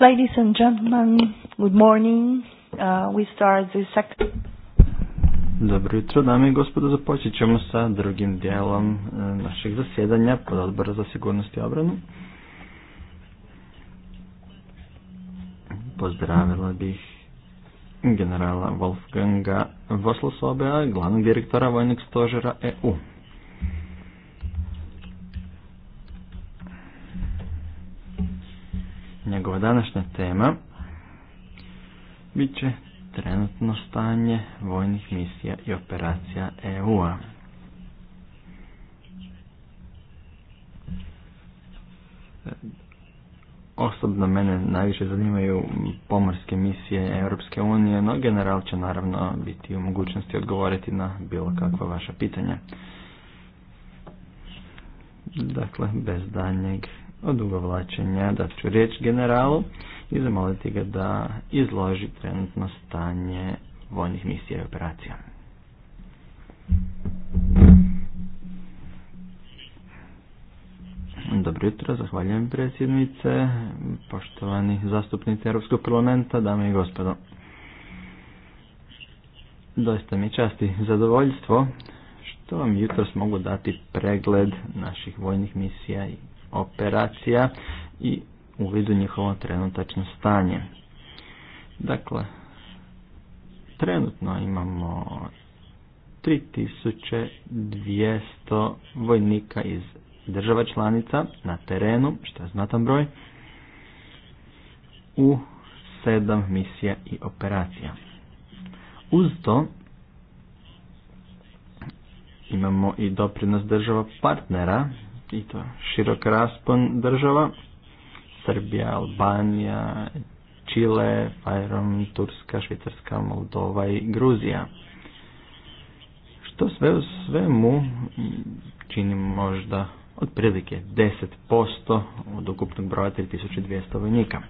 Ladies and gentlemen, good morning. Uh, we start the second... Dobro jutro, dame i gospodo, započet ćemo sa drugim dijelom e, našeg zasjedanja pod odbora za sigurnost i obranu. Pozdravila bih generala Wolfganga Voslosobea, glavnog direktora Vojnog stožera EU. današnja tema bit će trenutno stanje vojnih misija i operacija EU-a. Osobno mene najviše zanimaju pomorske misije Europske unije, no general će naravno biti u mogućnosti odgovoriti na bilo kakva vaša pitanja. Dakle, bez danjeg odugovlačenja da ću riječ generalu i zamoliti ga da izloži trenutno stanje vojnih misija i operacija. Dobro jutro, zahvaljujem predsjednice, poštovani zastupnici Europskog parlamenta, dame i gospodo. Doista mi časti zadovoljstvo što vam jutros mogu dati pregled naših vojnih misija i operacija i u vidu njihovo trenutačno stanje. Dakle, trenutno imamo 3200 vojnika iz država članica na terenu, što je znatan broj, u sedam misija i operacija. Uz to imamo i doprinos država partnera i to širok raspon država, Srbija, Albanija, Čile, Fajrom, Turska, Švicarska, Moldova i Gruzija. Što sve u svemu čini možda otprilike 10% od ukupnog broja 3200 vojnika.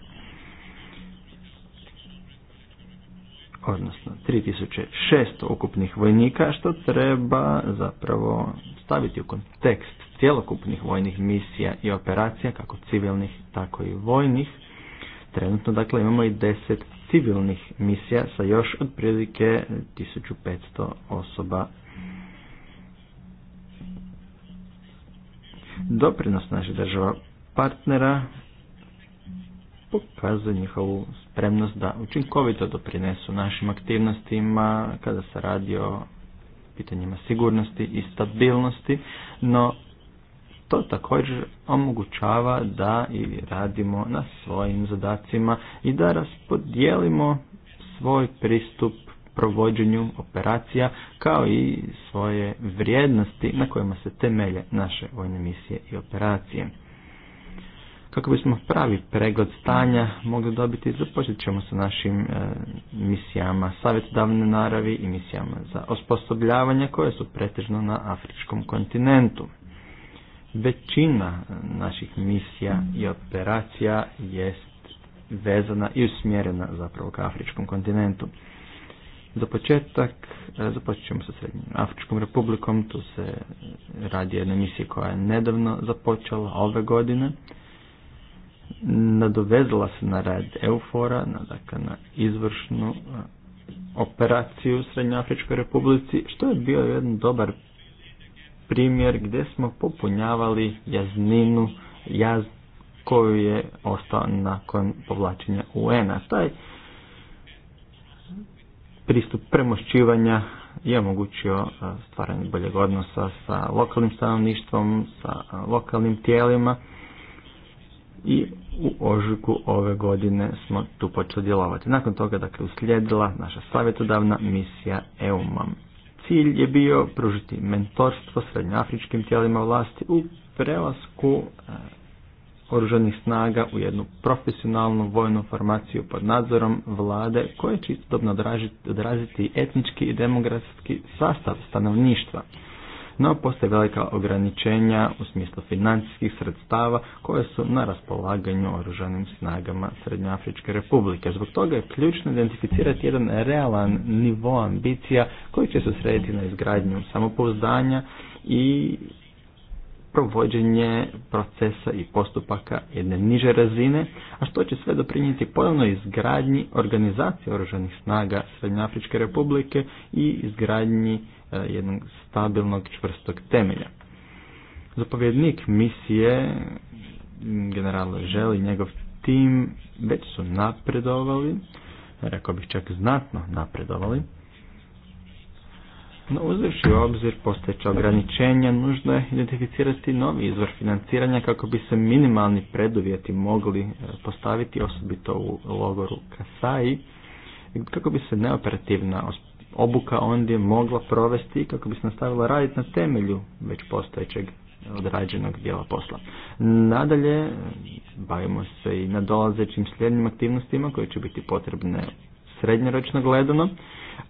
odnosno 3600 ukupnih vojnika, što treba zapravo staviti u kontekst cjelokupnih vojnih misija i operacija, kako civilnih, tako i vojnih. Trenutno dakle imamo i deset civilnih misija sa još otprilike 1500 osoba. Doprinos naših država partnera pokazuje njihovu spremnost da učinkovito doprinesu našim aktivnostima kada se radi o pitanjima sigurnosti i stabilnosti, no to također omogućava da i radimo na svojim zadacima i da raspodijelimo svoj pristup provođenju operacija kao i svoje vrijednosti na kojima se temelje naše vojne misije i operacije. Kako bismo pravi pregled stanja mogli dobiti, započet ćemo sa našim e, misijama savjetodavne naravi i misijama za osposobljavanje koje su pretežno na afričkom kontinentu većina naših misija i operacija jest vezana i usmjerena zapravo ka afričkom kontinentu. Za početak e, započet ćemo sa Srednjom Afričkom republikom, tu se radi jedna misija koja je nedavno započela ove godine. Nadovezala se na rad Eufora, na, dakle, na izvršnu e, operaciju u Afričkoj republici, što je bio jedan dobar primjer gdje smo popunjavali jazninu, jaz koju je ostao nakon povlačenja UN-a. Taj pristup premošćivanja je omogućio e, stvaranje boljeg odnosa sa lokalnim stanovništvom, sa e, lokalnim tijelima i u ožujku ove godine smo tu počeli djelovati. Nakon toga, dakle, uslijedila naša savjetodavna misija EUMAM. Cilj je bio pružiti mentorstvo srednjoafričkim tijelima vlasti u prelasku e, oružanih snaga u jednu profesionalnu vojnu formaciju pod nadzorom vlade koje će istodobno odraziti etnički i demografski sastav stanovništva no postoje velika ograničenja u smislu financijskih sredstava koje su na raspolaganju oružanim snagama Srednjoafričke republike. Zbog toga je ključno identificirati jedan realan nivo ambicija koji će se srediti na izgradnju samopouzdanja i provođenje procesa i postupaka jedne niže razine, a što će sve doprinijeti ponovno izgradnji organizacije Oružanih snaga Srednjoafričke republike i izgradnji E, jednog stabilnog čvrstog temelja. Zapovjednik misije, general Želi, njegov tim već su napredovali, rekao bih čak znatno napredovali, no uzevši obzir postojeća ograničenja, nužno je identificirati novi izvor financiranja kako bi se minimalni preduvjeti mogli e, postaviti osobito u logoru Kasai, kako bi se neoperativna obuka ondje mogla provesti kako bi se nastavila raditi na temelju već postojećeg odrađenog dijela posla. Nadalje, bavimo se i nadolazećim sljedećim aktivnostima koje će biti potrebne srednjoročno gledano,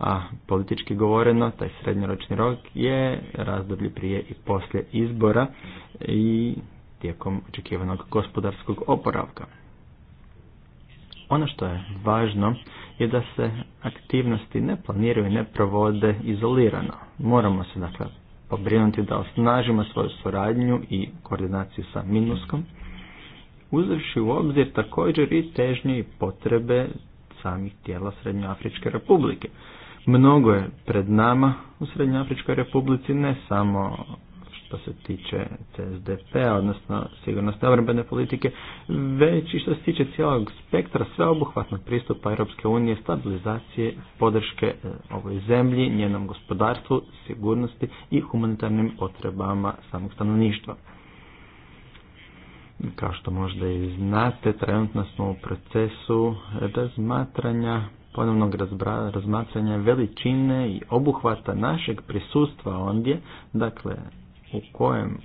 a politički govoreno taj srednjoročni rok je razdoblje prije i poslije izbora i tijekom očekivanog gospodarskog oporavka. Ono što je važno je da se aktivnosti ne planiraju i ne provode izolirano. Moramo se dakle pobrinuti da osnažimo svoju suradnju i koordinaciju sa minuskom, uzevši u obzir također i težnje i potrebe samih tijela Srednjoafričke republike. Mnogo je pred nama u Srednjoafričkoj republici, ne samo što se tiče csdp p-a, odnosno sigurnosne obrambene politike, već i što se tiče cijelog spektra sveobuhvatnog pristupa Europske unije, stabilizacije, podrške e, ovoj zemlji, njenom gospodarstvu, sigurnosti i humanitarnim potrebama samog stanovništva. Kao što možda i znate, trenutno smo u procesu razmatranja ponovnog razmatranja veličine i obuhvata našeg prisustva ondje, dakle u kojem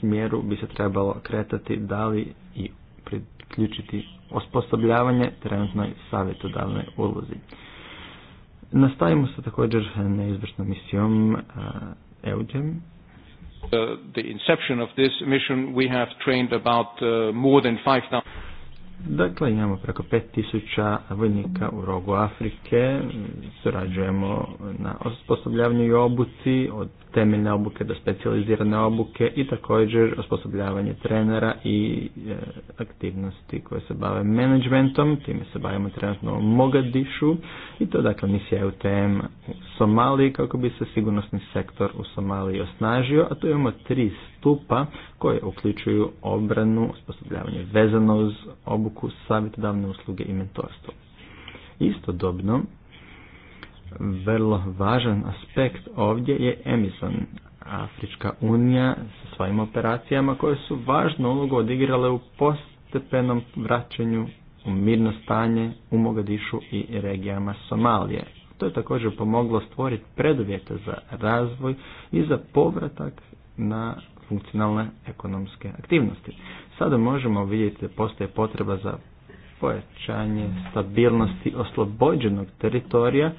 smjeru bi se trebalo kretati, da li i priključiti osposobljavanje trenutnoj savjetodavnoj ulozi. Nastavimo se također neizvršnom misijom uh, EUDEM. Uh, the inception of this mission we have trained about uh, more than 5,000 Dakle, imamo preko 5000 vojnika u rogu Afrike, surađujemo na osposobljavanju i obuci od temeljne obuke do specijalizirane obuke i također osposobljavanje trenera i e, aktivnosti koje se bave menadžmentom, time se bavimo trenutno u Mogadišu i to dakle misija e UTM u Somaliji kako bi se sigurnosni sektor u Somaliji osnažio, a tu imamo tri stupa koje uključuju obranu, osposobljavanje vezano uz obuku, savjetodavne usluge i mentorstvo. Istodobno, vrlo važan aspekt ovdje je Emison, Afrička unija sa svojim operacijama koje su važnu ulogu odigrale u postepenom vraćanju u mirno stanje u Mogadišu i regijama Somalije. To je također pomoglo stvoriti preduvjete za razvoj i za povratak na funkcionalne ekonomske aktivnosti. Sada možemo vidjeti da postoje potreba za pojačanje stabilnosti oslobođenog teritorija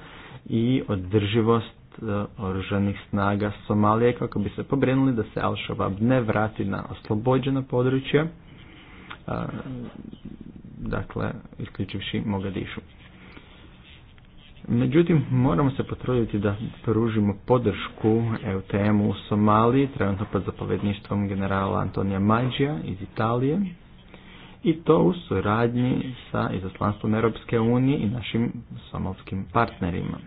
i održivost e, oružanih snaga Somalije kako bi se pobrinuli da se al ne vrati na oslobođeno područje e, dakle, isključivši Mogadišu. Međutim, moramo se potruditi da pružimo podršku EUTM-u u Somaliji, trenutno pod zapovjedništvom generala Antonija Mađija iz Italije, i to u suradnji sa izaslanstvom Europske unije i našim somalskim partnerima.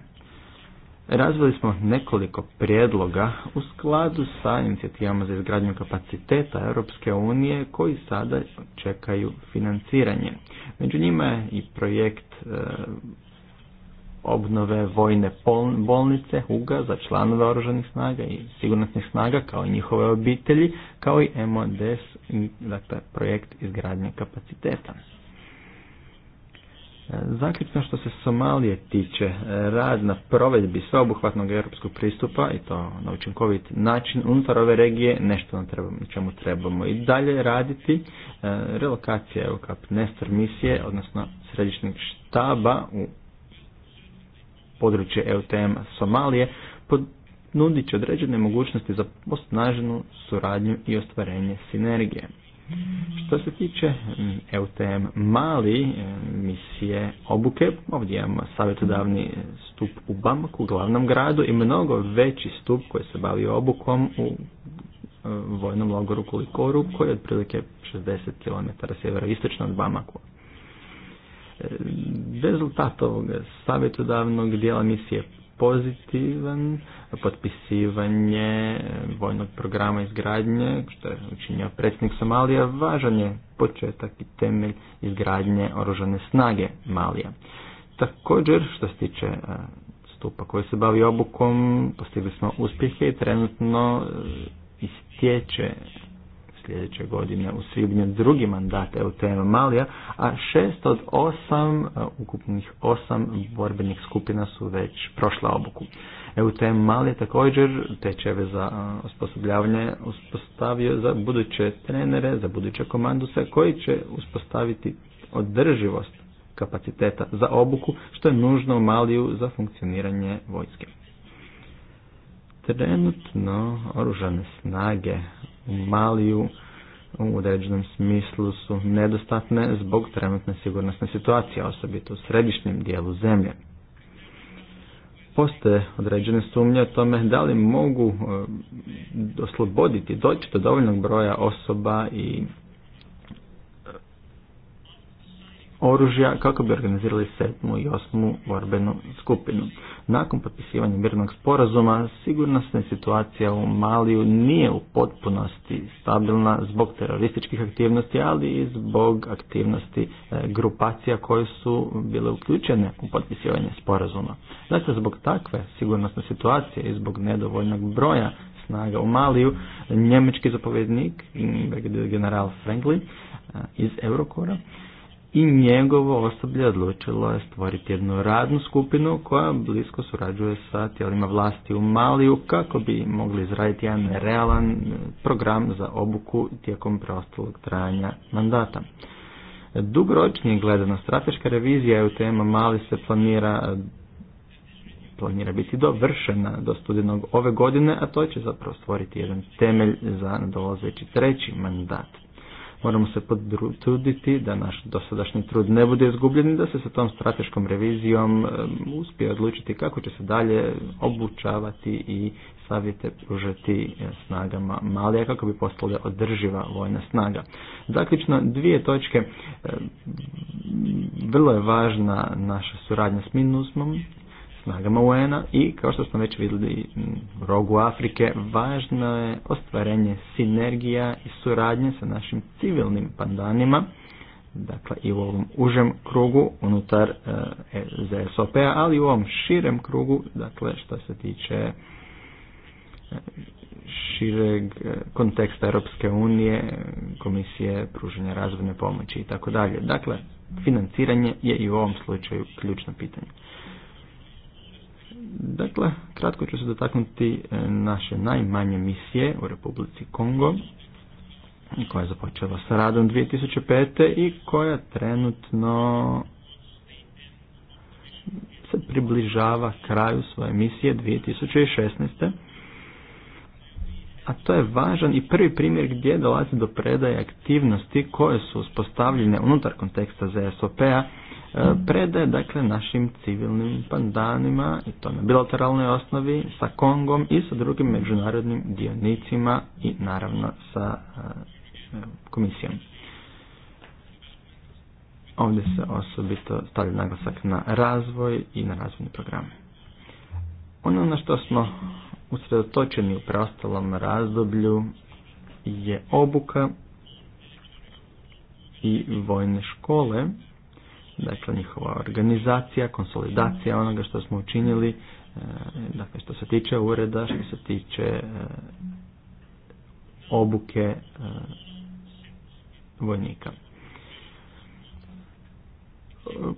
Razvili smo nekoliko prijedloga u skladu sa inicijativama za izgradnju kapaciteta Europske unije koji sada čekaju financiranje. Među njima je i projekt e, obnove vojne bolnice Huga za članove oružanih snaga i sigurnosnih snaga kao i njihove obitelji, kao i MODS, dakle projekt izgradnje kapaciteta. Zaključno što se Somalije tiče, rad na provedbi sveobuhvatnog europskog pristupa i to na učinkovit način unutar ove regije, nešto na čemu trebamo i dalje raditi, e, relokacija EUCAP Nestor misije, odnosno središnjeg štaba u područje EUTM Somalije, nudit će određene mogućnosti za osnaženu suradnju i ostvarenje sinergije. Što se tiče EUTM mm, mali e, misije obuke, ovdje imamo savjetodavni stup u Bamaku, glavnom gradu i mnogo veći stup koji se bavi obukom u e, vojnom logoru Kulikoru koji je otprilike 60 km sjeveroistočno od Bamaku. E, Rezultat ovog savjetodavnog dijela misije pozitivan, potpisivanje eh, vojnog programa izgradnje, što je učinio predsjednik Somalija, važan je početak i temelj izgradnje oružane snage Malija. Također, što se tiče eh, stupa koji se bavi obukom, postigli smo uspjehe i trenutno eh, istječe sljedeće godine u svibnju drugi mandat EUTM Malija, a šest od osam, e, ukupnih osam borbenih skupina su već prošla obuku. EUTM Malija također tečeve za e, osposobljavanje uspostavio za buduće trenere, za buduće komanduse koji će uspostaviti održivost kapaciteta za obuku što je nužno u Maliju za funkcioniranje vojske trenutno oružane snage Maliju u određenom smislu su nedostatne zbog trenutne sigurnosne situacije, osobito u središnjem dijelu zemlje. Postoje određene sumnje o tome da li mogu e, osloboditi doći do dovoljnog broja osoba i oružja kako bi organizirali sedmu i osmu borbenu skupinu. Nakon potpisivanja mirnog sporazuma sigurnosna situacija u Maliju nije u potpunosti stabilna zbog terorističkih aktivnosti, ali i zbog aktivnosti e, grupacija koje su bile uključene u potpisivanje sporazuma. Znači, zbog takve sigurnosne situacije i zbog nedovoljnog broja snaga u Maliju, njemački zapovjednik, general Franklin e, iz Eurokora, i njegovo osoblje odlučilo je stvoriti jednu radnu skupinu koja blisko surađuje sa tijelima vlasti u Maliju kako bi mogli izraditi jedan realan program za obuku tijekom preostalog trajanja mandata. Dugoročnije gledano, strateška revizija je u tema Mali se planira planira biti dovršena do studenog ove godine, a to će zapravo stvoriti jedan temelj za nadolazeći treći mandat. Moramo se potruditi da naš dosadašnji trud ne bude izgubljen i da se sa tom strateškom revizijom um, uspije odlučiti kako će se dalje obučavati i savjete pružati eh, snagama Malija kako bi postala održiva vojna snaga. Zaključno, dvije točke. Eh, vrlo je važna naša suradnja s MINUSMom snagama un i kao što smo već vidjeli u mm, rogu Afrike, važno je ostvarenje sinergija i suradnje sa našim civilnim pandanima, dakle i u ovom užem krugu unutar eh, e, ZSOP-a, ali i u ovom širem krugu, dakle što se tiče eh, šireg eh, konteksta Europske unije, komisije pružanja razvojne pomoći i tako dalje. Dakle, financiranje je i u ovom slučaju ključno pitanje. Dakle, kratko ću se dotaknuti e, naše najmanje misije u Republici Kongo, koja je započela sa radom 2005. i koja trenutno se približava kraju svoje misije 2016. A to je važan i prvi primjer gdje dolazi do predaje aktivnosti koje su uspostavljene unutar konteksta ZSOP-a E, predaje dakle našim civilnim pandanima i to na bilateralnoj osnovi sa Kongom i sa drugim međunarodnim dionicima i naravno sa e, komisijom. Ovdje se osobito stavlja naglasak na razvoj i na razvojni program. Ono na što smo usredotočeni u preostalom razdoblju je obuka i vojne škole dakle njihova organizacija, konsolidacija onoga što smo učinili, e, dakle što se tiče ureda, što se tiče e, obuke e, vojnika.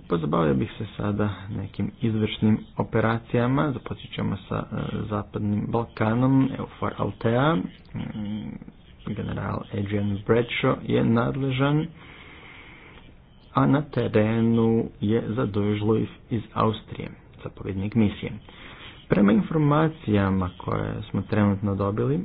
Pozabavio bih se sada nekim izvršnim operacijama. Započet ćemo sa Zapadnim Balkanom, EUFOR Altea. General Adrian Bradshaw je nadležan a na terenu je zadužilo iz Austrije, zapovjednik misije. Prema informacijama koje smo trenutno dobili,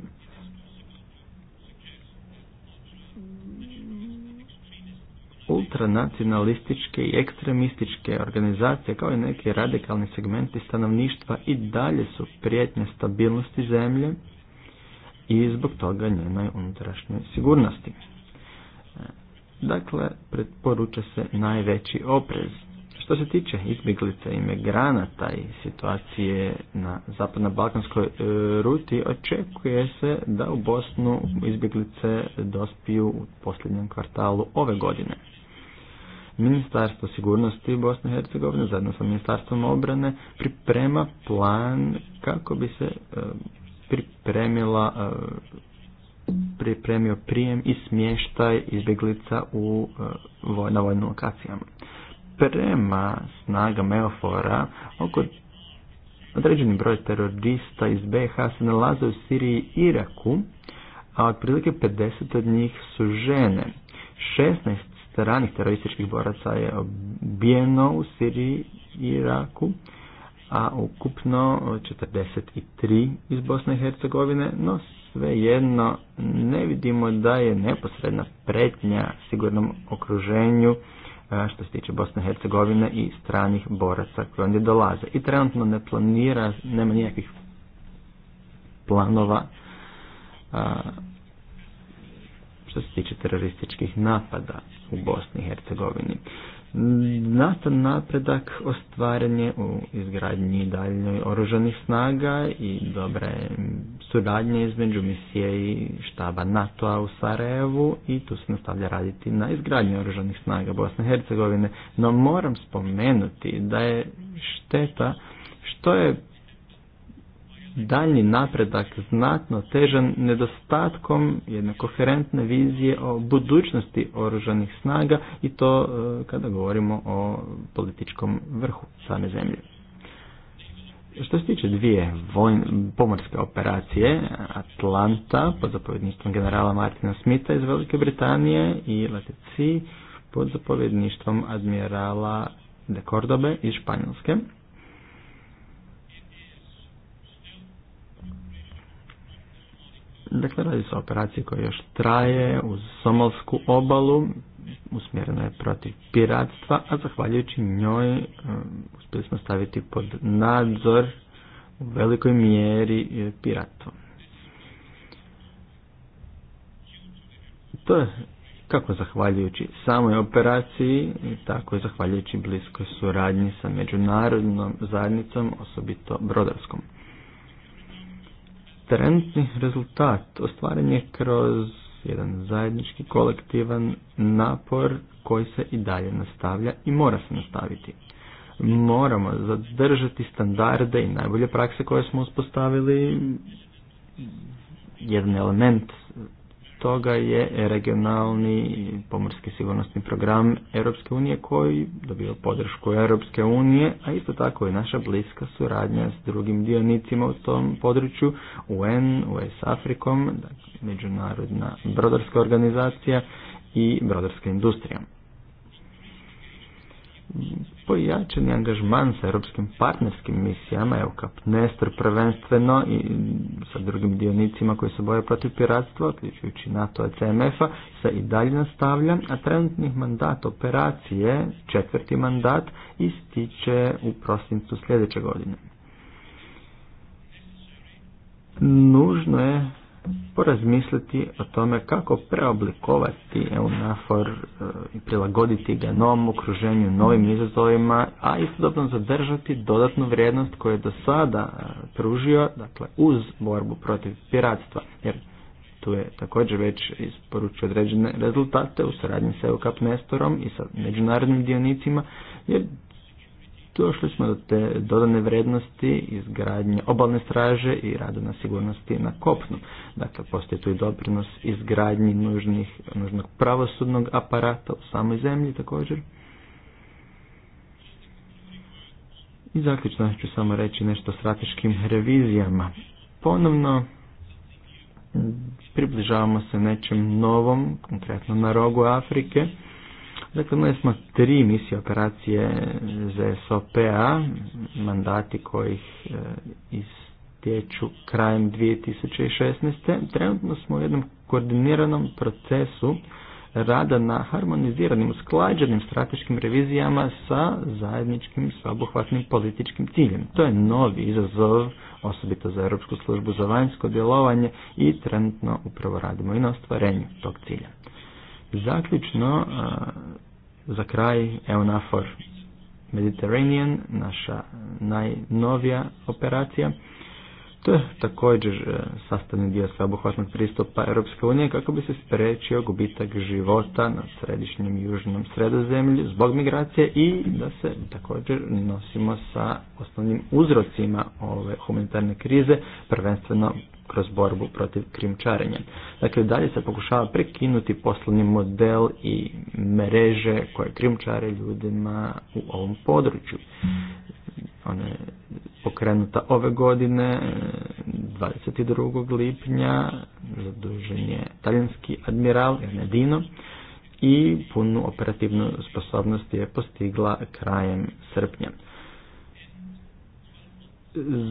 ultranacionalističke i ekstremističke organizacije kao i neki radikalni segmenti stanovništva i dalje su prijetnje stabilnosti zemlje i zbog toga njenoj unutrašnjoj sigurnosti. Dakle, preporuča se najveći oprez. Što se tiče izbjeglica i migranata i situacije na zapadno-balkanskoj e, ruti, očekuje se da u Bosnu izbjeglice dospiju u posljednjem kvartalu ove godine. Ministarstvo sigurnosti Bosne i Hercegovine zajedno sa Ministarstvom obrane priprema plan kako bi se e, pripremila e, pripremio prijem i smještaj izbjeglica u, e, na vojnim lokacijama. Prema snaga meofora, oko određeni broj terorista iz BH se nalaze u Siriji i Iraku, a otprilike 50 od njih su žene. 16 stranih terorističkih boraca je obijeno u Siriji i Iraku, a ukupno 43 iz Bosne i Hercegovine, no svejedno ne vidimo da je neposredna pretnja sigurnom okruženju e, što se tiče Bosne i Hercegovine i stranih boraca koji ondje dolaze. I trenutno ne planira, nema nikakvih planova što se tiče terorističkih napada u Bosni i Hercegovini. Nastan napredak ostvaren je u izgradnji daljnjoj oružanih snaga i dobre suradnje između misije i štaba NATO-a u Sarajevu i tu se nastavlja raditi na izgradnji oružanih snaga Bosne i Hercegovine. No moram spomenuti da je šteta što je daljni napredak znatno težan nedostatkom jedne koherentne vizije o budućnosti oružanih snaga i to e, kada govorimo o političkom vrhu same zemlje. Što se tiče dvije vojne pomorske operacije, Atlanta pod zapovjedništvom generala Martina Smitha iz Velike Britanije i Latici pod zapovjedništvom admirala de Cordobe iz Španjolske, Dakle, radi se o operaciji koja još traje uz Somalsku obalu, usmjerena je protiv piratstva, a zahvaljujući njoj e, uspjeli smo staviti pod nadzor u velikoj mjeri e, piratstvo. To je kako zahvaljujući samoj operaciji, tako i zahvaljujući bliskoj suradnji sa međunarodnom zajednicom, osobito brodarskom. Trenutni rezultat ostvaren je kroz jedan zajednički kolektivan napor koji se i dalje nastavlja i mora se nastaviti. Moramo zadržati standarde i najbolje prakse koje smo uspostavili. Jedan element toga je regionalni pomorski sigurnosni program Europske unije koji dobio podršku Europske unije, a isto tako i naša bliska suradnja s drugim dionicima u tom području, UN, US Afrikom, dakle, Međunarodna brodarska organizacija i brodarska industrija pojačeni angažman sa europskim partnerskim misijama, evo kap Nestor prvenstveno i sa drugim dionicima koji se boje protiv piratstva, uključujući NATO i CMF-a, se i dalje nastavlja, a trenutni mandat operacije, četvrti mandat, ističe u prosincu sljedeće godine. Nužno je porazmisliti o tome kako preoblikovati EUNAFOR e, i prilagoditi ga novom okruženju, novim izazovima, a istodobno zadržati dodatnu vrijednost koju je do sada e, pružio, dakle uz borbu protiv piratstva, jer tu je također već isporučio određene rezultate u suradnji sa EUCAP Nestorom i sa međunarodnim dionicima, jer došli smo do te dodane vrednosti izgradnje obalne straže i rada na sigurnosti na kopnu. Dakle, postoji tu i doprinos izgradnji nužnih, nužnog pravosudnog aparata u samoj zemlji također. I zaključno ću samo reći nešto o strateškim revizijama. Ponovno približavamo se nečem novom, konkretno na rogu Afrike Dakle, imali smo tri misije operacije za sopa mandati kojih e, istječu krajem 2016. Trenutno smo u jednom koordiniranom procesu rada na harmoniziranim, usklađenim strateškim revizijama sa zajedničkim sveobuhvatnim političkim ciljem. To je novi izazov, osobito za Europsku službu za vanjsko djelovanje i trenutno upravo radimo i na ostvarenju tog cilja. Zaključno, e, za kraj EUNAFOR Mediterranean, naša najnovija operacija. To je također e, sastavni dio sveobuhvatnog pristupa Europske unije kako bi se sprečio gubitak života na središnjem i južnom sredozemlju zbog migracije i da se također nosimo sa osnovnim uzrocima ove humanitarne krize, prvenstveno kroz borbu protiv krimčarenja. Dakle, dalje se pokušava prekinuti poslovni model i mreže koje krimčare ljudima u ovom području. Ona je pokrenuta ove godine, 22. lipnja, zadužen je talijanski admiral Ernedino i punu operativnu sposobnost je postigla krajem srpnja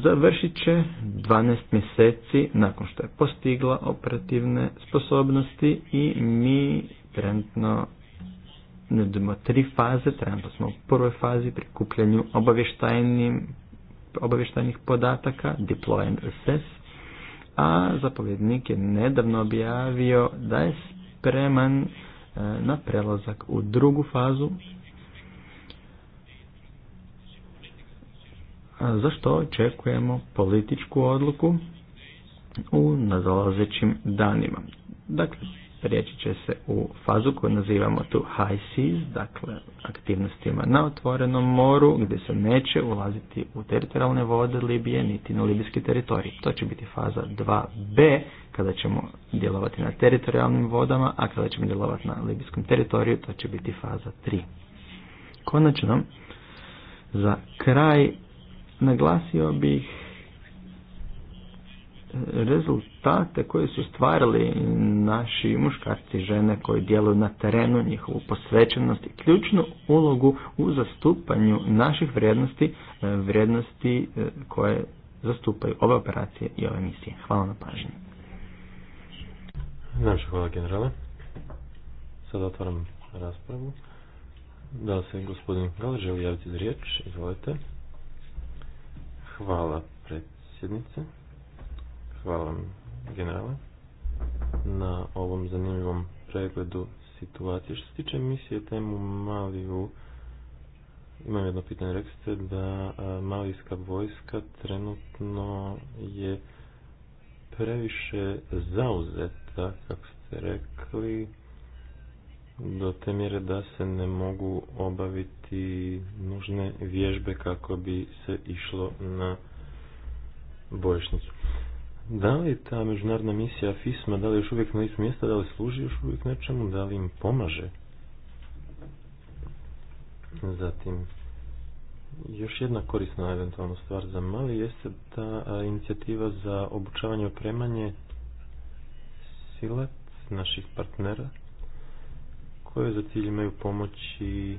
završit će 12 mjeseci nakon što je postigla operativne sposobnosti i mi trenutno nudimo tri faze, trenutno smo u prvoj fazi prikupljanju obavještajnih podataka, deploy and assess, a zapovjednik je nedavno objavio da je spreman e, na prelazak u drugu fazu za što očekujemo političku odluku u nadolazećim danima. Dakle, prijeći će se u fazu koju nazivamo tu high seas, dakle aktivnostima na otvorenom moru gdje se neće ulaziti u teritorijalne vode Libije niti na libijski teritorij. To će biti faza 2b kada ćemo djelovati na teritorijalnim vodama, a kada ćemo djelovati na libijskom teritoriju to će biti faza 3. Konačno, za kraj naglasio bih rezultate koje su stvarali naši muškarci i žene koji djeluju na terenu, njihovu posvećenost i ključnu ulogu u zastupanju naših vrijednosti, e, vrijednosti e, koje zastupaju ove operacije i ove misije. Hvala na pažnji. Najviše generale. Sada otvaram raspravu. Da se gospodin Galer želi javiti za riječ, izvolite. Hvala predsjednice. Hvala vam generale na ovom zanimljivom pregledu situacije. Što se tiče misije temu Maliju, imam jedno pitanje. Rekli ste da malijska vojska trenutno je previše zauzeta, kako ste rekli, do te mjere da se ne mogu obaviti nužne vježbe kako bi se išlo na bojišnicu. Da li ta međunarodna misija FISMA, da li još uvijek na licu mjesta, da li služi još uvijek nečemu, da li im pomaže? Zatim, još jedna korisna eventualno stvar za mali jeste ta inicijativa za obučavanje i opremanje silac naših partnera koje za cilj imaju pomoći e,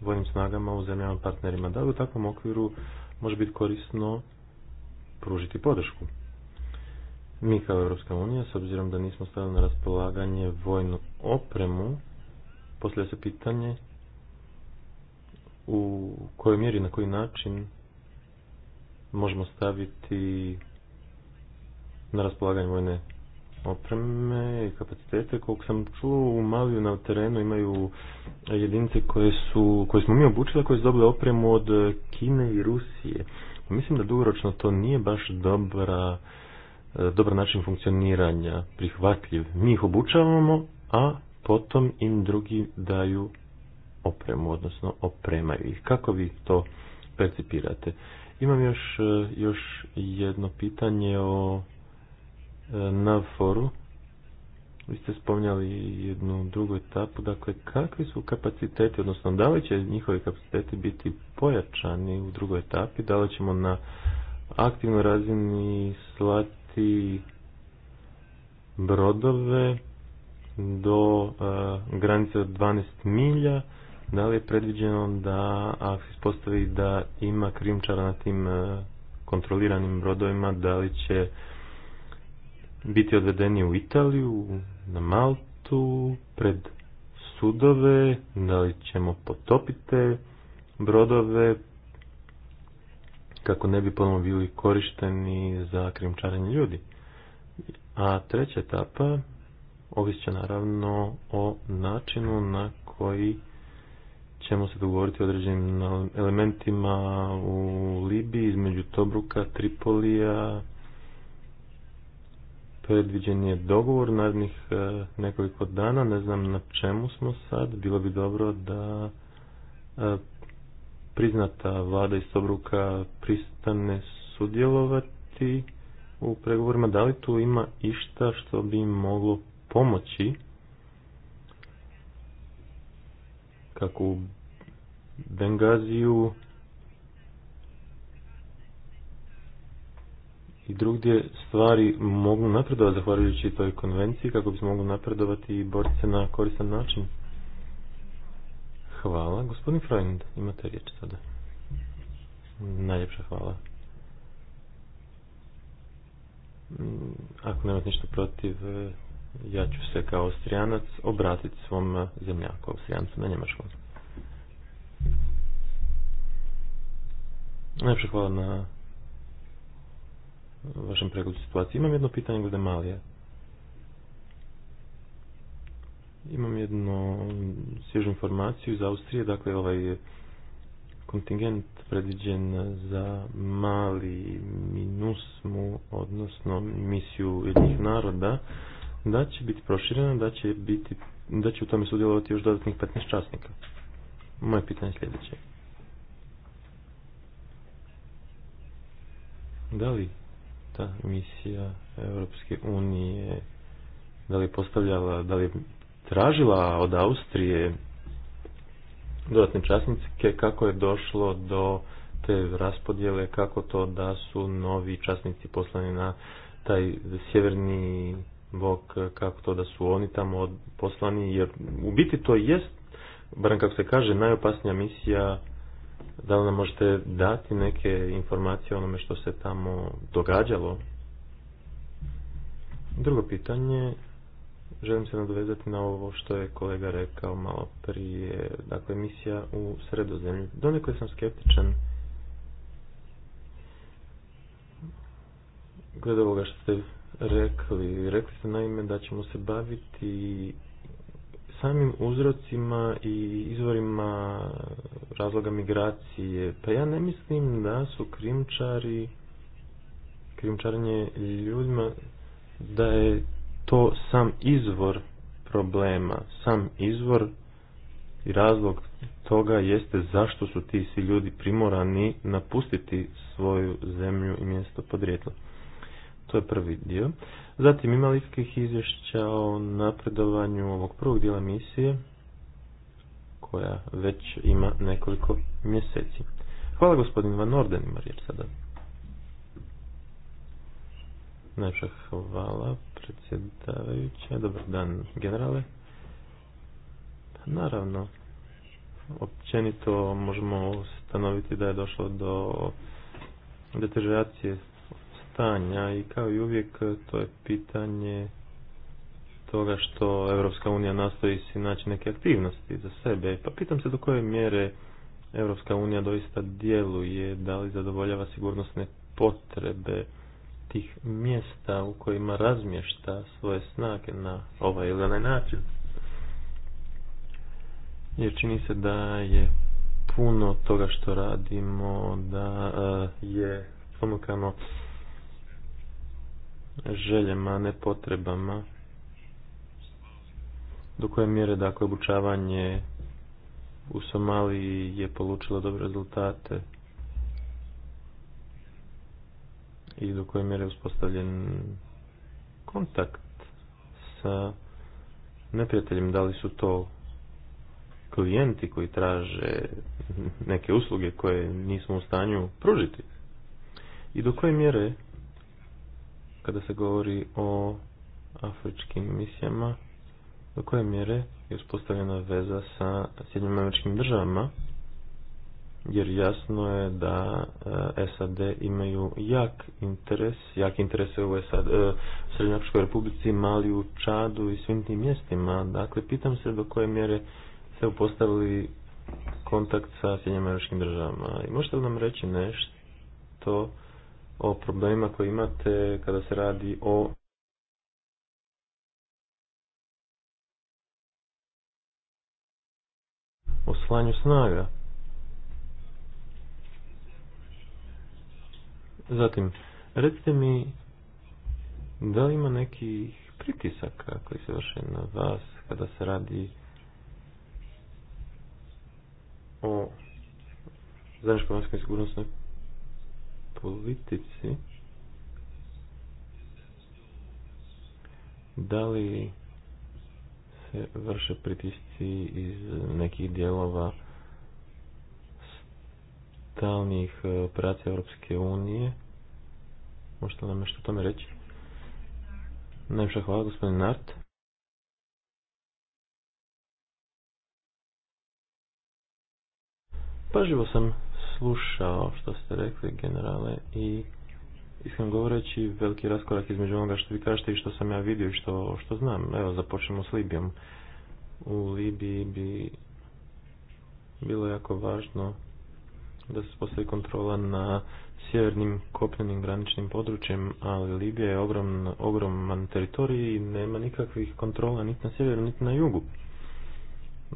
vojnim snagama u zemljama partnerima. Da u takvom okviru može biti korisno pružiti podršku? Mi kao Europska unija, s obzirom da nismo stavili na raspolaganje vojnu opremu, poslije se pitanje u kojoj mjeri, na koji način možemo staviti na raspolaganje vojne opreme i kapacitete. Koliko sam čuo, u Maliju na terenu imaju jedinice koje, su, koje smo mi obučili, koje su dobile opremu od Kine i Rusije. Mislim da dugoročno to nije baš dobra, e, dobar način funkcioniranja, prihvatljiv. Mi ih obučavamo, a potom im drugi daju opremu, odnosno opremaju ih. Kako vi to percipirate? Imam još, e, još jedno pitanje o na foru. Vi ste spominjali jednu drugu etapu, dakle kakvi su kapaciteti, odnosno da li će njihovi kapaciteti biti pojačani u drugoj etapi, da li ćemo na aktivnoj razini slati brodove do e, granice od 12 milja, da li je predviđeno da ako se da ima krimčara na tim e, kontroliranim brodovima, da li će biti odvedeni u Italiju, na Maltu, pred sudove, da li ćemo potopite brodove, kako ne bi ponovno bili korišteni za krimčarenje ljudi. A treća etapa ovisit će naravno o načinu na koji ćemo se dogovoriti o određenim elementima u Libiji između Tobruka, Tripolija, predviđen je dogovor narednih e, nekoliko dana, ne znam na čemu smo sad, bilo bi dobro da e, priznata vlada iz Sobruka pristane sudjelovati u pregovorima, da li tu ima išta što bi moglo pomoći kako u Bengaziju i drugdje stvari mogu napredovati zahvaljujući toj konvenciji kako se mogli napredovati i boriti se na koristan način. Hvala. Gospodin Freund, imate riječ sada. Najljepša hvala. Mm, ako nemate ništa protiv, e, ja ću se kao Austrijanac obratiti svom zemljaku, Austrijancu na Njemačkom. Najljepša hvala na vašem pregledu situacije. Imam jedno pitanje glede Malija. Imam jednu svježu informaciju iz Austrije, dakle ovaj kontingent predviđen za mali minusmu, odnosno misiju jednih naroda, da će biti proširena, da će, biti, da će u tome sudjelovati još dodatnih 15 časnika. Moje pitanje je sljedeće. Da li misija Europske unije da li je postavljala, da li je tražila od Austrije dodatne časnike kako je došlo do te raspodjele, kako to da su novi časnici poslani na taj sjeverni bok, kako to da su oni tamo poslani, jer u biti to jest, barem kako se kaže, najopasnija misija da li nam možete dati neke informacije o onome što se tamo događalo? Drugo pitanje, želim se nadovezati na ovo što je kolega rekao malo prije, dakle misija u sredozemlju. Donekle sam skeptičan glede ovoga što ste rekli. Rekli ste naime da ćemo se baviti samim uzrocima i izvorima razloga migracije, pa ja ne mislim da su krimčari, krimčarnje ljudima, da je to sam izvor problema, sam izvor i razlog toga jeste zašto su ti svi ljudi primorani napustiti svoju zemlju i mjesto podrijetla. To je prvi dio. Zatim ima li izvješća o napredovanju ovog prvog dijela misije koja već ima nekoliko mjeseci. Hvala gospodin Van Orden ima riječ sada. Najša hvala predsjedavajuća. Dobar dan generale. Pa naravno, općenito možemo ustanoviti da je došlo do deterioracije stanja i kao i uvijek to je pitanje toga što Europska unija nastoji si naći neke aktivnosti za sebe. Pa pitam se do koje mjere Europska unija doista djeluje, da li zadovoljava sigurnosne potrebe tih mjesta u kojima razmješta svoje snage na ovaj ili onaj način. Jer čini se da je puno toga što radimo, da e, je ponukano željama, ne potrebama, do koje mjere dakle obučavanje u Somaliji je polučilo dobre rezultate i do koje mjere je uspostavljen kontakt sa neprijateljem, da li su to klijenti koji traže neke usluge koje nismo u stanju pružiti i do koje mjere kada se govori o afričkim misijama, do koje mjere je uspostavljena veza sa Sjedinim američkim državama, jer jasno je da e, SAD imaju jak interes, jak interese u SAD, e, Srednjoafričkoj republici, u Čadu i svim tim mjestima. Dakle, pitam se do koje mjere se upostavili kontakt sa Sjedinim američkim državama. I možete li nam reći nešto o problemima koje imate kada se radi o oslanju snaga. Zatim, recite mi da li ima nekih pritisaka koji se vrše na vas kada se radi o zajedničkoj vanjskoj sigurnosnoj politici da li se vrše pritisci iz nekih dijelova stalnih e, operacija Europske unije. Možete nam nešto o tome reći? Najviše hvala gospodin Nart. Pažljivo sam slušao što ste rekli generale i iskreno govoreći veliki raskorak između onoga što vi kažete i što sam ja vidio i što, što znam. Evo započnemo s Libijom. U Libiji bi bilo jako važno da se postavi kontrola na sjevernim kopnenim graničnim područjem, ali Libija je ogrom, ogroman teritorij i nema nikakvih kontrola niti na sjeveru, niti na jugu.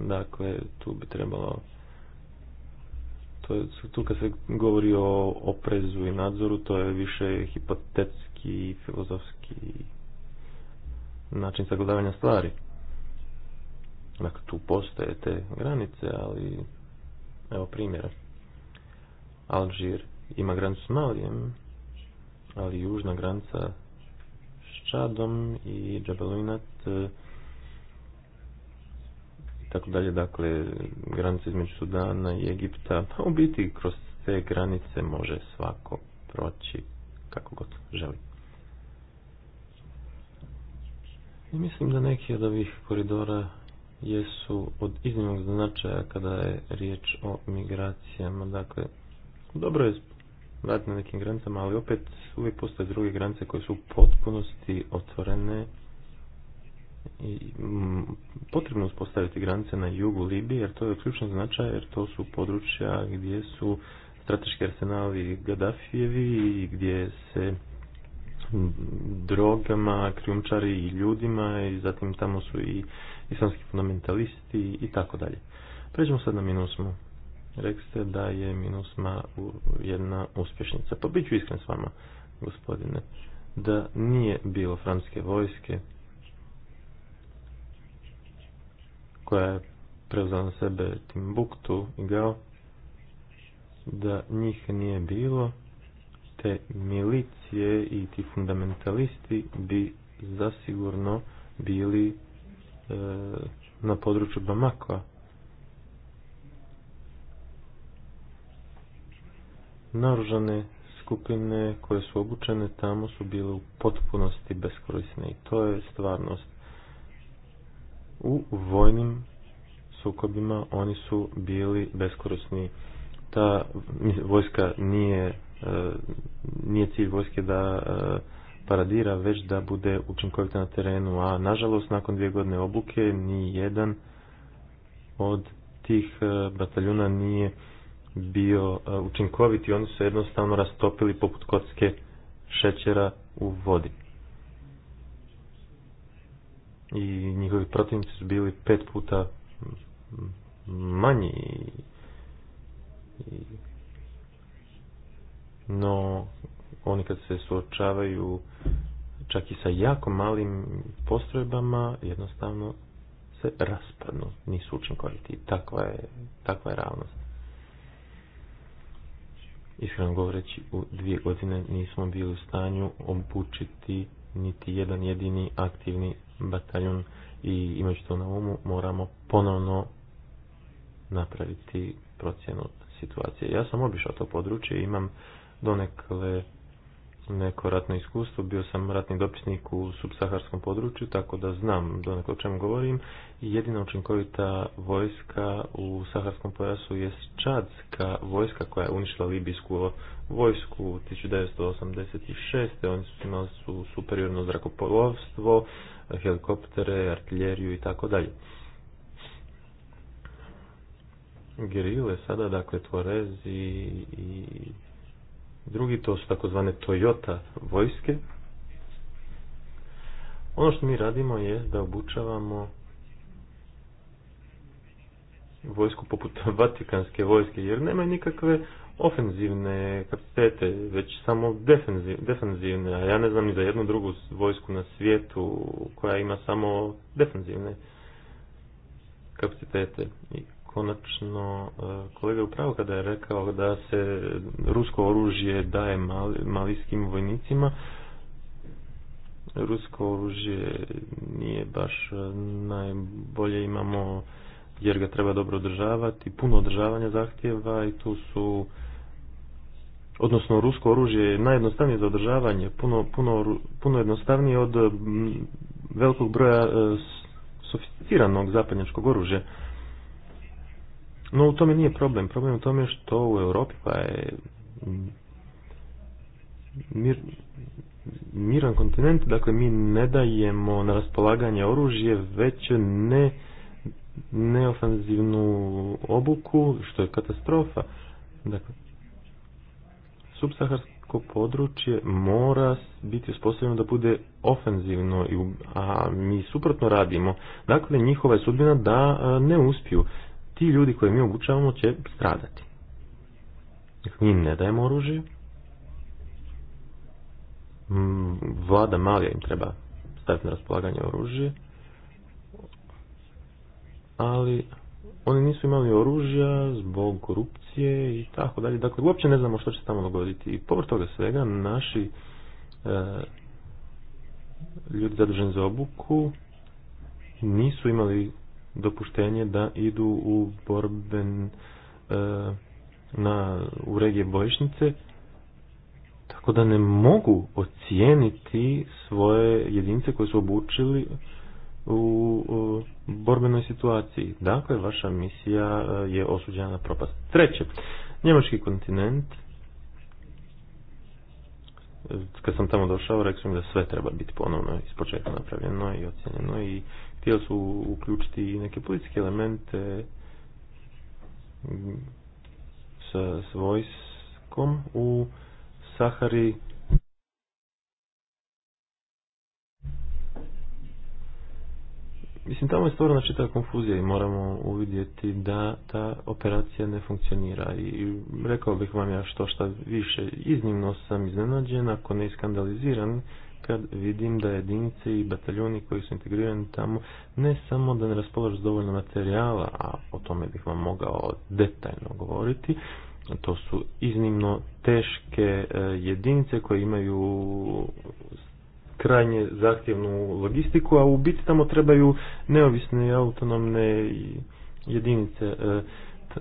Dakle, tu bi trebalo to je, tu kad se govori o oprezu i nadzoru, to je više hipotetski i filozofski način sagledavanja stvari. Dakle, tu postoje te granice, ali evo primjera. Alžir ima granicu s Malijem, ali južna granica s Čadom i Džabelinat tako dalje, dakle, granice između Sudana i Egipta, pa u biti kroz te granice može svako proći kako god želi. I mislim da neki od ovih koridora jesu od iznimnog značaja kada je riječ o migracijama. Dakle, dobro je raditi na nekim granicama, ali opet uvijek postoje druge granice koje su u potpunosti otvorene i mm, potrebno uspostaviti granice na jugu Libije jer to je ključno značaj jer to su područja gdje su strateški arsenali Gaddafijevi i gdje se drogama, krijumčari i ljudima i zatim tamo su i islamski fundamentalisti i tako dalje. Pređemo sad na minusmu. Rekli da je minusma jedna uspješnica. Pa bit ću iskren s vama, gospodine, da nije bilo francuske vojske, koja je na sebe Timbuktu i Gao, da njih nije bilo, te milicije i ti fundamentalisti bi zasigurno bili e, na području Bamakoa. naružane skupine koje su obučene tamo su bile u potpunosti beskorisne i to je stvarnost u vojnim sukobima oni su bili beskorisni. Ta vojska nije, e, nije cilj vojske da e, paradira, već da bude učinkovita na terenu, a nažalost nakon dvije godine obuke ni jedan od tih e, bataljuna nije bio učinkovit i oni su jednostavno rastopili poput kocke šećera u vodi i njihovi protivnici su bili pet puta manji no oni kad se suočavaju čak i sa jako malim postrojbama jednostavno se raspadnu nisu učinkoviti takva je, takva je ravnost iskreno govoreći u dvije godine nismo bili u stanju obučiti niti jedan jedini aktivni bataljon i imajući to na umu moramo ponovno napraviti procjenu situacije. Ja sam obišao to područje, imam donekle neko ratno iskustvo, bio sam ratni dopisnik u subsaharskom području, tako da znam do neko o čemu govorim. Jedina učinkovita vojska u saharskom pojasu je čadska vojska koja je uništila libijsku vojsku 1986. Oni su imali su superiorno zrakopolovstvo, helikoptere, artiljeriju i tako dalje. Gerile sada, dakle, Tvorezi i Drugi to su takozvane Toyota vojske. Ono što mi radimo je da obučavamo vojsku poput Vatikanske vojske, jer nema nikakve ofenzivne kapacitete, već samo defenzivne, a ja ne znam ni za jednu drugu vojsku na svijetu koja ima samo defenzivne kapacitete konačno e, kolega je upravo kada je rekao da se rusko oružje daje malijskim vojnicima rusko oružje nije baš e, najbolje imamo jer ga treba dobro održavati puno održavanja zahtjeva i tu su odnosno rusko oružje je najjednostavnije za održavanje puno, puno, puno jednostavnije od velikog broja e, sofisticiranog zapadnjačkog oružja no u tome nije problem. Problem je u tome što u Europi pa je mir, miran kontinent, dakle mi ne dajemo na raspolaganje oružje već ne neofanzivnu obuku, što je katastrofa. Dakle, subsaharsko područje mora biti uspostavljeno da bude ofenzivno, a mi suprotno radimo. Dakle, njihova je sudbina da ne uspiju ti ljudi koje mi obučavamo će stradati. Dakle, mi ne dajemo oružje. Mm, Vlada Malija im treba staviti na raspolaganje oružje. Ali oni nisu imali oružja zbog korupcije i tako dalje. Dakle, uopće ne znamo što će se tamo dogoditi. I povr toga svega, naši eh, ljudi zaduženi za obuku nisu imali dopuštenje da idu u borben e, na, u regije bojišnice, tako da ne mogu ocijeniti svoje jedinice koje su obučili u, borbenoj situaciji. Dakle, vaša misija e, je osuđena na propast. Treće, njemački kontinent, kad sam tamo došao, rekao sam da sve treba biti ponovno ispočetka napravljeno i ocjenjeno i htio su uključiti i neke političke elemente mm, sa, s vojskom u Sahari. Mislim, tamo je stvorena ta konfuzija i moramo uvidjeti da ta operacija ne funkcionira. I rekao bih vam ja što šta više, iznimno sam iznenađen, ako ne skandaliziran, kad vidim da jedinice i bataljoni koji su integrirani tamo ne samo da ne raspolažu dovoljno materijala, a o tome bih vam mogao detaljno govoriti, to su iznimno teške e, jedinice koje imaju krajnje zahtjevnu logistiku, a u biti tamo trebaju neovisne i autonomne jedinice. E,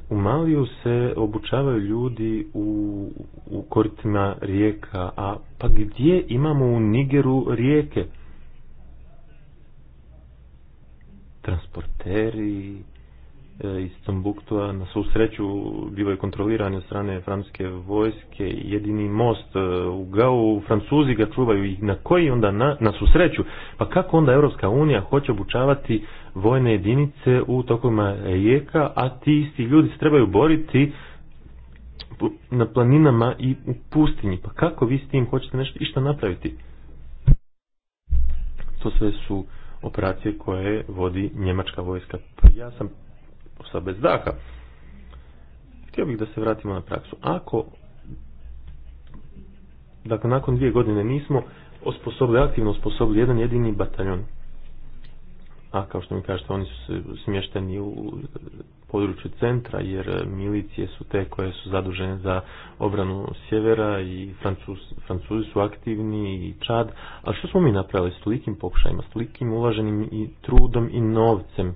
u Maliju se obučavaju ljudi u, u koritima rijeka, a pa gdje imamo u Nigeru rijeke? Transporteri, E, iz Tombuktua na svu sreću bio je kontroliran od strane francuske vojske jedini most e, u Gau, Francuzi ga čuvaju i na koji onda na, na svu sreću pa kako onda Europska unija hoće obučavati vojne jedinice u tokovima rijeka a ti isti ljudi se trebaju boriti na planinama i u pustinji pa kako vi s tim hoćete nešto išta napraviti to sve su operacije koje vodi njemačka vojska. Pa ja sam sa bez Htio bih da se vratimo na praksu. Ako, dakle, nakon dvije godine nismo osposobili, aktivno osposobili jedan jedini bataljon, a kao što mi kažete, oni su smješteni u području centra, jer milicije su te koje su zadužene za obranu sjevera i Francuzi su aktivni i Čad. A što smo mi napravili s tolikim pokušajima, s tolikim ulaženim i trudom i novcem?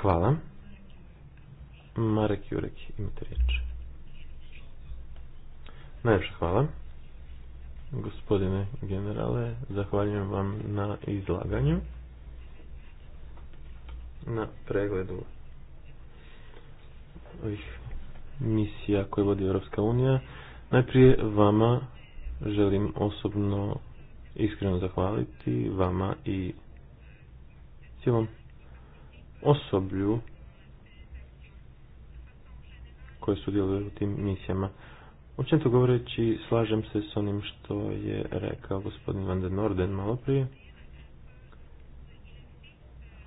Hvala. Marek Jurek, imate riječ. Najljepša hvala. Gospodine generale, zahvaljujem vam na izlaganju, na pregledu ovih misija koje vodi Europska unija. Najprije vama želim osobno iskreno zahvaliti vama i cijelom osoblju koje sudjeluju u tim misijama. Učinito govoreći, slažem se s onim što je rekao gospodin Van den Norden malo prije.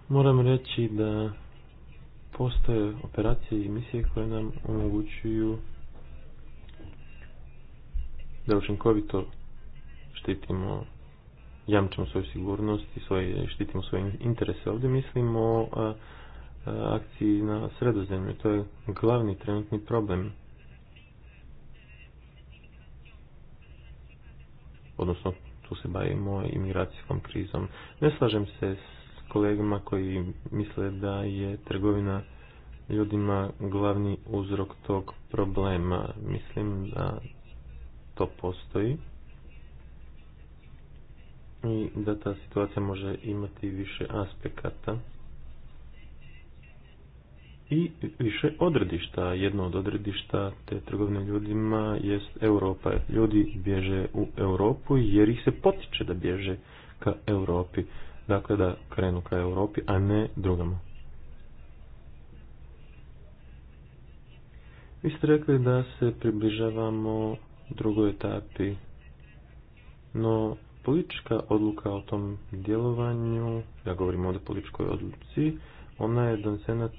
Moram reći da postoje operacije i misije koje nam omogućuju da učinkovito štitimo jamčimo svoju sigurnost i svoje, štitimo svoje interese. Ovdje mislimo o akciji na sredozemlju. To je glavni trenutni problem. Odnosno, tu se bavimo imigracijskom krizom. Ne slažem se s kolegama koji misle da je trgovina ljudima glavni uzrok tog problema. Mislim da to postoji i da ta situacija može imati više aspekata i više odredišta. Jedno od odredišta te trgovine ljudima jest Europa. Ljudi bježe u Europu jer ih se potiče da bježe ka Europi. Dakle, da krenu ka Europi, a ne drugama. Vi ste rekli da se približavamo drugoj etapi, no Politička odluka o tom djelovanju, ja govorim o političkoj odluci, ona je donesena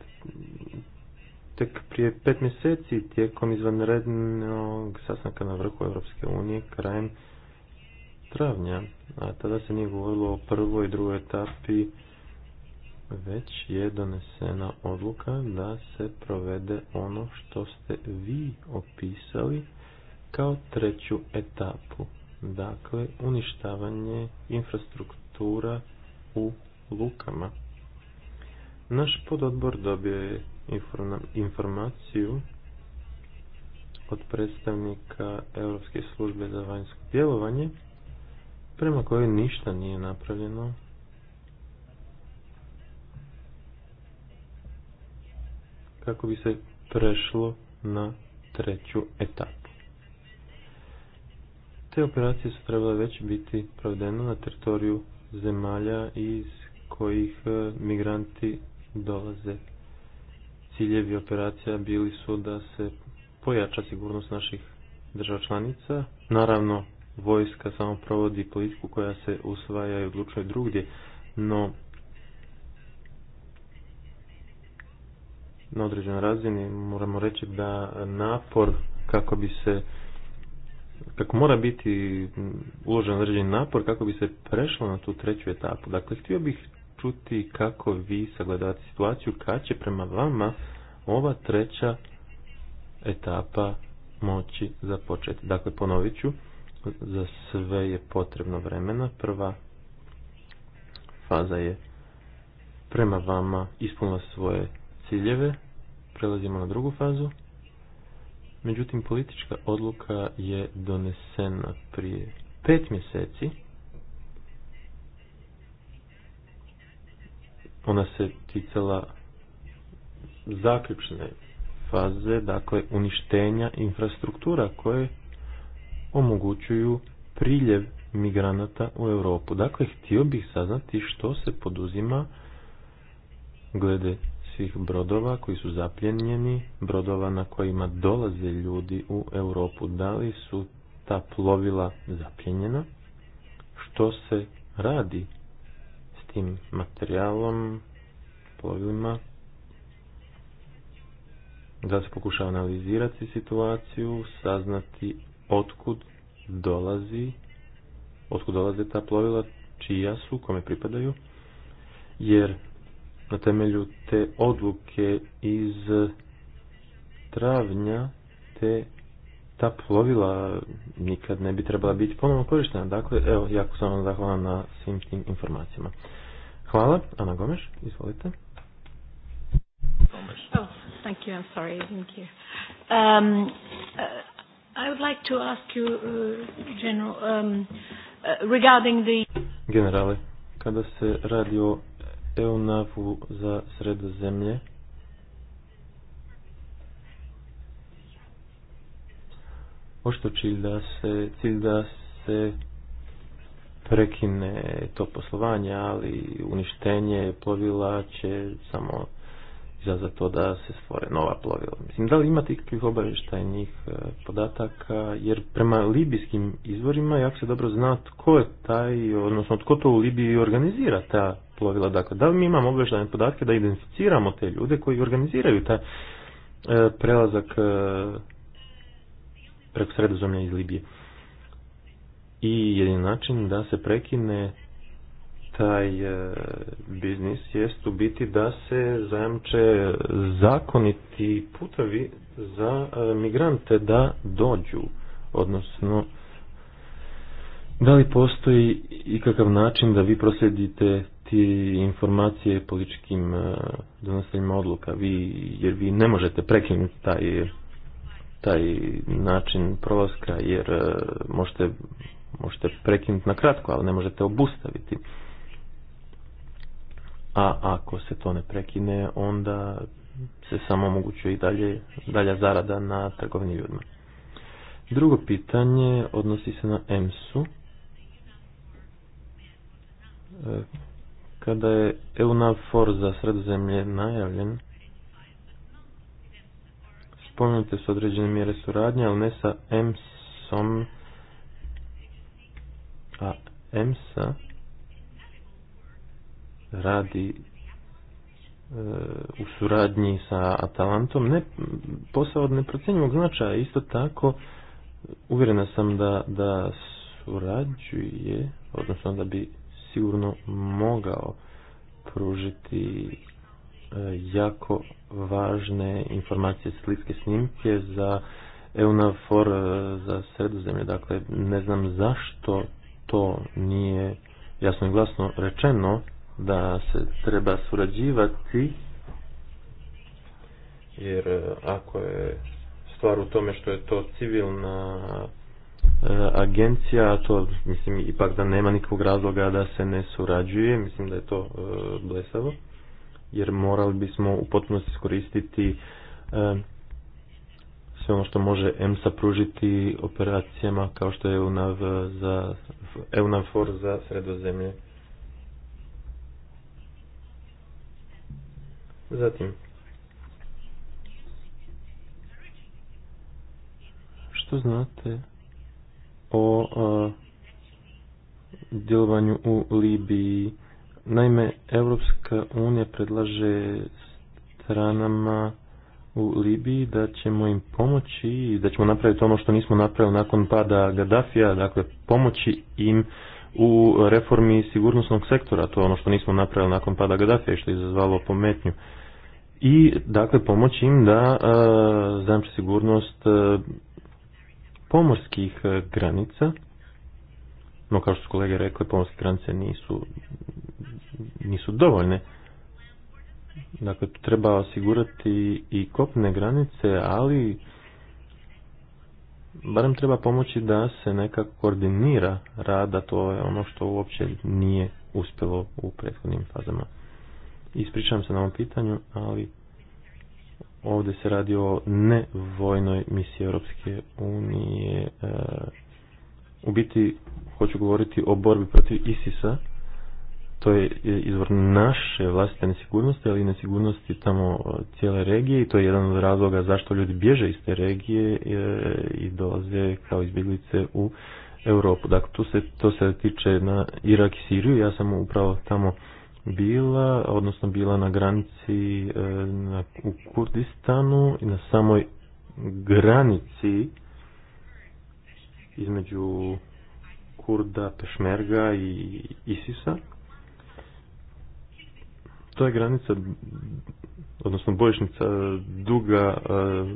tek prije pet mjeseci tijekom izvanrednog sastanka na vrhu Europske unije krajem travnja, a tada se nije govorilo o prvoj i drugoj etapi, već je donesena odluka da se provede ono što ste vi opisali kao treću etapu dakle uništavanje infrastruktura u lukama. Naš pododbor dobio je informaciju od predstavnika Europske službe za vanjsko djelovanje prema kojoj ništa nije napravljeno kako bi se prešlo na treću etapu. Te operacije su trebale već biti provedene na teritoriju zemalja iz kojih e, migranti dolaze. Ciljevi operacija bili su da se pojača sigurnost naših država članica. Naravno, vojska samo provodi politiku koja se usvaja i odlučuje drugdje, no na određenoj razini moramo reći da napor kako bi se kako mora biti uložen određeni napor kako bi se prešlo na tu treću etapu. Dakle, htio bih čuti kako vi sagledate situaciju, kad će prema vama ova treća etapa moći započeti. Dakle, ponovit ću, za sve je potrebno vremena. Prva faza je prema vama ispunila svoje ciljeve. Prelazimo na drugu fazu. Međutim, politička odluka je donesena prije pet mjeseci. Ona se ticala zaključne faze, dakle uništenja infrastruktura koje omogućuju priljev migranata u Europu. Dakle, htio bih saznati što se poduzima glede svih brodova koji su zapljenjeni, brodova na kojima dolaze ljudi u Europu. Da li su ta plovila zapljenjena? Što se radi s tim materijalom, plovilima? Da se pokuša analizirati situaciju, saznati otkud dolazi, otkud dolaze ta plovila, čija su, kome pripadaju, jer na temelju te odluke iz travnja te ta plovila nikad ne bi trebala biti ponovno korištena. Dakle, evo, jako sam vam zahvalan na svim tim informacijama. Hvala. Ana Gomeš, izvolite. regarding the... Generale, kada se radi o za u za sredozemlje. Ošto cilj da se, cilj da se prekine to poslovanje, ali uništenje plovila će samo za to da se stvore nova plovila. Mislim, da li imate ikakvih obavještajnih e, podataka, jer prema libijskim izvorima jak se dobro zna tko je taj, odnosno tko to u Libiji organizira ta plovila. Dakle, da li mi imamo obveždane podatke da identificiramo te ljude koji organiziraju taj e, prelazak e, preko sredozemlja iz Libije. I jedin način da se prekine taj e, biznis jest u biti da se zajamče zakoniti putovi za migrante da dođu, odnosno da li postoji ikakav način da vi proslijedite dati informacije političkim e, donositeljima odluka, vi, jer vi ne možete prekinuti taj, taj način prolaska, jer e, možete, možete prekinuti na kratko, ali ne možete obustaviti. A ako se to ne prekine, onda se samo omogućuje i dalje, dalja zarada na trgovini ljudima. Drugo pitanje odnosi se na EMSU e, kada je EUNAVFOR za sredozemlje najavljen, spomenute su određene mjere suradnje, ali ne sa ems a EMSA radi e, u suradnji sa Atalantom, ne, posao od neprocjenjivog značaja, isto tako uvjerena sam da, da surađuje, odnosno da bi sigurno mogao pružiti e, jako važne informacije slitske snimke za EUNAFOR e, za sredozemlje. Dakle, ne znam zašto to nije jasno i glasno rečeno da se treba surađivati jer e, ako je stvar u tome što je to civilna E, agencija, a to mislim ipak da nema nikakvog razloga da se ne surađuje, mislim da je to e, blesavo, jer morali bismo u potpunosti iskoristiti e, sve ono što može EMSA pružiti operacijama kao što je EUNAV za EUNAVFOR za sredozemlje. Zatim, što znate o djelovanju u Libiji. Naime, Europska unija predlaže stranama u Libiji da ćemo im pomoći i da ćemo napraviti ono što nismo napravili nakon pada Gaddafija, dakle pomoći im u reformi sigurnosnog sektora, to je ono što nismo napravili nakon pada Gaddafija i što je izazvalo pometnju. I dakle pomoći im da e, sigurnost pomorskih e, granica, no kao što su kolege rekli, pomorske granice nisu, nisu dovoljne. Dakle, treba osigurati i kopne granice, ali barem treba pomoći da se nekako koordinira rada, to je ono što uopće nije uspjelo u prethodnim fazama. Ispričavam se na ovom pitanju, ali Ovdje se radi o nevojnoj misiji Europske unije. E, u biti hoću govoriti o borbi protiv isis To je izvor naše vlastite nesigurnosti, ali i nesigurnosti tamo e, cijele regije i to je jedan od razloga zašto ljudi bježe iz te regije e, i dolaze kao izbjeglice u Europu. Dakle, tu se, to se tiče na Irak i Siriju. Ja sam upravo tamo bila, odnosno bila na granici e, na, u Kurdistanu i na samoj granici između Kurda, Pešmerga i Isisa. To je granica, odnosno bojišnica duga e,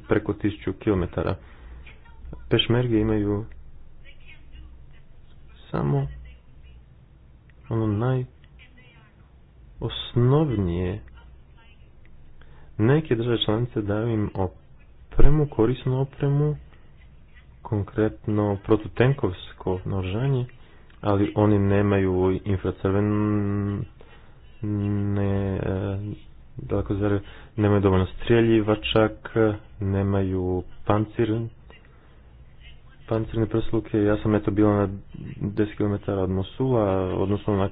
preko 1000 km. Pešmerge imaju samo ono naj osnovnije. Neke države članice daju im opremu, korisnu opremu, konkretno prototenkovsko naoružanje, ali oni nemaju infracrvene eh, nemaju dovoljno streljivačak, nemaju pancir, pancirne prsluke. Ja sam eto bila na 10 km od Mosula, odnosno na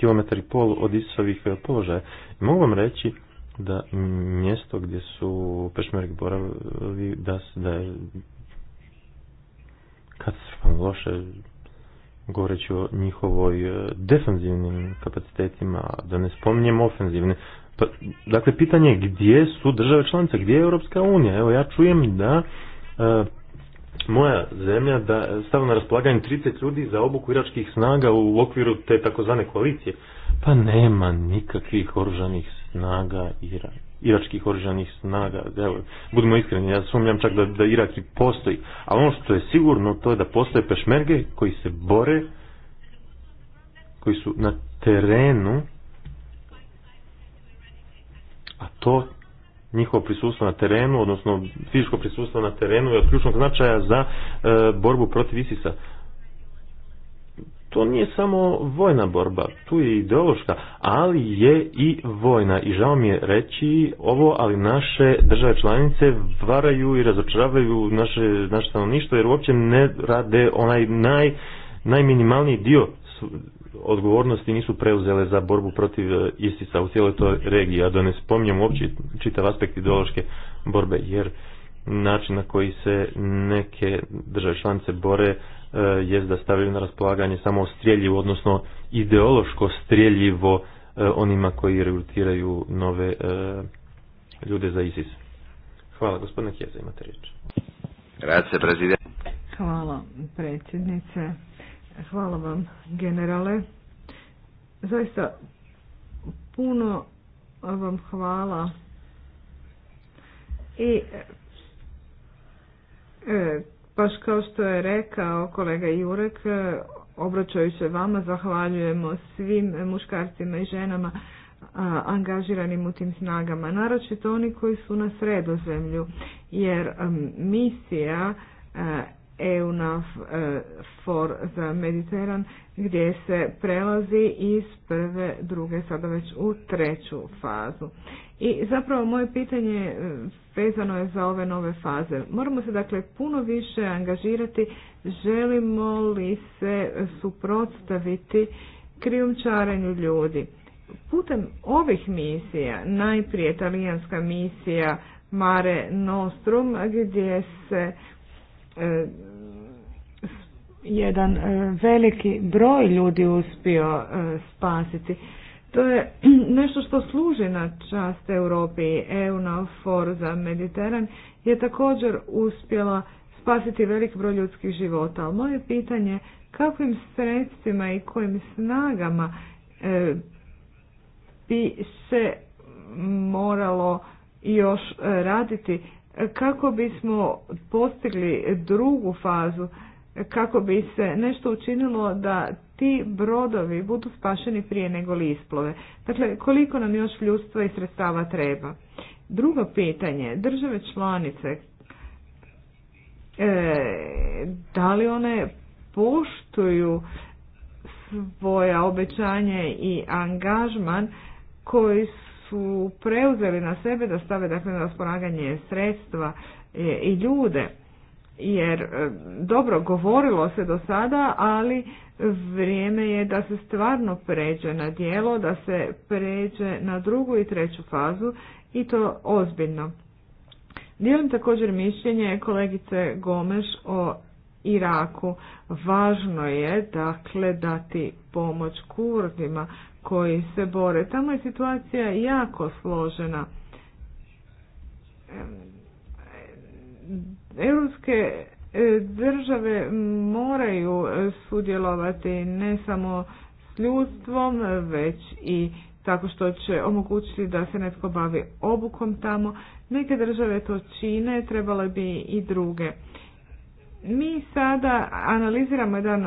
kilometar i pol od Isovih e, položaja. Mogu vam reći da mjesto gdje su pešmerik boravili, da, da je katastrofalno loše govoreći o njihovoj e, defensivnim kapacitetima, da ne spominjem ofenzivne. Pa, dakle, pitanje je gdje su države članice, gdje je Europska unija? Evo, ja čujem da e, moja zemlja da stava na raspolaganje 30 ljudi za obuku iračkih snaga u okviru te takozvane koalicije. Pa nema nikakvih oružanih snaga Ira, iračkih oružanih snaga. Evo, budimo iskreni, ja sumnjam čak da, da Irak i postoji. A ono što je sigurno to je da postoje pešmerge koji se bore, koji su na terenu, a to njihovo prisustvo na terenu, odnosno fizičko prisustvo na terenu je od ključnog značaja za e, borbu protiv Isisa. To nije samo vojna borba, tu je ideološka, ali je i vojna. I žao mi je reći ovo, ali naše države članice varaju i razočaravaju naše, naše stanovništvo jer uopće ne rade onaj naj, najminimalniji dio odgovornosti nisu preuzele za borbu protiv e, ISIS-a u cijeloj toj regiji, a da ne spominjem uopće čitav aspekt ideološke borbe, jer način na koji se neke države članice bore e, je da stavljaju na raspolaganje samo streljivo, odnosno ideološko streljivo e, onima koji rekrutiraju nove ljude za ISIS. Hvala, gospodine Kjeza, imate riječ. Hvala, predsjednice. Hvala vam, generale. Zaista puno vam hvala. I e, e baš kao što je rekao kolega Jurek, e, obraćaju se vama, zahvaljujemo svim muškarcima i ženama angažiranim u tim snagama, naročito oni koji su na sredozemlju, jer misija e, EUNAF e, for za Mediteran gdje se prelazi iz prve, druge, sada već u treću fazu. I zapravo moje pitanje e, vezano je za ove nove faze. Moramo se dakle puno više angažirati, želimo li se suprotstaviti krijumčarenju ljudi. Putem ovih misija, najprije talijanska misija Mare Nostrum, gdje se e, jedan e, veliki broj ljudi uspio e, spasiti. To je nešto što služi na čast Europi. EUNAFOR za Mediteran je također uspjela spasiti velik broj ljudskih života. Ali moje pitanje kakvim sredstvima i kojim snagama e, bi se moralo još raditi kako bismo postigli drugu fazu kako bi se nešto učinilo da ti brodovi budu spašeni prije nego li isplove. Dakle, koliko nam još ljudstva i sredstava treba? Drugo pitanje, države članice, e, da li one poštuju svoja obećanje i angažman koji su preuzeli na sebe da stave dakle, na raspolaganje sredstva e, i ljude jer e, dobro govorilo se do sada, ali vrijeme je da se stvarno pređe na dijelo, da se pređe na drugu i treću fazu i to ozbiljno. Dijelim također mišljenje kolegice Gomeš o Iraku. Važno je dakle dati pomoć kurdima koji se bore. Tamo je situacija jako složena Europske e, države moraju e, sudjelovati ne samo s ljudstvom, već i tako što će omogućiti da se netko bavi obukom tamo. Neke države to čine, trebale bi i druge. Mi sada analiziramo jedan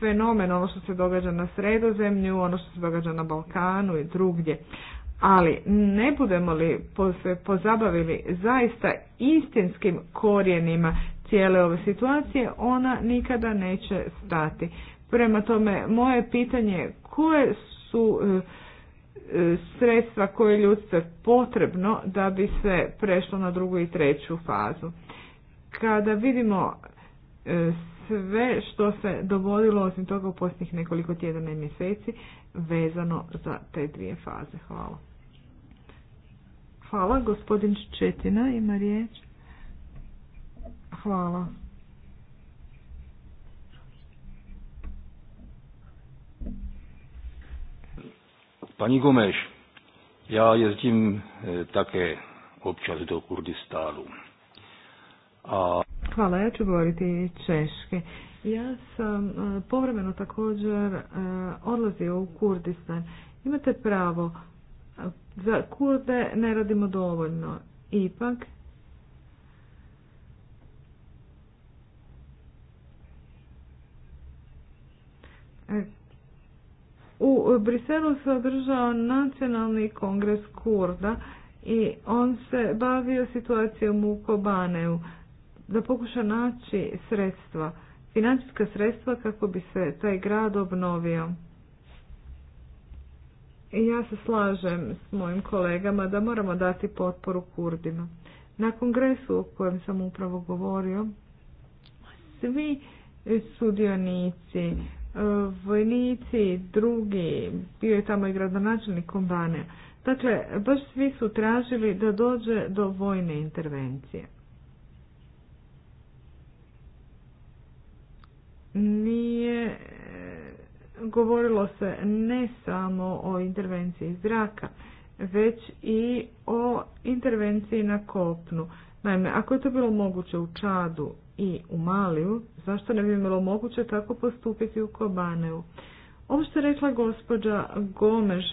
fenomen, ono što se događa na sredozemlju, ono što se događa na Balkanu i drugdje. Ali ne budemo li se pozabavili zaista istinskim korijenima cijele ove situacije, ona nikada neće stati. Prema tome, moje pitanje koje su e, e, sredstva koje ljudstvo potrebno da bi se prešlo na drugu i treću fazu. Kada vidimo e, sve što se dogodilo osim toga u posljednjih nekoliko tjedana i mjeseci vezano za te dvije faze. Hvala. Hvala. Gospodin Ščetina ima riječ. Hvala. Pani Gomeš, ja jezdim e, také občas do Kurdistanu. A... Hvala, ja ću govoriti češke. Ja sam e, povremeno također e, odlazio u Kurdistan. Imate pravo, za kurde ne radimo dovoljno. Ipak, e, U Briselu se održao nacionalni kongres Kurda i on se bavio situacijom u Kobaneu da pokuša naći sredstva, financijska sredstva kako bi se taj grad obnovio. Ja se slažem s mojim kolegama da moramo dati potporu Kurdima. Na kongresu o kojem sam upravo govorio, svi sudionici, e, vojnici, drugi, bio je tamo i gradonačelnik Kombane. Dakle, baš svi su tražili da dođe do vojne intervencije. Nije govorilo se ne samo o intervenciji zraka, već i o intervenciji na kopnu. Naime, ako je to bilo moguće u Čadu i u Maliju, zašto ne bi bilo moguće tako postupiti u Kobaneu? Ovo što je rekla gospođa Gomež,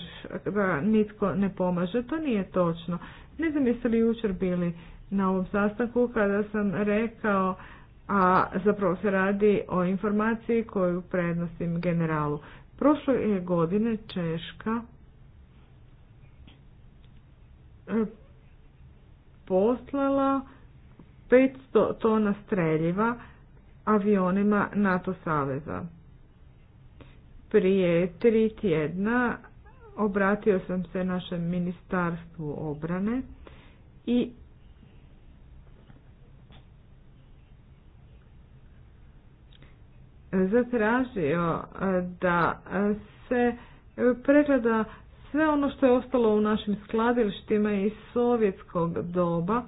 da nitko ne pomaže, to nije točno. Ne znam jeste li jučer bili na ovom sastanku kada sam rekao a zapravo se radi o informaciji koju prednosim generalu. Prošle je godine Češka e, poslala 500 tona streljiva avionima NATO saveza. Prije tri tjedna obratio sam se našem ministarstvu obrane i zatražio e, da e, se pregleda sve ono što je ostalo u našim skladilištima iz sovjetskog doba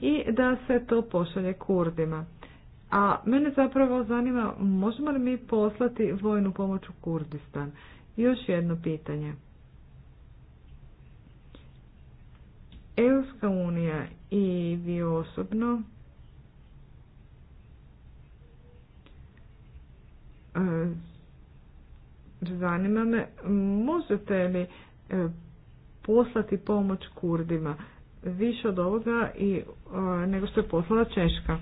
i da se to pošalje Kurdima. A mene zapravo zanima, možemo li mi poslati vojnu pomoć u Kurdistan? Još jedno pitanje. Europska unija i vi osobno E, zanima me, možete li e, poslati pomoć Kurdima više od ovoga i e, nego što je poslala Češka?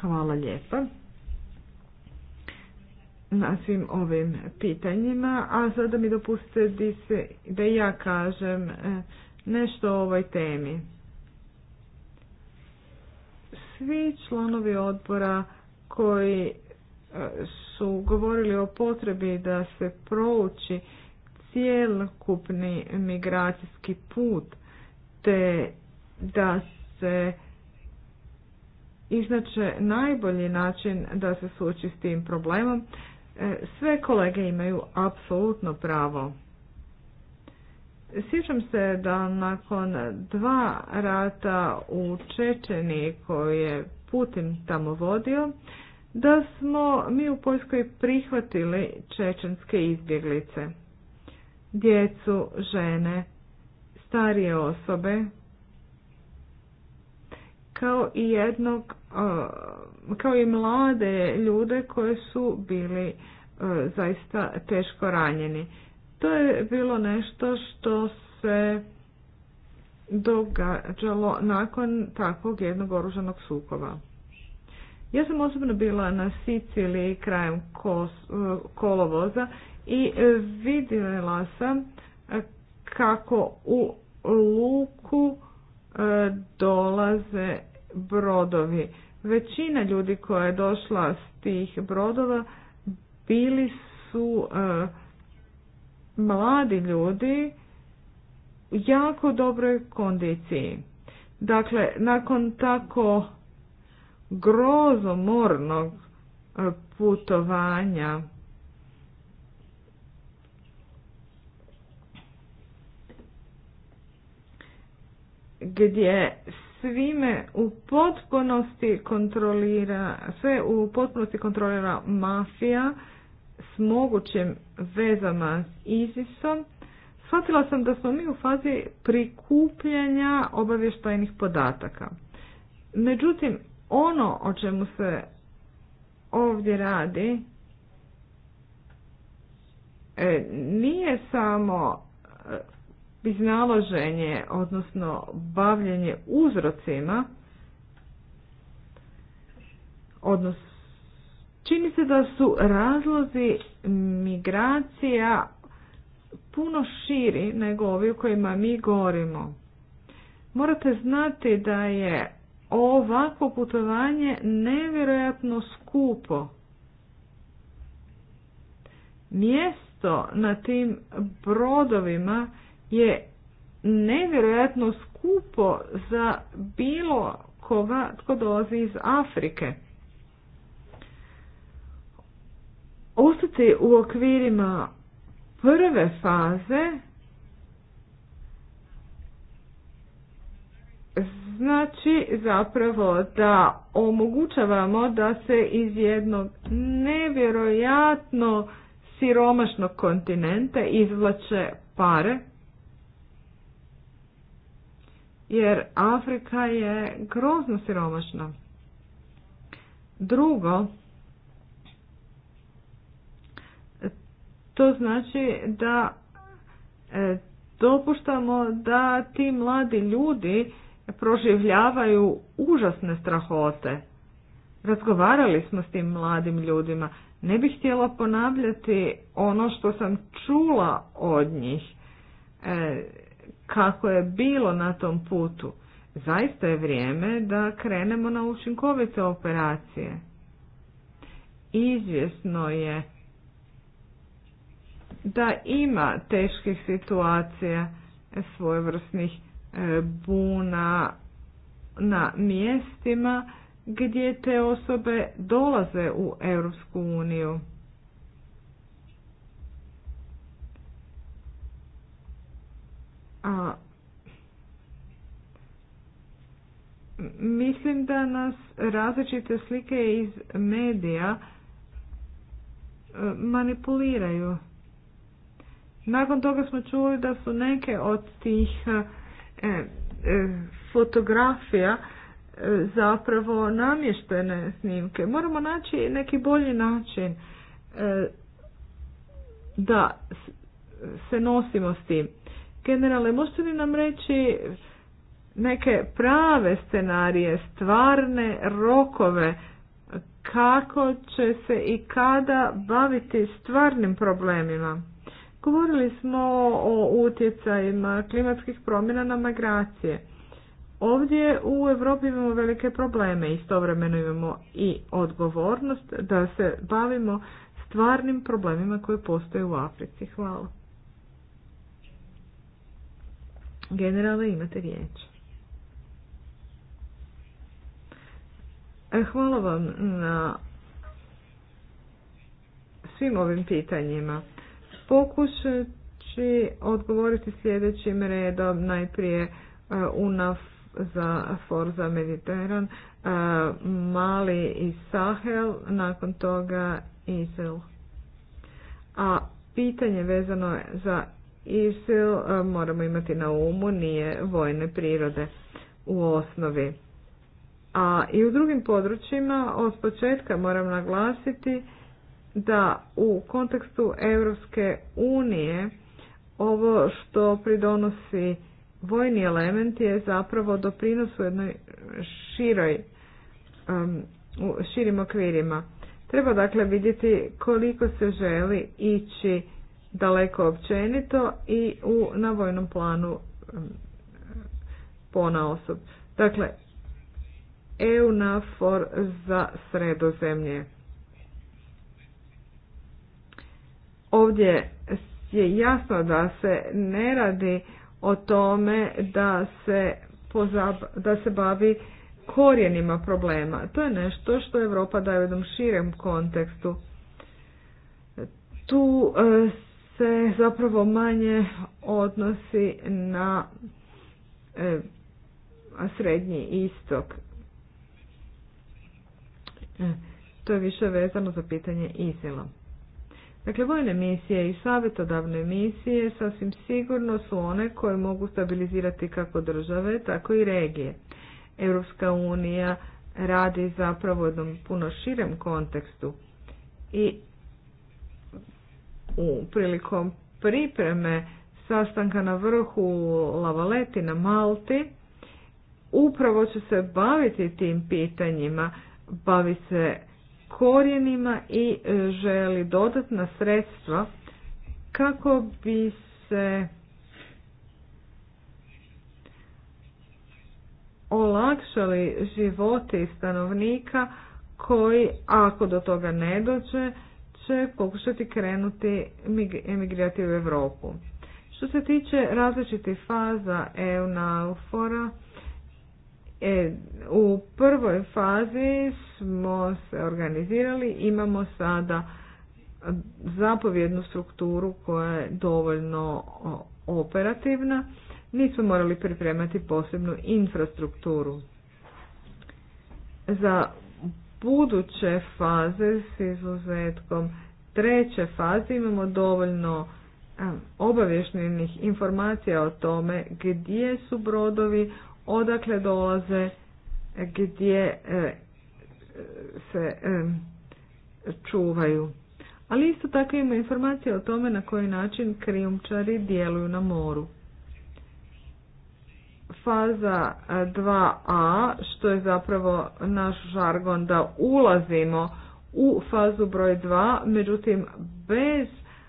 Hvala lijepa na svim ovim pitanjima, a sada mi dopustite da ja kažem nešto o ovoj temi. Svi članovi odbora koji su govorili o potrebi da se prouči cjelokupni migracijski put te da se iznače najbolji način da se suoči s tim problemom. E, sve kolege imaju apsolutno pravo. Sjećam se da nakon dva rata u Čečeni koje je Putin tamo vodio, da smo mi u Poljskoj prihvatili čečenske izbjeglice, djecu, žene, starije osobe, kao i jednog, kao i mlade ljude koji su bili zaista teško ranjeni. To je bilo nešto što se događalo nakon takvog jednog oružanog sukoba. Ja sam osobno bila na Siciliji krajem e, kolovoza i e, vidjela sam e, kako u luku dolaze brodovi. Većina ljudi koja je došla s tih brodova bili su mladi ljudi u jako dobroj kondiciji. Dakle, nakon tako grozo mornog e, putovanja. gdje svime u potpunosti kontrolira, sve u potpunosti kontrolira mafija s mogućim vezama s izisom shvatila sam da smo mi u fazi prikupljanja obavještajnih podataka. Međutim, ono o čemu se ovdje radi e, nije samo e, iznaloženje odnosno bavljenje uzrocima, odnos čini se da su razlozi migracija puno širi nego ovi o kojima mi govorimo. Morate znati da je ovako putovanje nevjerojatno skupo. Mjesto na tim brodovima je nevjerojatno skupo za bilo koga tko dolazi iz Afrike. Ostati u okvirima prve faze Znači zapravo da omogućavamo da se iz jednog nevjerojatno siromašnog kontinenta izvlače pare jer Afrika je grozno siromašna. Drugo, to znači da e, dopuštamo da ti mladi ljudi proživljavaju užasne strahote. Razgovarali smo s tim mladim ljudima. Ne bih htjela ponavljati ono što sam čula od njih, e, kako je bilo na tom putu. Zaista je vrijeme da krenemo na učinkovite operacije. Izvjesno je da ima teških situacija e, svojevrsnih E, buna na mjestima gdje te osobe dolaze u Europsku uniju. A mislim da nas različite slike iz medija e, manipuliraju. Nakon toga smo čuli da su neke od tih e, E, e, fotografija e, zapravo namještene snimke. Moramo naći neki bolji način da se nosimo s tim. Generale, možete li nam reći neke prave scenarije, stvarne rokove, kako će se i kada baviti stvarnim problemima? Govorili smo o utjecajima klimatskih promjena na migracije. Ovdje u Europi imamo velike probleme, istovremeno imamo i odgovornost da se bavimo stvarnim problemima koji postoje u Africi. Hvala. Generalno imate riječ. E, hvala vam na svim ovim pitanjima. Pokušat ću odgovoriti sljedećim redom. Najprije e, UNAF za Forza Mediteran, e, Mali i Sahel, nakon toga Isil. A pitanje vezano za Isil e, moramo imati na umu, nije vojne prirode u osnovi. A i u drugim područjima od početka moram naglasiti da u kontekstu Europske unije ovo što pridonosi vojni element je zapravo doprinos u jednoj široj, u širim okvirima. Treba dakle vidjeti koliko se želi ići daleko općenito i u, na vojnom planu pona osob. Dakle, for za sredozemlje. Ovdje je jasno da se ne radi o tome da se, pozab, da se bavi korijenima problema. To je nešto što Europa daje u jednom širem kontekstu. Tu e, se zapravo manje odnosi na e, srednji istok. E, to je više vezano za pitanje izila. Dakle, vojne misije i savjetodavne misije sasvim sigurno su one koje mogu stabilizirati kako države, tako i regije. Europska unija radi zapravo u jednom puno širem kontekstu i u prilikom pripreme sastanka na vrhu Lavaleti na Malti upravo će se baviti tim pitanjima, bavi se korijenima i e, želi dodatna sredstva kako bi se olakšali živote stanovnika koji, ako do toga ne dođe, će pokušati krenuti emigrirati u Europu. Što se tiče različitih faza eunaufora E, u prvoj fazi smo se organizirali, imamo sada zapovjednu strukturu koja je dovoljno operativna, nismo morali pripremati posebnu infrastrukturu. Za buduće faze s izuzetkom treće faze imamo dovoljno e, obavještenih informacija o tome gdje su brodovi, odakle dolaze, gdje e, e, se e, čuvaju. Ali isto tako ima informacija o tome na koji način krijumčari djeluju na moru. Faza 2a, što je zapravo naš žargon da ulazimo u fazu broj 2, međutim bez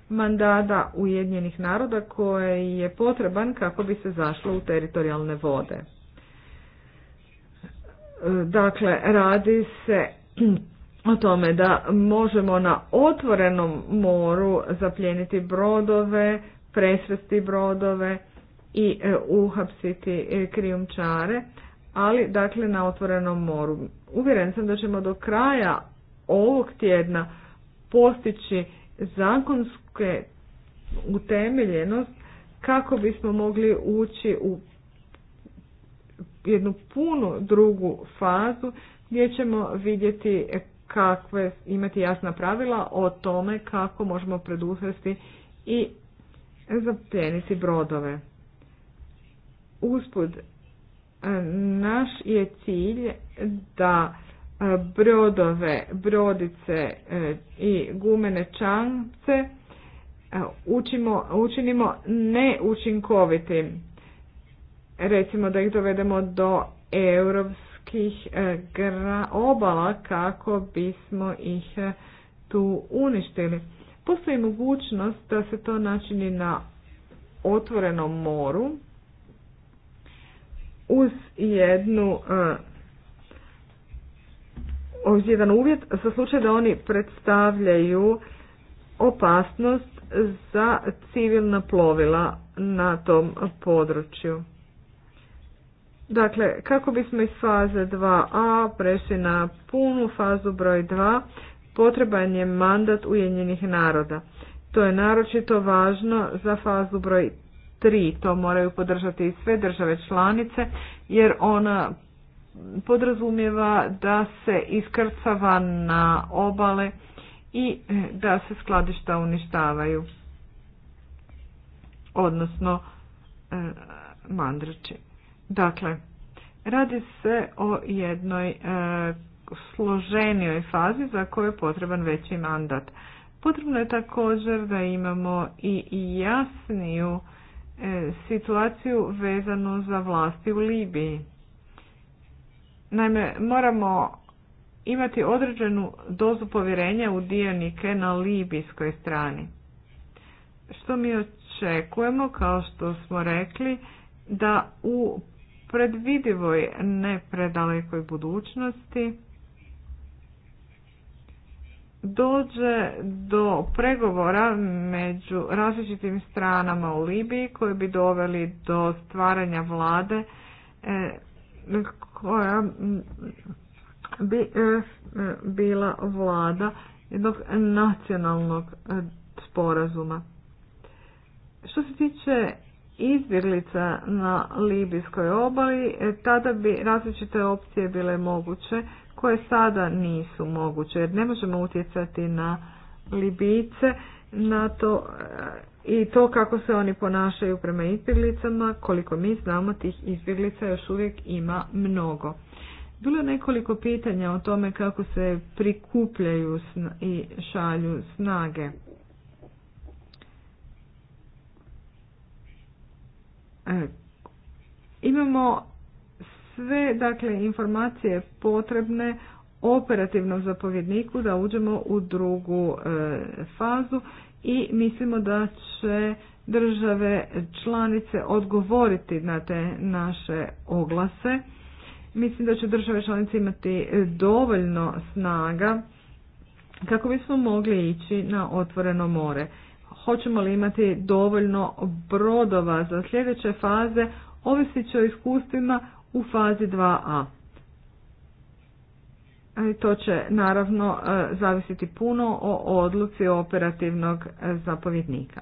mandada Ujedinjenih naroda koji je potreban kako bi se zašlo u teritorijalne vode. Dakle, radi se o tome da možemo na otvorenom moru zapljeniti brodove, presvesti brodove i e, uhapsiti e, krijumčare, ali dakle na otvorenom moru. Uvjeren sam da ćemo do kraja ovog tjedna postići zakonske utemeljenost kako bismo mogli ući u jednu punu drugu fazu gdje ćemo vidjeti kakve imati jasna pravila o tome kako možemo preduzesti i zapljeniti brodove. Uspud, naš je cilj da brodove, brodice e, i gumene čance e, učimo, učinimo neučinkovitim recimo da ih dovedemo do europskih e, obala kako bismo ih e, tu uništili. Postoji mogućnost da se to načini na otvorenom moru uz jednu e, uz jedan uvjet za slučaj da oni predstavljaju opasnost za civilna plovila na tom području. Dakle, kako bismo iz faze 2a prešli na punu fazu broj 2, potreban je mandat Ujedinjenih naroda. To je naročito važno za fazu broj 3. To moraju podržati i sve države članice jer ona podrazumijeva da se iskrcava na obale i eh, da se skladišta uništavaju, odnosno eh, mandrači. Dakle, radi se o jednoj e, složenijoj fazi za koju je potreban veći mandat. Potrebno je također da imamo i jasniju e, situaciju vezanu za vlasti u Libiji. Naime, moramo imati određenu dozu povjerenja u dionike na libijskoj strani. Što mi očekujemo, kao što smo rekli, da u predvidivoj, ne predalekoj budućnosti dođe do pregovora među različitim stranama u Libiji koji bi doveli do stvaranja vlade e, koja bi e, bila vlada jednog nacionalnog e, sporazuma. Što se tiče izbjeglica na libijskoj obali, e, tada bi različite opcije bile moguće koje sada nisu moguće jer ne možemo utjecati na Libijice na to e, i to kako se oni ponašaju prema izbjeglicama, koliko mi znamo tih izbjeglica još uvijek ima mnogo. Bilo je nekoliko pitanja o tome kako se prikupljaju i šalju snage. E, imamo sve dakle informacije potrebne operativnom zapovjedniku da uđemo u drugu e, fazu i mislimo da će države članice odgovoriti na te naše oglase. Mislim da će države članice imati dovoljno snaga kako bismo mogli ići na otvoreno more hoćemo li imati dovoljno brodova za sljedeće faze, ovisit će o iskustvima u fazi 2a. E, to će naravno e, zavisiti puno o odluci operativnog e, zapovjednika.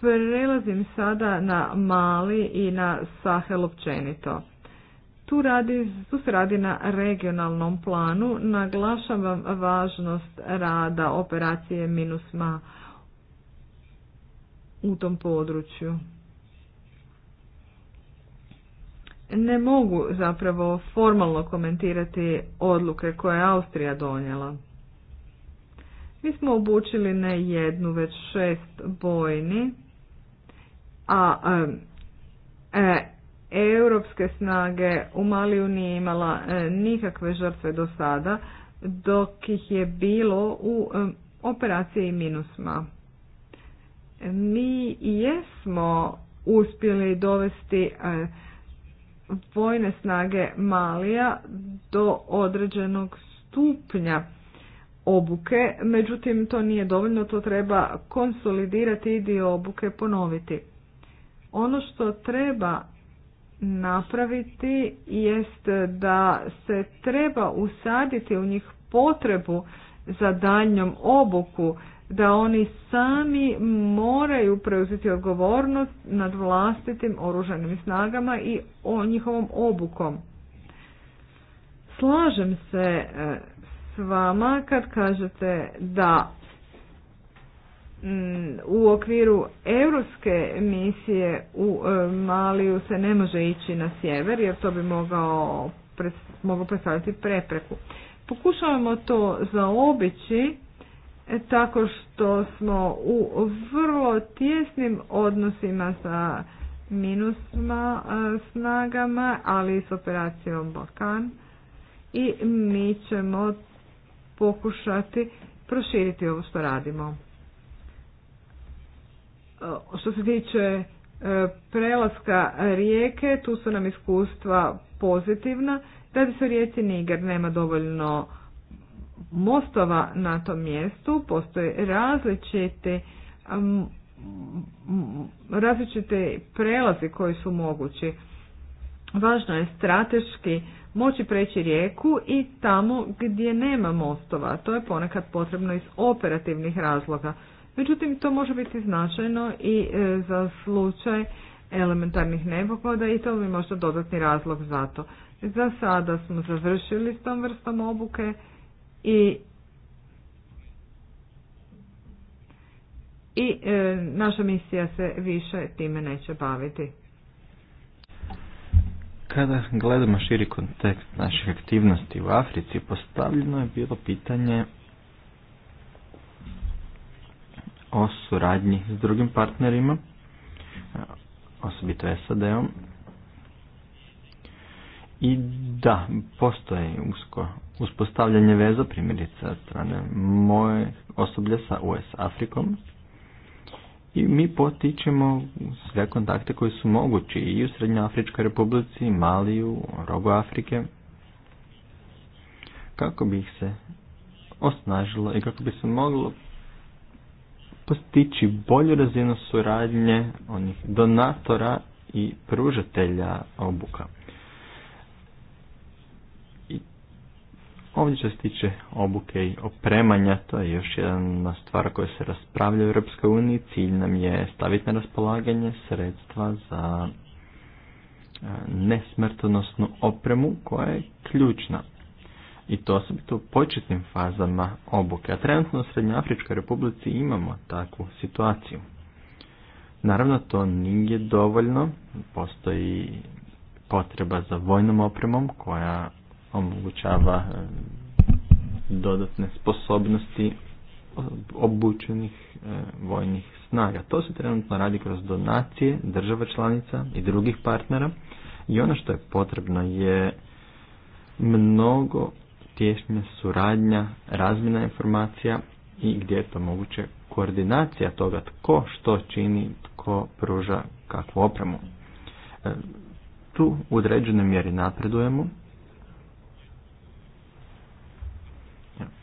Prelazim sada na Mali i na Sahel općenito. Tu, radi, tu se radi na regionalnom planu. Naglašavam važnost rada operacije MINUSMA u tom području. Ne mogu zapravo formalno komentirati odluke koje je Austrija donijela. Mi smo obučili ne jednu, već šest bojni, a e, europske snage u Maliju nije imala e, nikakve žrtve do sada, dok ih je bilo u operaciji Minusma mi jesmo uspjeli dovesti e, vojne snage Malija do određenog stupnja obuke, međutim to nije dovoljno, to treba konsolidirati i dio obuke ponoviti. Ono što treba napraviti jest da se treba usaditi u njih potrebu za daljnjom obuku, da oni sami moraju preuzeti odgovornost nad vlastitim oružanim snagama i o njihovom obukom. Slažem se e, s vama kad kažete da mm, u okviru europske misije u e, Maliju se ne može ići na sjever jer to bi mogao, predstaviti predstavljati prepreku. Pokušavamo to zaobići e, tako što smo u vrlo tjesnim odnosima sa minusma e, snagama, ali i s operacijom Balkan i mi ćemo pokušati proširiti ovo što radimo. E, što se tiče prelaska rijeke, tu su nam iskustva pozitivna bi se o rijeci nema dovoljno mostova na tom mjestu, postoje različite različite prelazi koji su mogući. Važno je strateški moći preći rijeku i tamo gdje nema mostova. To je ponekad potrebno iz operativnih razloga. Međutim, to može biti značajno i e, za slučaj elementarnih nepogoda i to bi možda dodatni razlog za to. Za sada smo završili s tom vrstom obuke i i e, naša misija se više time neće baviti. Kada gledamo širi kontekst naših aktivnosti u Africi, postavljeno je bilo pitanje o suradnji s drugim partnerima, osobito SAD-om, i da, postoje usko uspostavljanje veza, primjerice od strane moje osoblje sa US Afrikom. I mi potičemo sve kontakte koji su mogući i u Srednjoafričkoj republici, Maliju, Rogu Afrike, kako bi ih se osnažilo i kako bi se moglo postići bolju razinu suradnje onih donatora i pružatelja obuka. Ovdje što se tiče obuke i opremanja, to je još jedna stvar koja se raspravlja u Europskoj uniji. Cilj nam je staviti na raspolaganje sredstva za e, nesmrtonosnu opremu koja je ključna. I to osobito u početnim fazama obuke. A trenutno u Srednjoafričkoj republici imamo takvu situaciju. Naravno to nije dovoljno, postoji potreba za vojnom opremom koja omogućava e, dodatne sposobnosti obučenih e, vojnih snaga. To se trenutno radi kroz donacije država članica i drugih partnera i ono što je potrebno je mnogo tješnja suradnja, razmjena informacija i gdje je to moguće koordinacija toga tko što čini, tko pruža kakvu opremu. E, tu u određenoj mjeri napredujemo,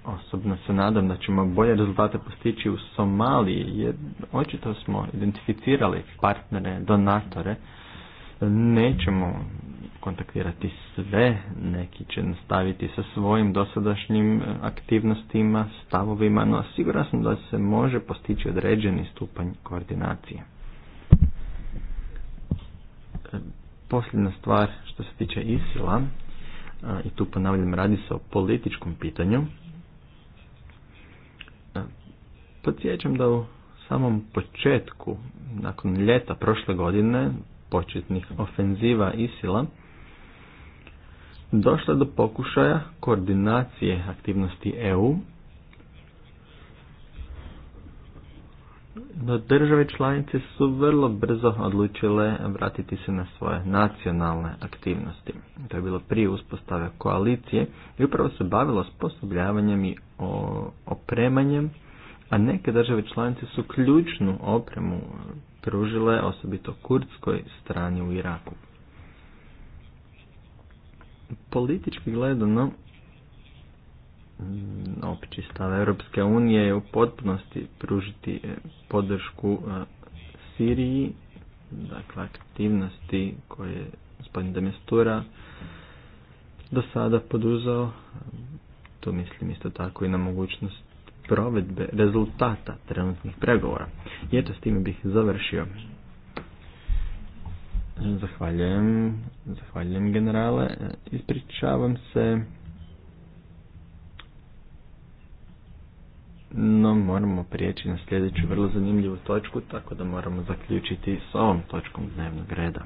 Osobno se nadam da ćemo bolje rezultate postići u Somaliji jer očito smo identificirali partnere, donatore. Nećemo kontaktirati sve, neki će nastaviti sa svojim dosadašnjim e, aktivnostima, stavovima, no siguran sam da se može postići određeni stupanj koordinacije. E, posljedna stvar što se tiče Isila, e, i tu ponavljam radi se o političkom pitanju, Podsjećam da u samom početku, nakon ljeta prošle godine, početnih ofenziva Isila, došlo do pokušaja koordinacije aktivnosti EU No države članice su vrlo brzo odlučile vratiti se na svoje nacionalne aktivnosti. To je bilo prije uspostave koalicije i upravo se bavilo osposobljavanjem i opremanjem a neke države članice su ključnu opremu pružile osobito kurdskoj strani u Iraku. Politički gledano, mm, opći stav Europske unije je u potpunosti pružiti e, podršku e, Siriji, dakle aktivnosti koje je gospodin Demestura do sada poduzao, tu mislim isto tako i na mogućnost provedbe rezultata trenutnih pregovora. I eto s time bih završio. Zahvaljujem, zahvaljujem generale. Ispričavam se. No moramo prijeći na sljedeću vrlo zanimljivu točku, tako da moramo zaključiti s ovom točkom dnevnog reda.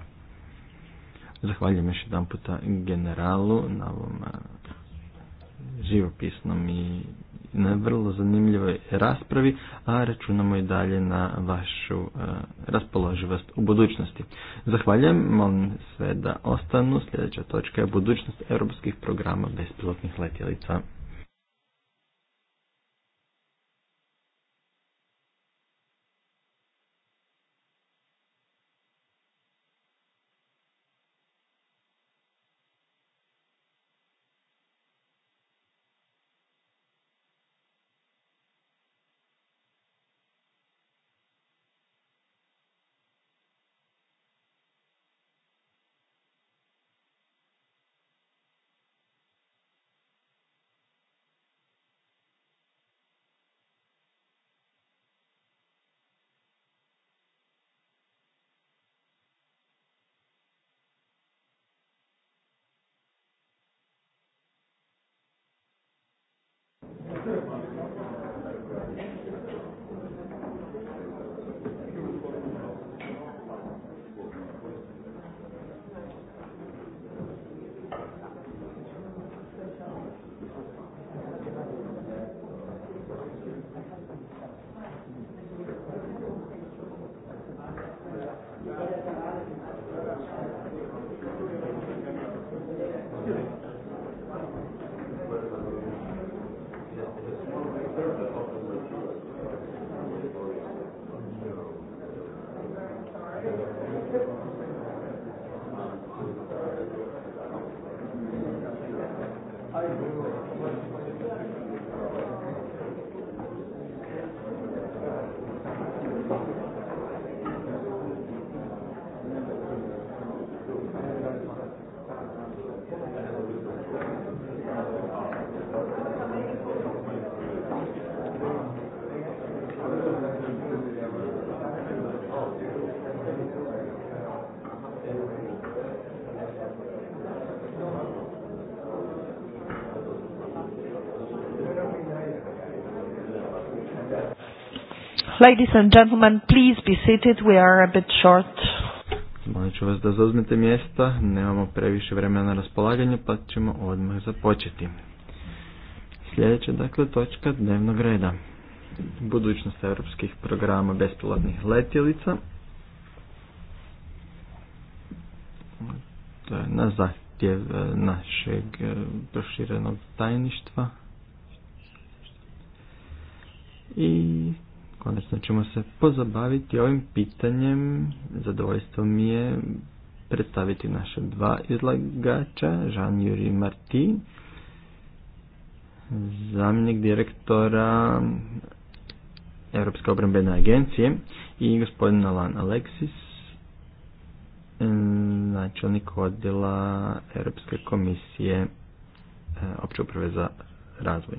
Zahvaljujem još jedan puta generalu na ovom živopisnom i na vrlo zanimljivoj raspravi, a računamo i dalje na vašu e, raspoloživost u budućnosti. Zahvaljujem, molim sve da ostanu. Sljedeća točka je budućnost europskih programa bespilotnih letjelica. Ladies and gentlemen, please be seated. We are a bit short. Molit ću vas da zauzmete mjesta, nemamo previše vremena na raspolaganju, pa ćemo odmah započeti. Sljedeća, dakle, točka dnevnog reda. Budućnost europskih programa bespilotnih letjelica. To je na zahtjev e, našeg e, proširenog tajništva. I konačno ćemo se pozabaviti ovim pitanjem. Zadovoljstvo mi je predstaviti naše dva izlagača, Jean-Yuri Marti, zamjenik direktora Europske obrambene agencije i gospodin Alan Alexis, načelnik odjela Europske komisije e, opće uprave za razvoj.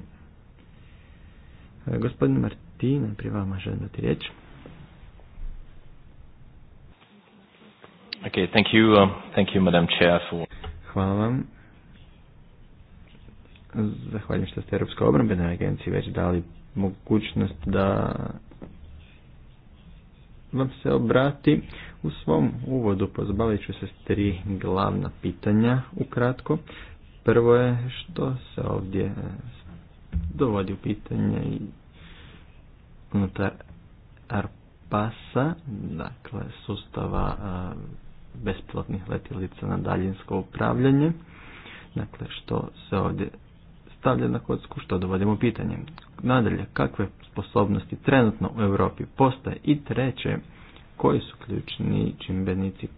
E, gospodin Marti, ti, najprije vama želim dati riječ. Okay, thank you, uh, thank you, Madam Chair, Hvala vam. Zahvaljujem što ste Europskoj obrambenoj agenciji već dali mogućnost da vam se obrati. U svom uvodu pozbavit ću se s tri glavna pitanja ukratko. Prvo je što se ovdje eh, dovodi u pitanje i unutar ARPAS-a, dakle sustava besplatnih letilica na daljinsko upravljanje. Dakle, što se ovdje stavlja na kocku, što dovodimo pitanje. Nadalje, kakve sposobnosti trenutno u Europi postaje? i treće, koji su ključni čimbenici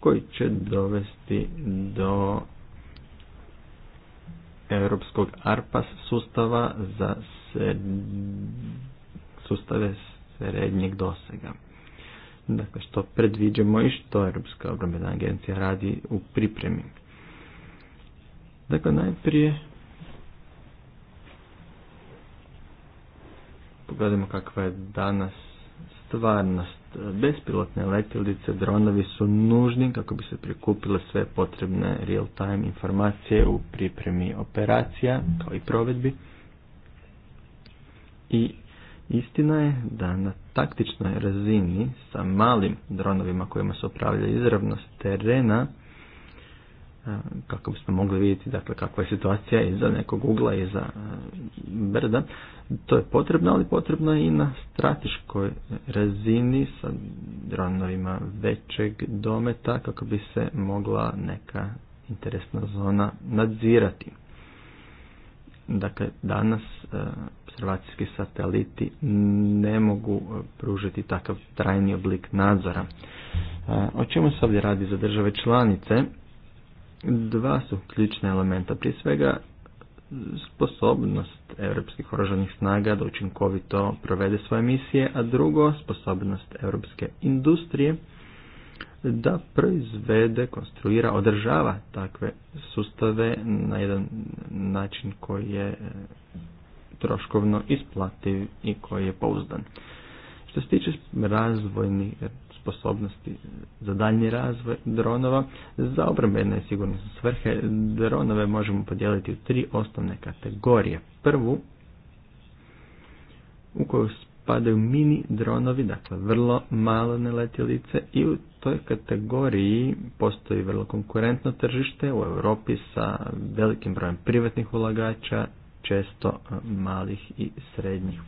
koji će dovesti do europskog ARPAS sustava za sustave srednjeg dosega. Dakle, što predviđamo i što Europska obrambena agencija radi u pripremi. Dakle, najprije pogledajmo kakva je danas stvarnost bespilotne letjelice, dronovi su nužni kako bi se prikupile sve potrebne real-time informacije u pripremi operacija kao i provedbi. I istina je da na taktičnoj razini sa malim dronovima kojima se upravlja izravnost terena kako bismo mogli vidjeti dakle, kakva je situacija iza nekog ugla, za e, brda. To je potrebno, ali potrebno je i na strateškoj razini sa dronovima većeg dometa kako bi se mogla neka interesna zona nadzirati. Dakle, danas e, observacijski sateliti ne mogu e, pružiti takav trajni oblik nadzora. O čemu se ovdje radi za države članice? Dva su ključna elementa. Prije svega sposobnost europskih oružanih snaga da učinkovito provede svoje misije, a drugo sposobnost europske industrije da proizvede, konstruira, održava takve sustave na jedan način koji je e, troškovno isplativ i koji je pouzdan. Što se tiče razvojnih sposobnosti za daljnji razvoj dronova. Za obrambene sigurnosne svrhe dronove možemo podijeliti u tri osnovne kategorije. Prvu, u koju spadaju mini dronovi, dakle vrlo malo letjelice i u toj kategoriji postoji vrlo konkurentno tržište u Europi sa velikim brojem privatnih ulagača, često malih i srednjih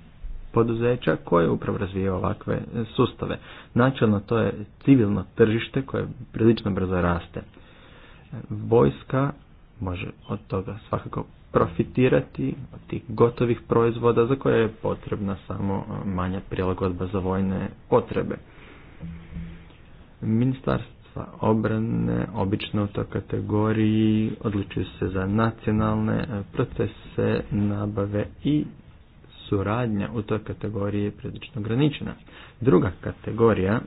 poduzeća koje upravo razvija ovakve e, sustave. Načelno to je civilno tržište koje prilično brzo raste. E, vojska može od toga svakako profitirati od tih gotovih proizvoda za koje je potrebna samo e, manja prilagodba za vojne potrebe. Ministarstva obrane obično u toj kategoriji odličuju se za nacionalne procese nabave i suradnja u toj kategoriji je prilično ograničena. Druga kategorija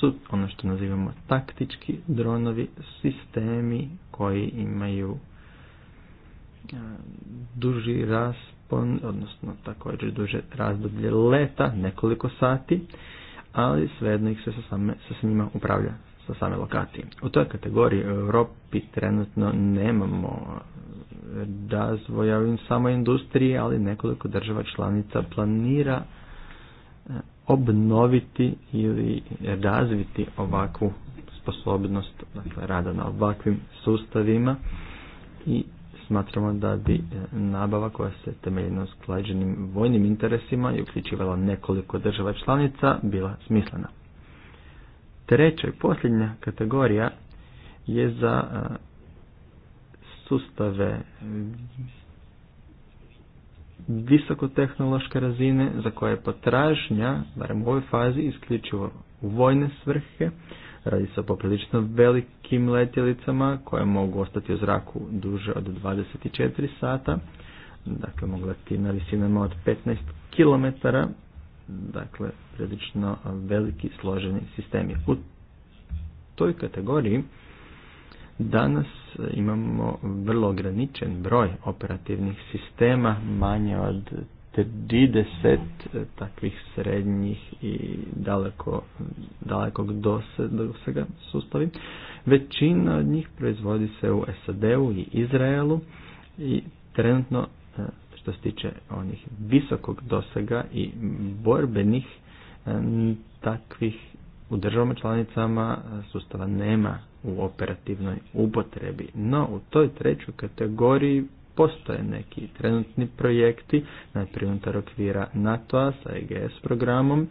su ono što nazivamo taktički dronovi, sistemi koji imaju e, duži raspon, odnosno također duže razdoblje leta, nekoliko sati, ali svejedno ih se sa, same, njima upravlja sa same lokacije. U toj kategoriji u Europi trenutno nemamo razvoja u samo industriji, ali nekoliko država članica planira e, obnoviti ili razviti ovakvu sposobnost dakle, rada na ovakvim sustavima i smatramo da bi e, nabava koja se temeljeno sklađenim vojnim interesima i uključivala nekoliko država članica bila smislena. Treća i posljednja kategorija je za sustave visokotehnološke razine za koje je potražnja, barem u ovoj fazi, isključivo u vojne svrhe. Radi se o poprilično velikim letjelicama koje mogu ostati u zraku duže od 24 sata. Dakle, mogu letiti na visinama od 15 km dakle prilično veliki složeni sistemi. U toj kategoriji danas imamo vrlo ograničen broj operativnih sistema, manje od 30 takvih srednjih i daleko, dalekog dosega sustavi. Većina od njih proizvodi se u SAD-u i Izraelu i trenutno e, što se tiče onih visokog dosega i borbenih e, takvih u državama članicama e, sustava nema u operativnoj upotrebi. No, u toj trećoj kategoriji postoje neki trenutni projekti, najprije unutar okvira NATO-a sa EGS programom,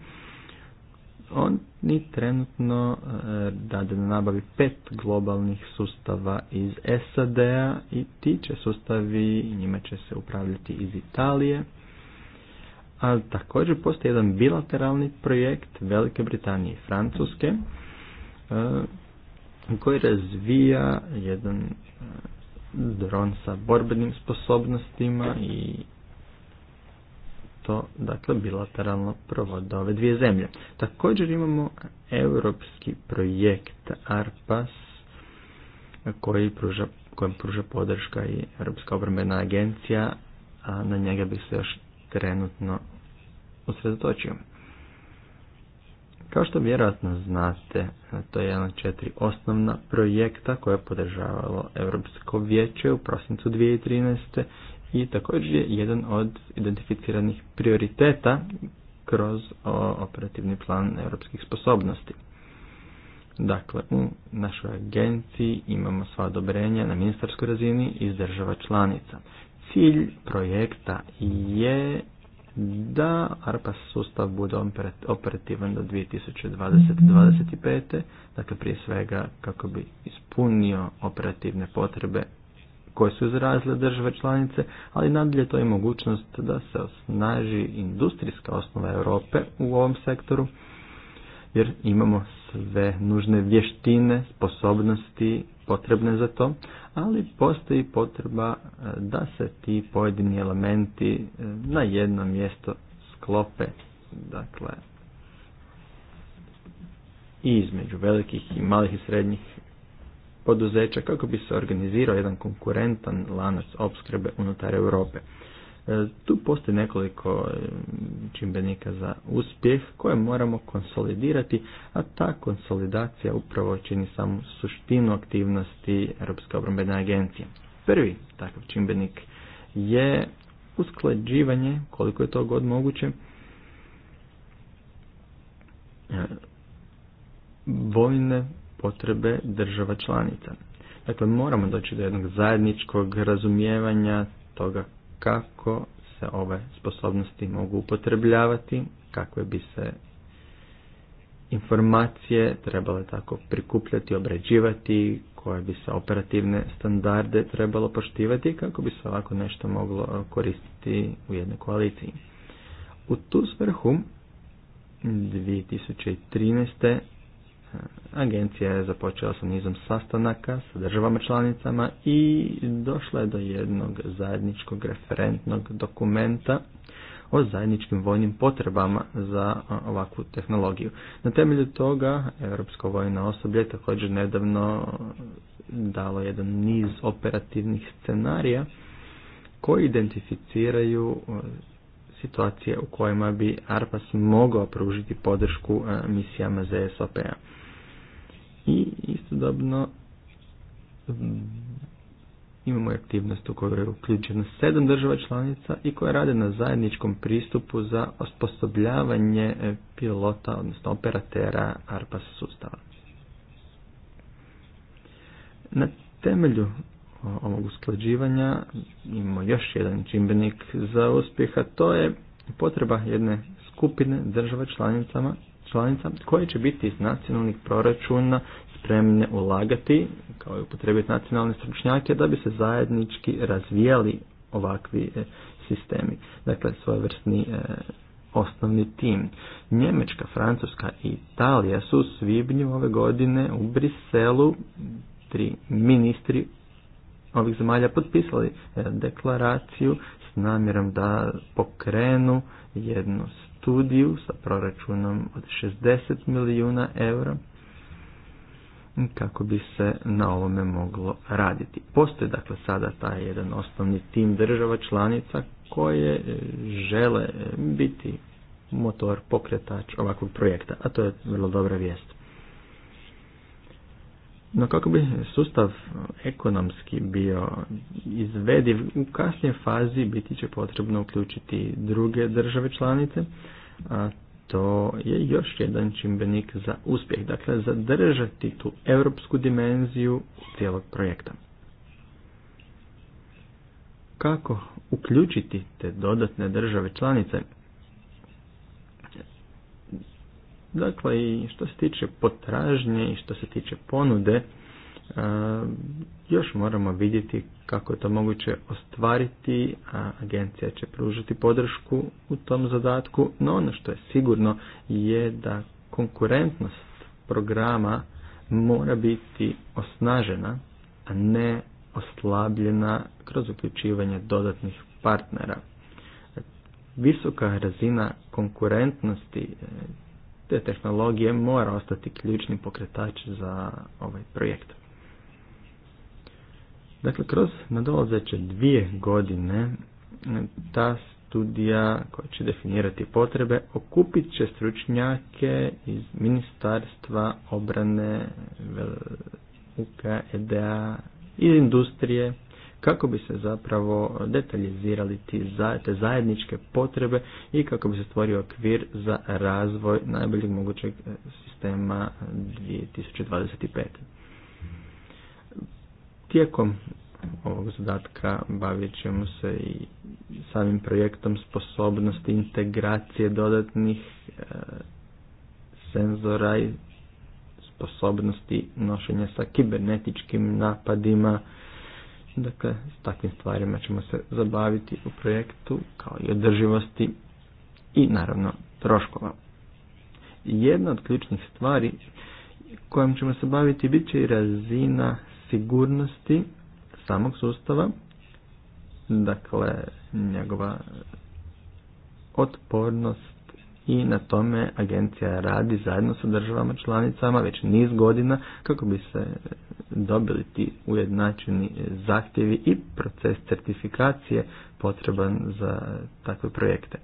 on Oni trenutno e, da na nabavi pet globalnih sustava iz SAD-a i ti će sustavi, njima će se upravljati iz Italije. A također postoji jedan bilateralni projekt Velike Britanije i Francuske e, koji razvija jedan e, dron sa borbenim sposobnostima i to dakle bilateralno provode ove dvije zemlje. Također imamo europski projekt ARPAS koji pruža, kojem pruža podrška i Europska obrambena agencija, a na njega bi se još trenutno usredotočio. Kao što vjerojatno znate, to je jedan od četiri osnovna projekta koja je podržavalo Europsko vijeće u prosincu 2013 i također je jedan od identificiranih prioriteta kroz operativni plan europskih sposobnosti. Dakle, u našoj agenciji imamo sva odobrenja na ministarskoj razini iz država članica. Cilj projekta je da ARPA sustav bude operativan do 2020-2025, dakle prije svega kako bi ispunio operativne potrebe koje su izrazile države članice, ali nadalje to je mogućnost da se osnaži industrijska osnova Europe u ovom sektoru, jer imamo sve nužne vještine, sposobnosti potrebne za to, ali postoji potreba e, da se ti pojedini elementi e, na jedno mjesto sklope, dakle, i između velikih i malih i srednjih poduzeća kako bi se organizirao jedan konkurentan lanac opskrbe unutar Europe. E, tu postoji nekoliko e, čimbenika za uspjeh koje moramo konsolidirati, a ta konsolidacija upravo čini samu suštinu aktivnosti Europske obrambene agencije. Prvi takav čimbenik je usklađivanje, koliko je to god moguće, e, vojne potrebe država članica. Dakle, moramo doći do jednog zajedničkog razumijevanja toga kako se ove sposobnosti mogu upotrebljavati, kakve bi se informacije trebale tako prikupljati, obrađivati, koje bi se operativne standarde trebalo poštivati kako bi se ovako nešto moglo e, koristiti u jednoj koaliciji. U tu svrhu 2013 agencija je započela sa nizom sastanaka sa državama članicama i došla je do jednog zajedničkog referentnog dokumenta o zajedničkim vojnim potrebama za ovakvu tehnologiju. Na temelju toga Europsko vojno osoblje također nedavno dalo jedan niz operativnih scenarija koji identificiraju situacije u kojima bi ARPAS mogao pružiti podršku misijama ZSOP-a i istodobno mm, imamo aktivnost u kojoj je uključeno sedam država članica i koje rade na zajedničkom pristupu za osposobljavanje e, pilota, odnosno operatera ARPAS sustava. Na temelju ovog usklađivanja imamo još jedan čimbenik za uspjeh, a to je potreba jedne skupine država članicama članica koje će biti iz nacionalnih proračuna spremne ulagati, kao i upotrebiti nacionalne stručnjake, da bi se zajednički razvijali ovakvi e, sistemi. Dakle, svojevrsni e, osnovni tim. Njemečka, Francuska i Italija su u svibnju ove godine u Briselu tri ministri ovih zemalja potpisali e, deklaraciju s namjerom da pokrenu jednu studiju sa proračunom od 60 milijuna eura kako bi se na ovome moglo raditi. Postoji dakle sada taj jedan osnovni tim država članica koje e, žele e, biti motor, pokretač ovakvog projekta, a to je vrlo dobra vijest. No kako bi sustav ekonomski bio izvediv, u kasnijoj fazi biti će potrebno uključiti druge države članice, a to je još jedan čimbenik za uspjeh, dakle zadržati tu europsku dimenziju cijelog projekta. Kako uključiti te dodatne države članice Dakle, i što se tiče potražnje i što se tiče ponude, e, još moramo vidjeti kako je to moguće ostvariti, a agencija će pružiti podršku u tom zadatku, no ono što je sigurno je da konkurentnost programa mora biti osnažena, a ne oslabljena kroz uključivanje dodatnih partnera. Visoka razina konkurentnosti e, te tehnologije mora ostati ključni pokretač za ovaj projekt. Dakle, kroz nadolazeće dvije godine e, ta studija koja će definirati potrebe okupit će stručnjake iz Ministarstva obrane UK, e iz industrije, kako bi se zapravo detaljizirali te zajedničke potrebe i kako bi se stvorio okvir za razvoj najboljeg mogućeg e, sistema 2025. E, Tijekom ovog zadatka bavit ćemo se i samim projektom sposobnosti integracije dodatnih e, senzora i sposobnosti nošenja sa kibernetičkim napadima Dakle, s takvim stvarima ćemo se zabaviti u projektu kao i održivosti i naravno troškova. Jedna od ključnih stvari kojom ćemo se baviti bit će i razina sigurnosti samog sustava, dakle njegova otpornost i na tome agencija radi zajedno sa državama članicama već niz godina kako bi se dobili ti ujednačeni zahtjevi i proces certifikacije potreban za takve projekte.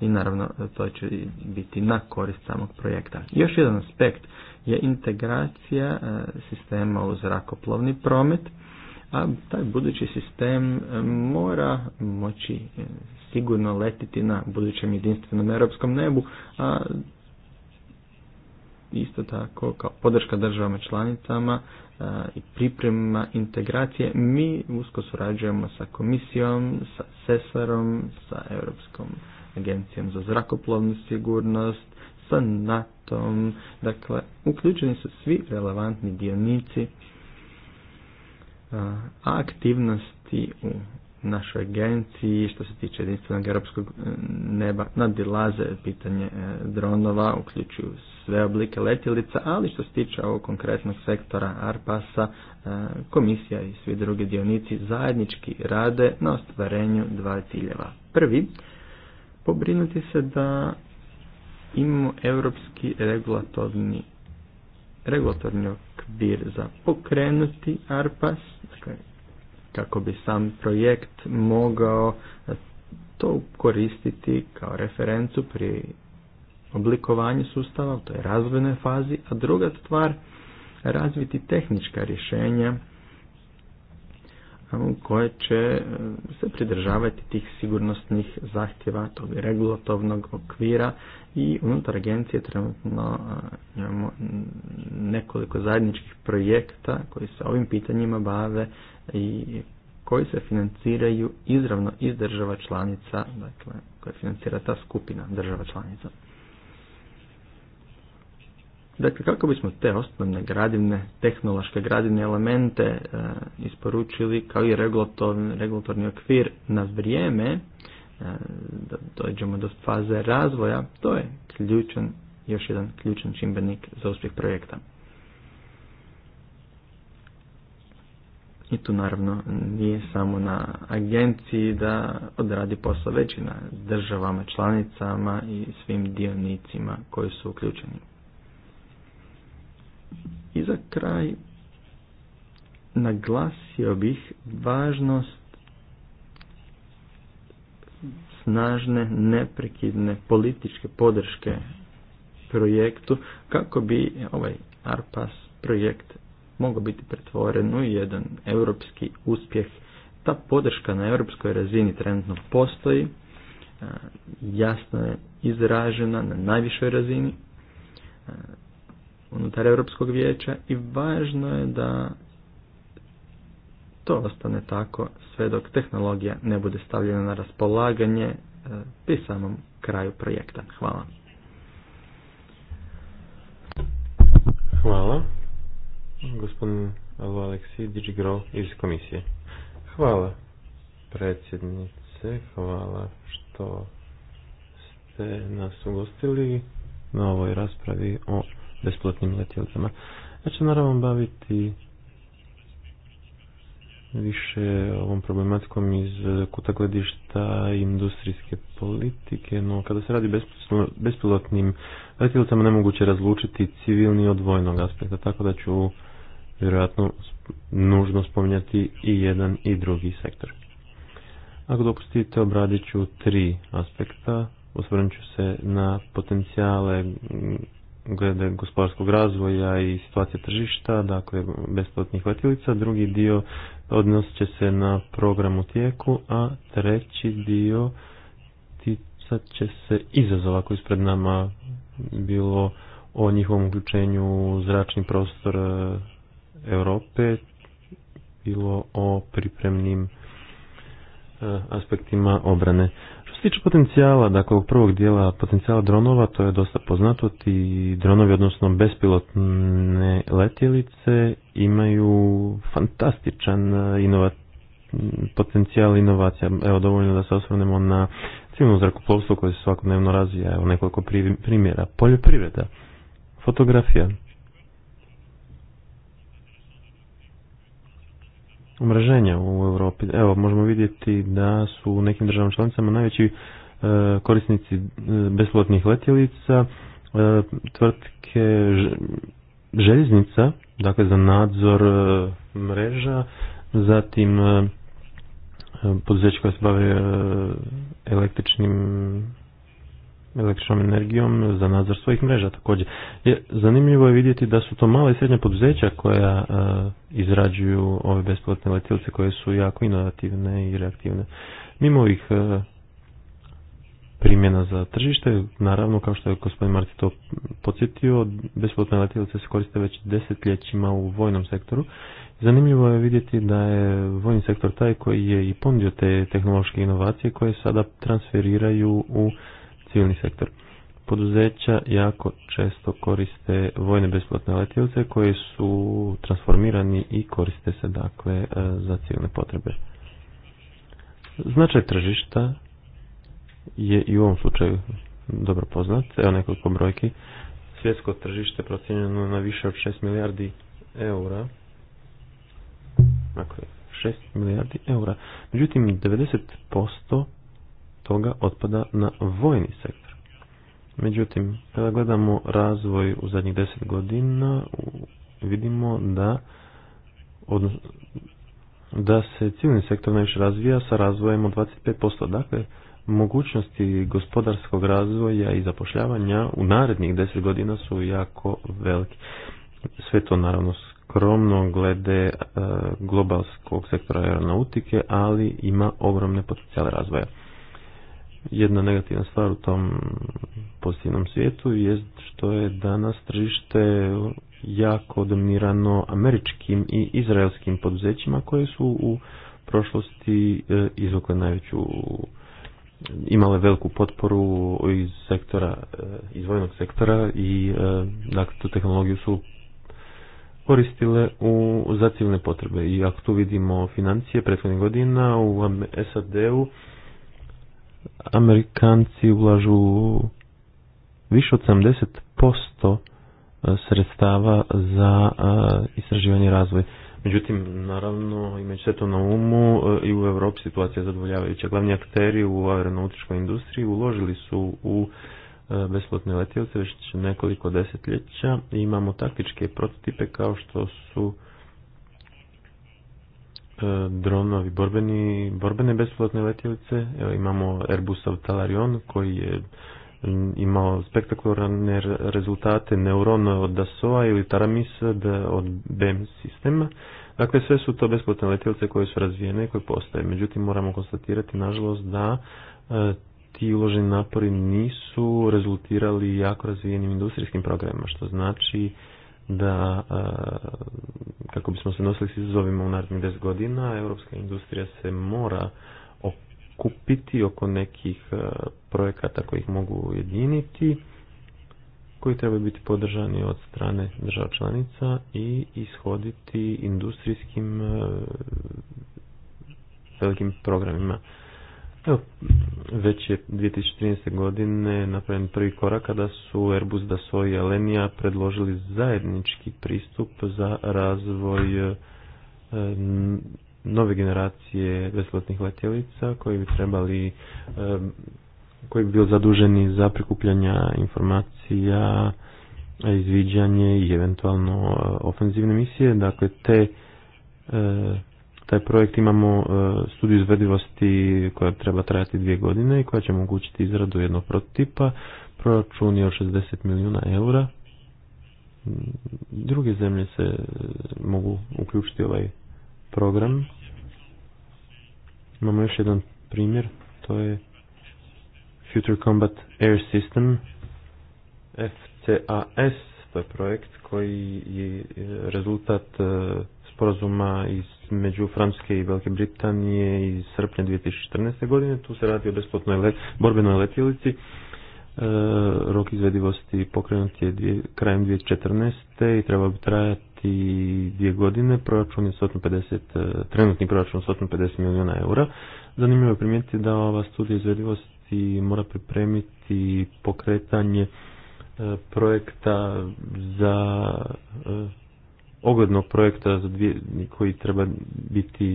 I naravno to će biti na korist samog projekta. Još jedan aspekt je integracija e, sistema u zrakoplovni promet a taj budući sistem e, mora moći e, sigurno letiti na budućem jedinstvenom europskom nebu, a isto tako kao podrška državama članicama e, i priprema integracije mi usko surađujemo sa komisijom, sa sesarom, sa Europskom agencijom za zrakoplovnu sigurnost, sa NATO-om, dakle uključeni su svi relevantni dionici aktivnosti u našoj agenciji što se tiče jedinstvenog europskog e, neba nadilaze pitanje e, dronova, uključuju sve oblike letjelica, ali što se tiče ovog konkretnog sektora ARPAS-a, e, komisija i svi drugi dionici zajednički rade na ostvarenju dva ciljeva. Prvi, pobrinuti se da imamo europski regulatorni regulatorni okvir za pokrenuti ARPAS kako bi sam projekt mogao eh, to koristiti kao referencu pri oblikovanju sustava u toj razvojnoj fazi, a druga stvar razviti tehnička rješenja eh, koje će eh, se pridržavati tih sigurnosnih zahtjeva tog regulatornog okvira i unutar agencije trenutno imamo nekoliko zajedničkih projekta koji se ovim pitanjima bave i koji se financiraju izravno iz država članica, dakle, koje financira ta skupina država članica. Dakle, kako bismo te osnovne gradivne, tehnološke gradivne elemente e, isporučili kao i regulatorni, okvir na vrijeme, e, da dođemo do faze razvoja, to je ključan, još jedan ključan čimbenik za uspjeh projekta. I tu naravno nije samo na agenciji da odradi posao već i na državama, članicama i svim dionicima koji su uključeni. I za kraj naglasio bih važnost snažne, neprekidne političke podrške projektu kako bi ovaj ARPAS projekt mogao biti pretvoren u jedan europski uspjeh. Ta podrška na europskoj razini trenutno postoji, jasno je izražena na najvišoj razini unutar Europskog vijeća i važno je da to ostane tako sve dok tehnologija ne bude stavljena na raspolaganje pri samom kraju projekta. Hvala. Hvala. Gospodin Alo Gro iz komisije. Hvala predsjednice, hvala što ste nas ugostili na ovoj raspravi o besplatnim letjelicama Ja ću naravno baviti više ovom problematikom iz kuta gledišta industrijske politike, no kada se radi o bespilotnim letjelicama nemoguće razlučiti civilni od vojnog aspekta, tako da ću vjerojatno nužno spominjati i jedan i drugi sektor. Ako dopustite, obradit ću tri aspekta. Osvrnit ću se na potencijale glede gospodarskog razvoja i situacije tržišta, dakle besplatnih letilica. Drugi dio odnosit će se na program u tijeku, a treći dio ticat će se izazova koji ispred nama bilo o njihovom uključenju u zračni prostor Europe bilo o pripremnim eh, aspektima obrane. Što se tiče potencijala, dakle ovog prvog dijela potencijala dronova, to je dosta poznato, ti dronovi, odnosno bespilotne letjelice, imaju fantastičan eh, inovat, potencijal inovacija. Evo, dovoljno da se osvrnemo na civilno zrakoplovstvo koje se svakodnevno razvija, evo nekoliko primjera. Poljoprivreda, fotografija, mreženja u Europi. Evo, možemo vidjeti da su u nekim državama članicama najveći e, korisnici e, besplatnih letjelica, e, tvrtke željeznica, dakle za nadzor e, mreža, zatim poduzeća koja se bave električnim električnom energijom za nadzor svojih mreža također. Je, zanimljivo je vidjeti da su to mala i srednja poduzeća koja e, izrađuju ove besplatne letilce koje su jako inovativne i reaktivne. Mimo ovih e, primjena za tržište, naravno kao što je gospodin Marti to podsjetio, besplatne letilice se koriste već desetljećima u vojnom sektoru. Zanimljivo je vidjeti da je vojni sektor taj koji je i pondio te tehnološke inovacije koje sada transferiraju u civilni sektor. Poduzeća jako često koriste vojne besplatne letjelice koji su transformirani i koriste se dakle e, za civilne potrebe. Značaj tržišta je i u ovom slučaju dobro poznat. Evo nekoliko brojki. Svjetsko tržište procijenjeno na više od 6 milijardi eura. Dakle, 6 milijardi eura. Međutim, 90% toga otpada na vojni sektor. Međutim, kada gledamo razvoj u zadnjih deset godina, vidimo da da se civilni sektor najviše razvija sa razvojem od 25%. Dakle, mogućnosti gospodarskog razvoja i zapošljavanja u narednih deset godina su jako veliki. Sve to naravno skromno glede e, globalskog sektora aeronautike, ali ima ogromne potencijale razvoja jedna negativna stvar u tom pozitivnom svijetu je što je danas tržište jako dominirano američkim i izraelskim poduzećima koje su u prošlosti e, izvukle najveću imale veliku potporu iz sektora, e, iz vojnog sektora i e, dakle tu tehnologiju su koristile u, zacilne potrebe. I ako tu vidimo financije prethodnih godina u SAD-u Amerikanci ulažu više od 70% e, sredstava za e, istraživanje i razvoj. Međutim, naravno, imaju sve to na umu, e, i u Europi situacija je zadovoljavajuća. Glavni akteri u aeronautičkoj industriji uložili su u besplatne letjelce već nekoliko desetljeća i imamo taktičke prototipe kao što su E, dronovi borbeni, borbene besplatne letjelice. Evo, imamo Airbusov Talarion koji je imao spektakularne rezultate Neuron od dasoa ili Taramis od BEM sistema. Dakle, sve su to besplatne letjelice koje su razvijene i koje postoje. Međutim, moramo konstatirati, nažalost, da e, ti uloženi napori nisu rezultirali jako razvijenim industrijskim programima, što znači da e, kako bismo se nosili s izazovima u narednih 10 godina, europska industrija se mora okupiti oko nekih e, projekata ih mogu ujediniti, koji trebaju biti podržani od strane država članica i ishoditi industrijskim e, velikim programima. Evo, već je 2013. godine napravljen prvi korak kada su Airbus, Dassault i Alenia predložili zajednički pristup za razvoj e, nove generacije veselotnih letjelica koji bi trebali e, koji bi bio zaduženi za prikupljanja informacija, izviđanje i eventualno e, ofenzivne misije. Dakle, te taj projekt imamo e, studiju izvedivosti koja treba trajati dvije godine i koja će omogućiti izradu jednog prototipa. Proračun je od 60 milijuna eura. Druge zemlje se e, mogu uključiti ovaj program. Imamo još jedan primjer, to je Future Combat Air System FCAS, to je projekt koji je rezultat e, sporazuma iz između Francuske i Velike Britanije iz srpnja 2014. godine. Tu se radi o besplatnoj let, borbenoj letjelici. E, rok izvedivosti pokrenut je dvije, krajem 2014. i treba bi trajati dvije godine. Proračun je 150, e, trenutni proračun 150 milijuna eura. Zanimljivo je primijetiti da ova studija izvedivosti mora pripremiti pokretanje e, projekta za e, oglednog projekta za dvije, koji treba biti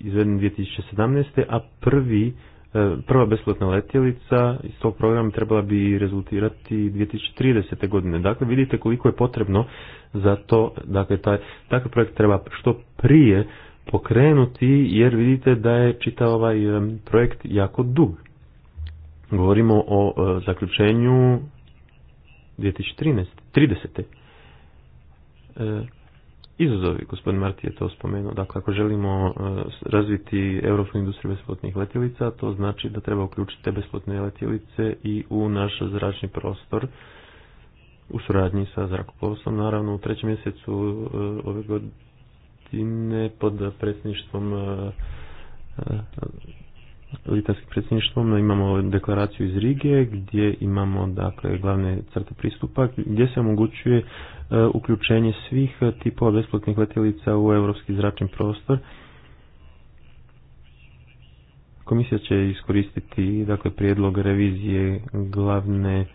izveden 2017. a prvi e, prva besplatna letjelica iz tog programa trebala bi rezultirati 2030. godine. Dakle, vidite koliko je potrebno za to, dakle, taj, takav projekt treba što prije pokrenuti, jer vidite da je čitav ovaj e, projekt jako dug. Govorimo o e, zaključenju 2013. 30. E, izazovi, gospodin Marti je to spomenuo, dakle ako želimo e, razviti europsku industriju besplatnih letjelica, to znači da treba uključiti te besplatne letjelice i u naš zračni prostor u suradnji sa zrakoplovstvom. Naravno u trećem mjesecu e, ove godine pod predsjedništvom Litarskim predsjedništvom imamo deklaraciju iz Rige gdje imamo dakle glavne crte pristupa gdje se omogućuje e, uključenje svih tipova besplatnih letjelica u europski zračni prostor. Komisija će iskoristiti dakle prijedlog revizije glavne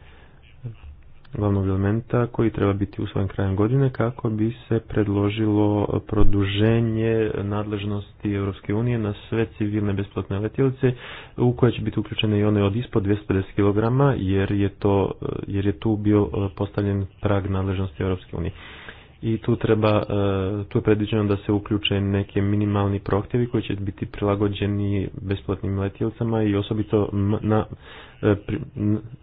glavnog elementa koji treba biti usvojen krajem godine kako bi se predložilo produženje nadležnosti Europske unije na sve civilne besplatne letjelice u koje će biti uključene i one od ispod 250 kg jer je, to, jer je tu bio e, postavljen prag nadležnosti Europske unije i tu treba, e, tu je predviđeno da se uključe neke minimalni prohtjevi koji će biti prilagođeni besplatnim letjelcama i osobito na, e,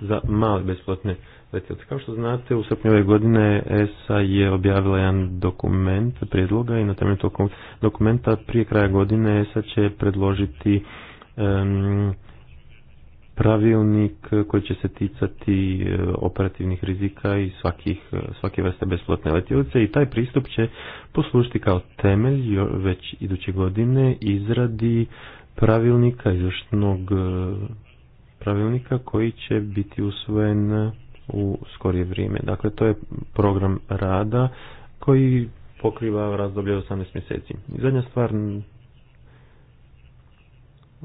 za male besplatne letjelce. Kao što znate, u srpnju ove godine ESA je objavila jedan dokument prijedloga i na temelju tog dokumenta prije kraja godine ESA će predložiti um, pravilnik e, koji će se ticati e, operativnih rizika i svakih, e, svake vrste besplatne letjelice i taj pristup će poslušiti kao temelj već iduće godine izradi pravilnika, izvršnog pravilnika koji će biti usvojen u skorije vrijeme. Dakle, to je program rada koji pokriva razdoblje 18 mjeseci. I zadnja stvar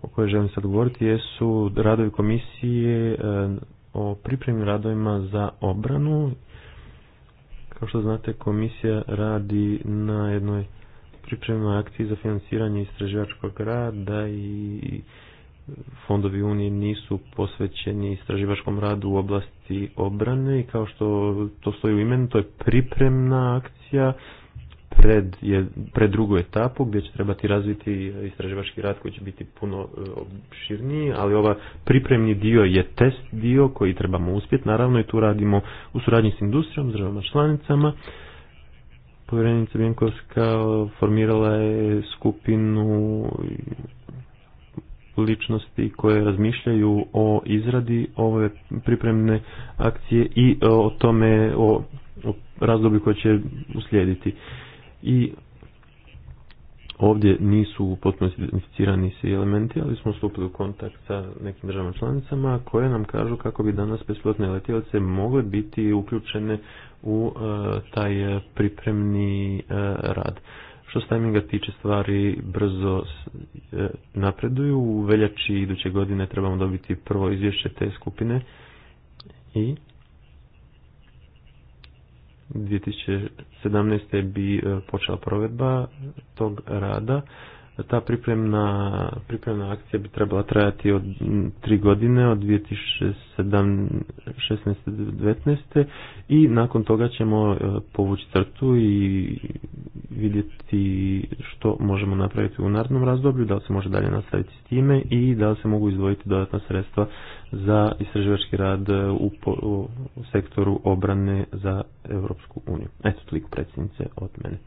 o kojoj želim sad govoriti jesu radovi komisije e, o pripremnim radovima za obranu. Kao što znate, komisija radi na jednoj pripremnoj akciji za financiranje istraživačkog rada i fondovi Unije nisu posvećeni istraživačkom radu u oblasti obrane i kao što to stoji u imenu, to je pripremna akcija pred, je, pred drugu etapu gdje će trebati razviti istraživački rad koji će biti puno e, širniji, ali ova pripremni dio je test dio koji trebamo uspjeti, naravno i tu radimo u suradnji s industrijom, s državama članicama. Povjerenica Bjenkovska formirala je skupinu ličnosti koje razmišljaju o izradi ove pripremne akcije i e, o tome, o, o razdoblju koje će uslijediti i ovdje nisu potpuno identificirani svi elementi, ali smo stupili u kontakt sa nekim državama članicama koje nam kažu kako bi danas bespilotne letjelice mogle biti uključene u e, taj pripremni e, rad. Što se tajminga tiče stvari brzo e, napreduju, u veljači iduće godine trebamo dobiti prvo izvješće te skupine i 2017. bi e, počela provedba tog rada. Ta pripremna, pripremna akcija bi trebala trajati od tri godine, od 2016-2019. I nakon toga ćemo e, povući crtu i vidjeti što možemo napraviti u narodnom razdoblju, da li se može dalje nastaviti s time i da li se mogu izdvojiti dodatna sredstva za istraživački rad u, u sektoru obrane za Europsku uniju. Eto, toliko predsjednice od mene.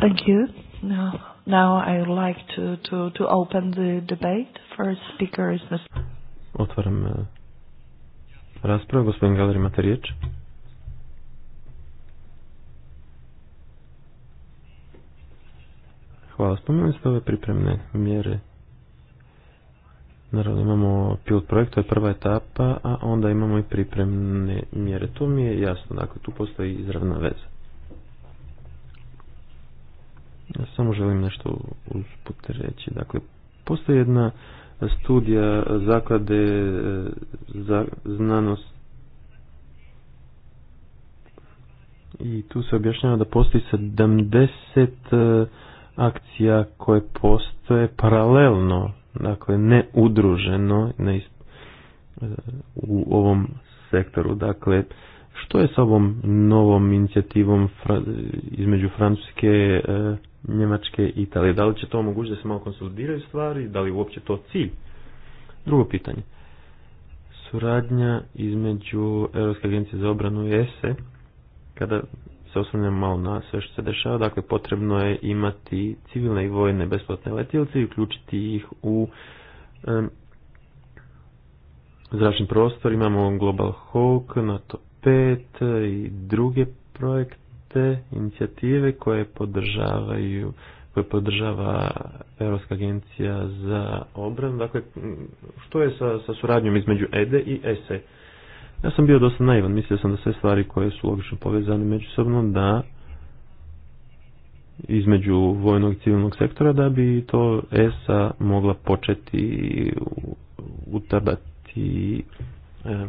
Thank you. Now, now I would like to, to, to open the debate. First speaker is Mr. Otvaram eh, raspravu. Gospodin Galer, imate riječ. Hvala. Spomenuli ste ove pripremne mjere. Naravno imamo pilot projekt, to je prva etapa, a onda imamo i pripremne mjere. To mi je jasno, dakle tu postoji izravna veza. Ja samo želim nešto usput reći. Dakle, postoji jedna studija zaklade e, za znanost i tu se objašnjava da postoji 70 akcija koje postoje paralelno, dakle neudruženo ne u ovom sektoru. Dakle, što je s ovom novom inicijativom između Francuske, e, Njemačke i Italije? Da li će to omogućiti da se malo konsolidiraju stvari? Da li uopće to cilj? Drugo pitanje. Suradnja između Europske agencije za obranu i ESE, kada se malo na sve što se dešava, dakle potrebno je imati civilne i vojne besplatne letjelice i uključiti ih u zračni prostor. Imamo Global Hawk, NATO 5 i druge projekte, inicijative koje podržavaju koje podržava Europska agencija za obranu. Dakle, što je sa, sa suradnjom između EDE i ESE? Ja sam bio dosta naivan, mislio sam da sve stvari koje su logično povezane međusobno da između vojnog i civilnog sektora da bi to ESA mogla početi utabati e,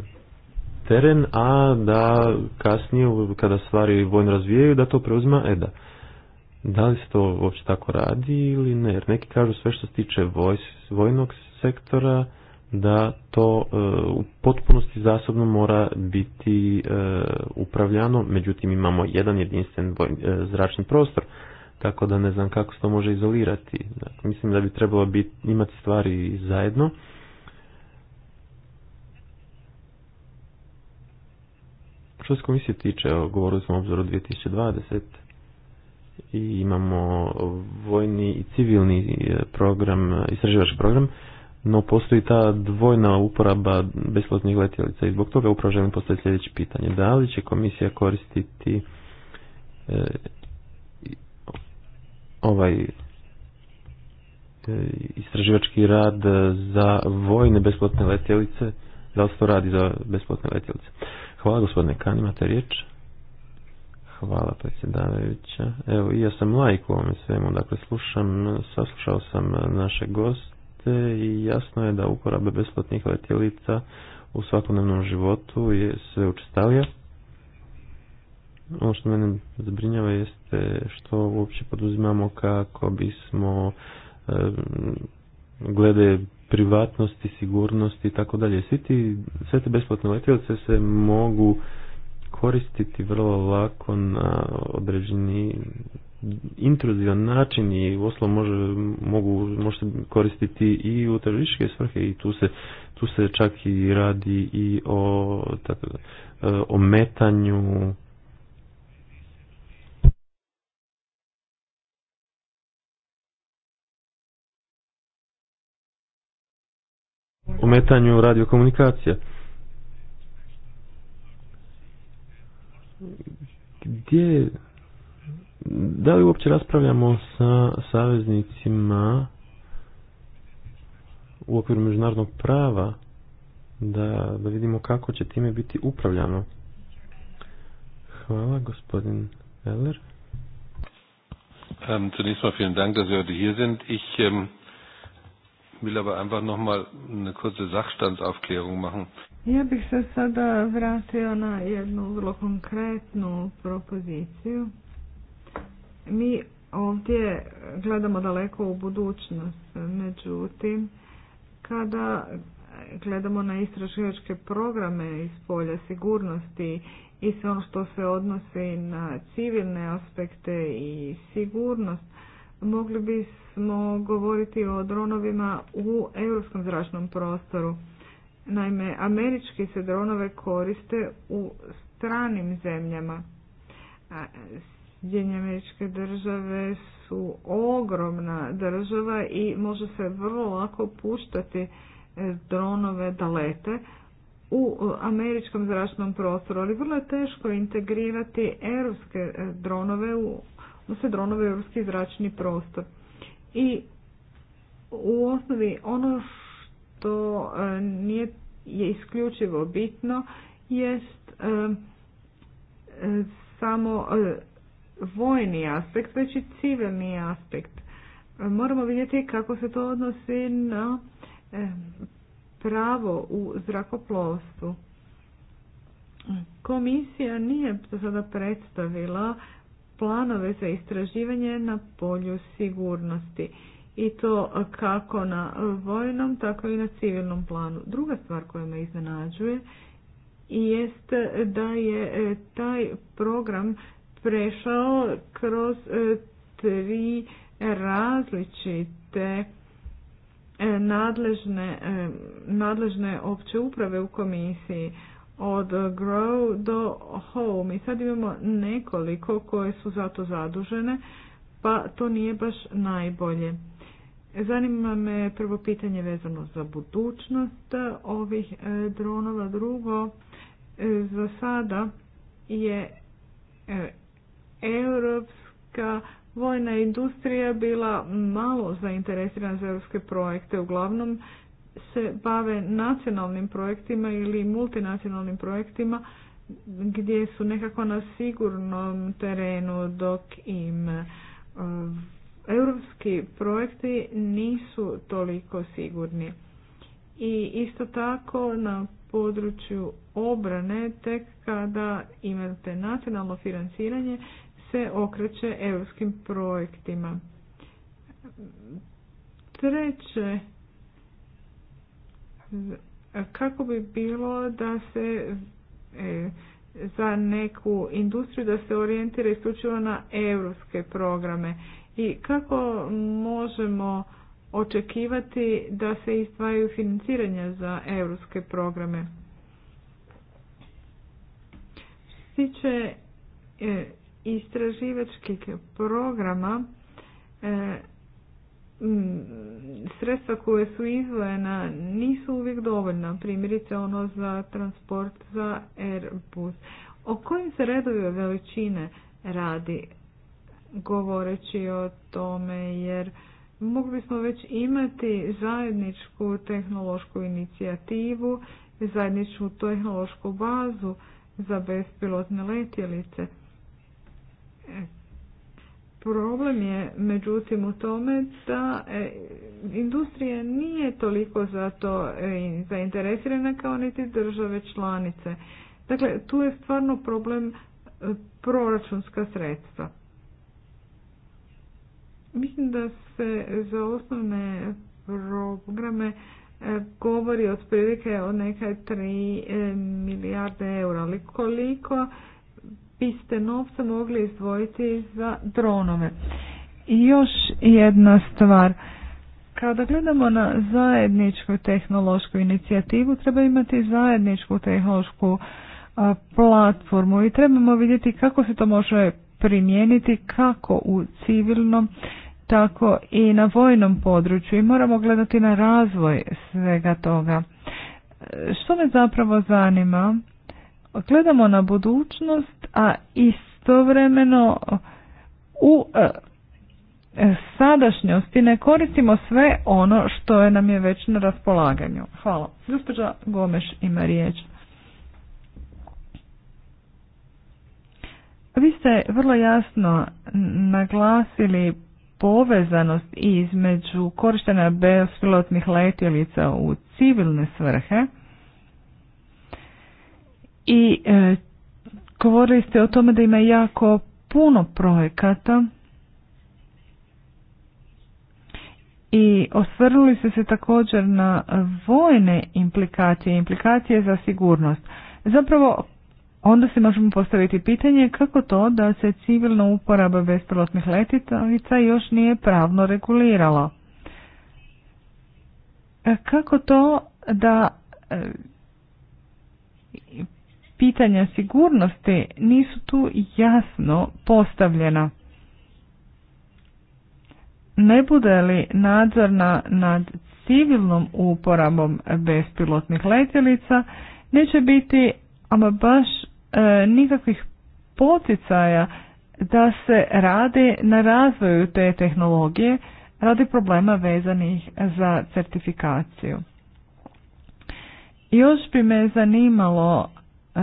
teren, a da kasnije kada stvari vojno razvijaju da to preuzima EDA. Da li se to uopće tako radi ili ne? Jer neki kažu sve što se tiče vojnog sektora da to e, u potpunosti zasobno mora biti e, upravljano, međutim imamo jedan jedinstven e, zračni prostor, tako da ne znam kako se to može izolirati. Dakle, mislim da bi trebalo biti, imati stvari zajedno. Što se komisije tiče, govorili smo o obzoru 2020 i imamo vojni i civilni program, istraživački program, no postoji ta dvojna uporaba besplatnih letjelica i zbog toga upravo želim postaviti sljedeće pitanje. Da li će komisija koristiti e, ovaj e, istraživački rad za vojne besplatne letjelice? Da li se to radi za besplatne letjelice? Hvala gospodine Kan, imate riječ? Hvala predsjedavajuća. Evo, i ja sam lajk u ovome svemu, dakle slušam, saslušao sam naše goste i jasno je da uporabe besplatnih letjelica u svakodnevnom životu je sve učestalija. Ono što mene zabrinjava jeste što uopće poduzimamo kako bismo glede privatnosti, sigurnosti i tako dalje. Svi ti, sve te besplatne letjelice se mogu koristiti vrlo lako na određeni intruzivan način i oslo može, mogu, može koristiti i u terorističke svrhe i tu se, tu se čak i radi i o tako, e, ometanju ometanju radiokomunikacija. Gdje da li uopće raspravljamo sa saveznicima u okviru međunarodnog prava da, da vidimo kako će time biti upravljano. Hvala, gospodin Eller. Ähm, zunächst mal vielen Dank, dass Sie heute hier sind. Ich ähm, will aber einfach noch mal eine kurze Sachstandsaufklärung machen. Ja bih se sada vratio na jednu vrlo konkretnu propoziciju. Mi ovdje gledamo daleko u budućnost, međutim, kada gledamo na istraživačke programe iz polja sigurnosti i sve ono što se odnosi na civilne aspekte i sigurnost, mogli bismo govoriti o dronovima u europskom zračnom prostoru. Naime, američki se dronove koriste u stranim zemljama američke države su ogromna država i može se vrlo lako puštati e, dronove da lete u e, američkom zračnom prostoru, ali vrlo je teško integrirati europske e, dronove u se dronove u europski zračni prostor. I u osnovi ono što nije je isključivo bitno jest samo vojni aspekt, već i civilni aspekt. Moramo vidjeti kako se to odnosi na e, pravo u zrakoplovstvu. Komisija nije do sada predstavila planove za istraživanje na polju sigurnosti i to kako na vojnom, tako i na civilnom planu. Druga stvar koja me iznenađuje jest da je e, taj program prešao kroz e, tri različite e, e, nadležne, opće uprave u komisiji od grow do home i sad imamo nekoliko koje su za to zadužene pa to nije baš najbolje. Zanima me prvo pitanje vezano za budućnost ovih dronova. Drugo, za sada je europska vojna industrija bila malo zainteresirana za europske projekte. Uglavnom se bave nacionalnim projektima ili multinacionalnim projektima gdje su nekako na sigurnom terenu dok im eh, europski projekti nisu toliko sigurni. I isto tako na području obrane tek kada imate nacionalno financiranje se okreće europskim projektima. Treće, kako bi bilo da se e, za neku industriju da se orijentira isključivo na europske programe i kako možemo očekivati da se istvaju financiranja za europske programe. Što e, istraživačkih programa e, sredstva koje su izvojena nisu uvijek dovoljna, primjerice ono za transport za Airbus. O kojim se redovima veličine radi govoreći o tome jer mogli bismo već imati zajedničku tehnološku inicijativu, zajedničku tehnološku bazu za bespilotne letjelice. Problem je međutim u tome da e, industrija nije toliko za to e, zainteresirana kao niti države članice. Dakle, tu je stvarno problem e, proračunska sredstva. Mislim da se za osnovne programe govori otprilike o neke 3 milijarde eura, ali koliko biste novca mogli izdvojiti za dronove. I još jedna stvar. Kada gledamo na zajedničku tehnološku inicijativu, treba imati zajedničku tehnološku platformu i trebamo vidjeti kako se to može primijeniti kako u civilnom tako i na vojnom području i moramo gledati na razvoj svega toga. E, što me zapravo zanima gledamo na budućnost, a istovremeno u e, e, sadašnjosti ne koristimo sve ono što je nam je već na raspolaganju. Hvala. Gospođa Gomeš ima riječ. Vi ste vrlo jasno naglasili povezanost između korištenja bespilotnih letjelica u civilne svrhe i e, govorili ste o tome da ima jako puno projekata i osvrnuli ste se također na vojne implikacije, implikacije za sigurnost. Zapravo, onda se možemo postaviti pitanje kako to da se civilna uporaba bespilotnih letica još nije pravno regulirala. E, kako to da e, pitanja sigurnosti nisu tu jasno postavljena. Ne bude li nadzorna nad civilnom uporabom bespilotnih letjelica, neće biti ama baš e, nikakvih poticaja da se radi na razvoju te tehnologije radi problema vezanih za certifikaciju. Još bi me zanimalo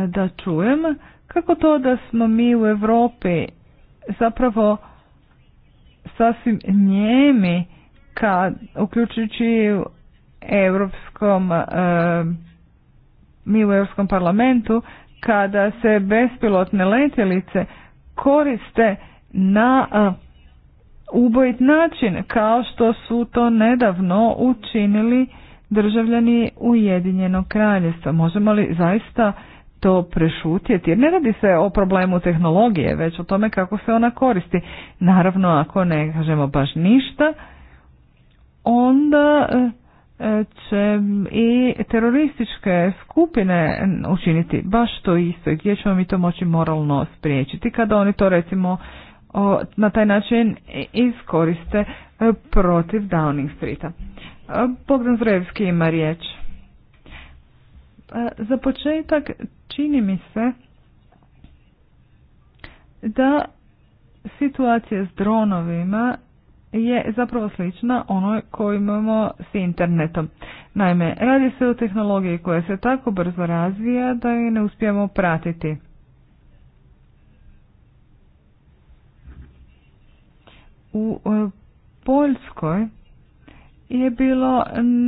da čujem kako to da smo mi u Europi zapravo sasvim njemi kad uključujući u europskom mi u europskom parlamentu kada se bespilotne letjelice koriste na ubojit način kao što su to nedavno učinili državljani Ujedinjenog kraljestva. možemo li zaista to prešutjeti jer ne radi se o problemu tehnologije, već o tome kako se ona koristi. Naravno, ako ne kažemo baš ništa, onda e, će i terorističke skupine učiniti baš to isto i gdje ćemo mi to moći moralno spriječiti kada oni to recimo na taj način iskoriste e, protiv Downing Streeta. E, Bogdan Zrevski ima riječ. Za početak čini mi se da situacija s dronovima je zapravo slična onoj koju imamo s internetom. Naime, radi se o tehnologiji koja se tako brzo razvija da je ne uspijemo pratiti. U e, Poljskoj je bilo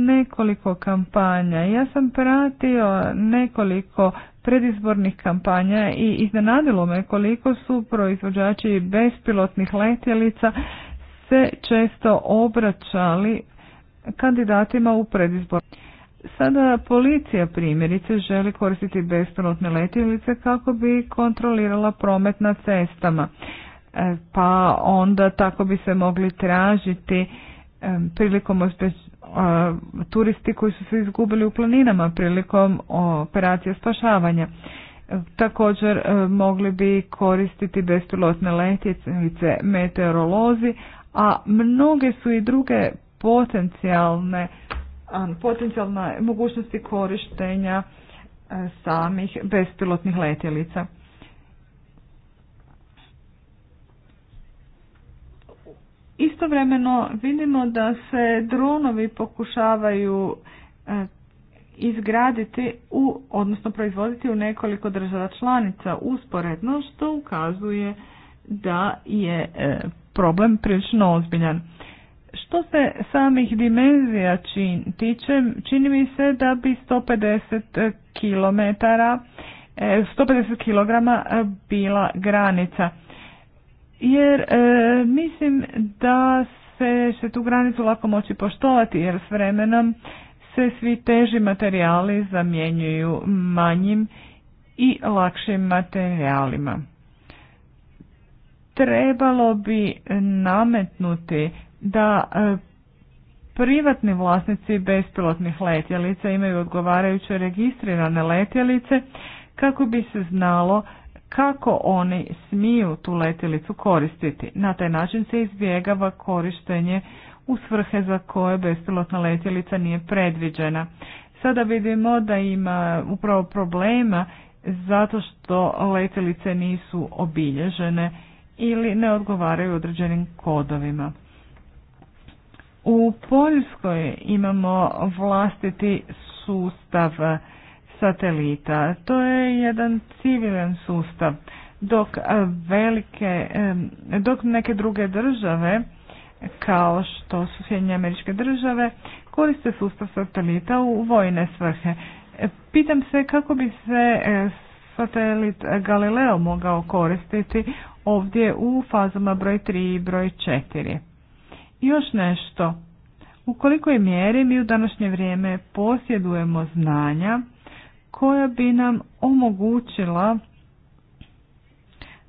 nekoliko kampanja. Ja sam pratio nekoliko predizbornih kampanja i iznenadilo me koliko su proizvođači bespilotnih letjelica se često obraćali kandidatima u predizbor. Sada policija primjerice želi koristiti bespilotne letjelice kako bi kontrolirala promet na cestama. E, pa onda tako bi se mogli tražiti prilikom turisti koji su se izgubili u planinama prilikom operacije spašavanja. Također e, mogli bi koristiti bespilotne letjelice meteorolozi, a mnoge su i druge potencijalne potencijalne mogućnosti korištenja e, samih bespilotnih letjelica. Istovremeno vidimo da se dronovi pokušavaju e, izgraditi u, odnosno proizvoditi u nekoliko država članica usporedno što ukazuje da je e, problem prilično ozbiljan. Što se samih dimenzija čin, tiče, čini mi se da bi 150 km 150 kg bila granica jer e, mislim da se će tu granicu lako moći poštovati jer s vremenom se svi teži materijali zamjenjuju manjim i lakšim materijalima. Trebalo bi nametnuti da e, privatni vlasnici bespilotnih letjelica imaju odgovarajuće registrirane letjelice kako bi se znalo kako oni smiju tu letjelicu koristiti. Na taj način se izbjegava korištenje u svrhe za koje bespilotna letjelica nije predviđena. Sada vidimo da ima upravo problema zato što letjelice nisu obilježene ili ne odgovaraju određenim kodovima. U Poljskoj imamo vlastiti sustav satelita. To je jedan civilan sustav, dok eh, velike, dok neke druge države kao što su Sjedinje američke države koriste sustav satelita u vojne svrhe. E, pitam se kako bi se eh, satelit Galileo mogao koristiti ovdje u fazama broj 3 i broj 4. Još nešto. U kolikoj mjeri mi u današnje vrijeme posjedujemo znanja koja bi nam omogućila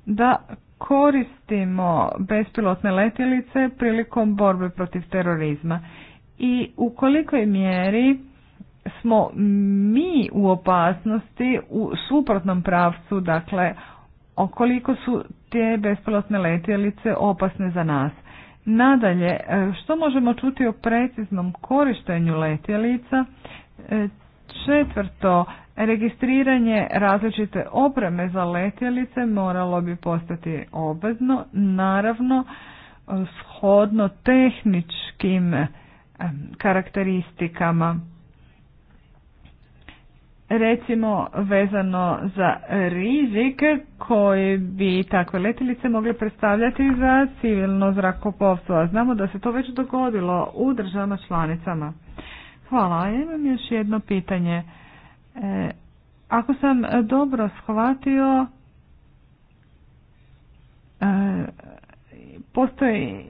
da koristimo bespilotne letjelice prilikom borbe protiv terorizma. I u kolikoj mjeri smo mi u opasnosti u suprotnom pravcu, dakle, koliko su te bespilotne letjelice opasne za nas. Nadalje, što možemo čuti o preciznom korištenju letjelica? Četvrto, Registriranje različite opreme za letjelice moralo bi postati obvezno, naravno shodno tehničkim karakteristikama. Recimo vezano za rizik koji bi takve letjelice mogle predstavljati za civilno zrakoplovstvo. Znamo da se to već dogodilo u državama članicama. Hvala, imam još jedno pitanje. E, ako sam e, dobro shvatio, e, postoji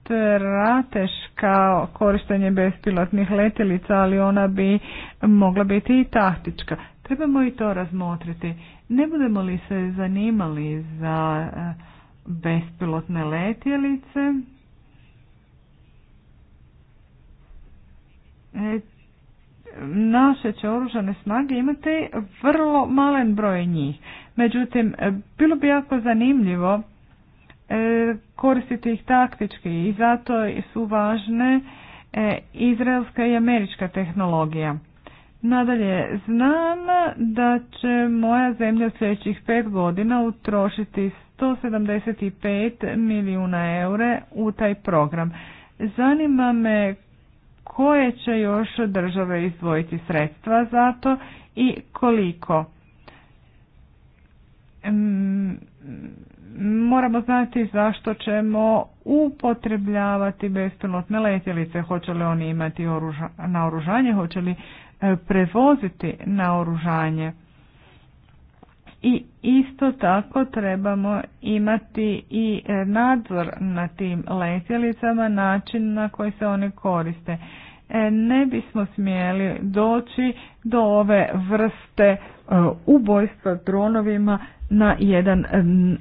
strateška korištenje bespilotnih letjelica, ali ona bi mogla biti i taktička. Trebamo i to razmotriti. Ne budemo li se zanimali za bespilotne letjelice, naše će oružane snage imati vrlo malen broj njih. Međutim, bilo bi jako zanimljivo e, koristiti ih taktički i zato su važne e, izraelska i američka tehnologija. Nadalje, znam da će moja zemlja sljedećih pet godina utrošiti 175 milijuna eure u taj program. Zanima me koje će još države izdvojiti sredstva za to i koliko. Moramo znati zašto ćemo upotrebljavati bespilotne letjelice. Hoće li oni imati naoružanje, hoće li e, prevoziti naoružanje i isto tako trebamo imati i e, nadzor na tim letjelicama, način na koji se one koriste. E, ne bismo smjeli doći do ove vrste e, ubojstva dronovima na jedan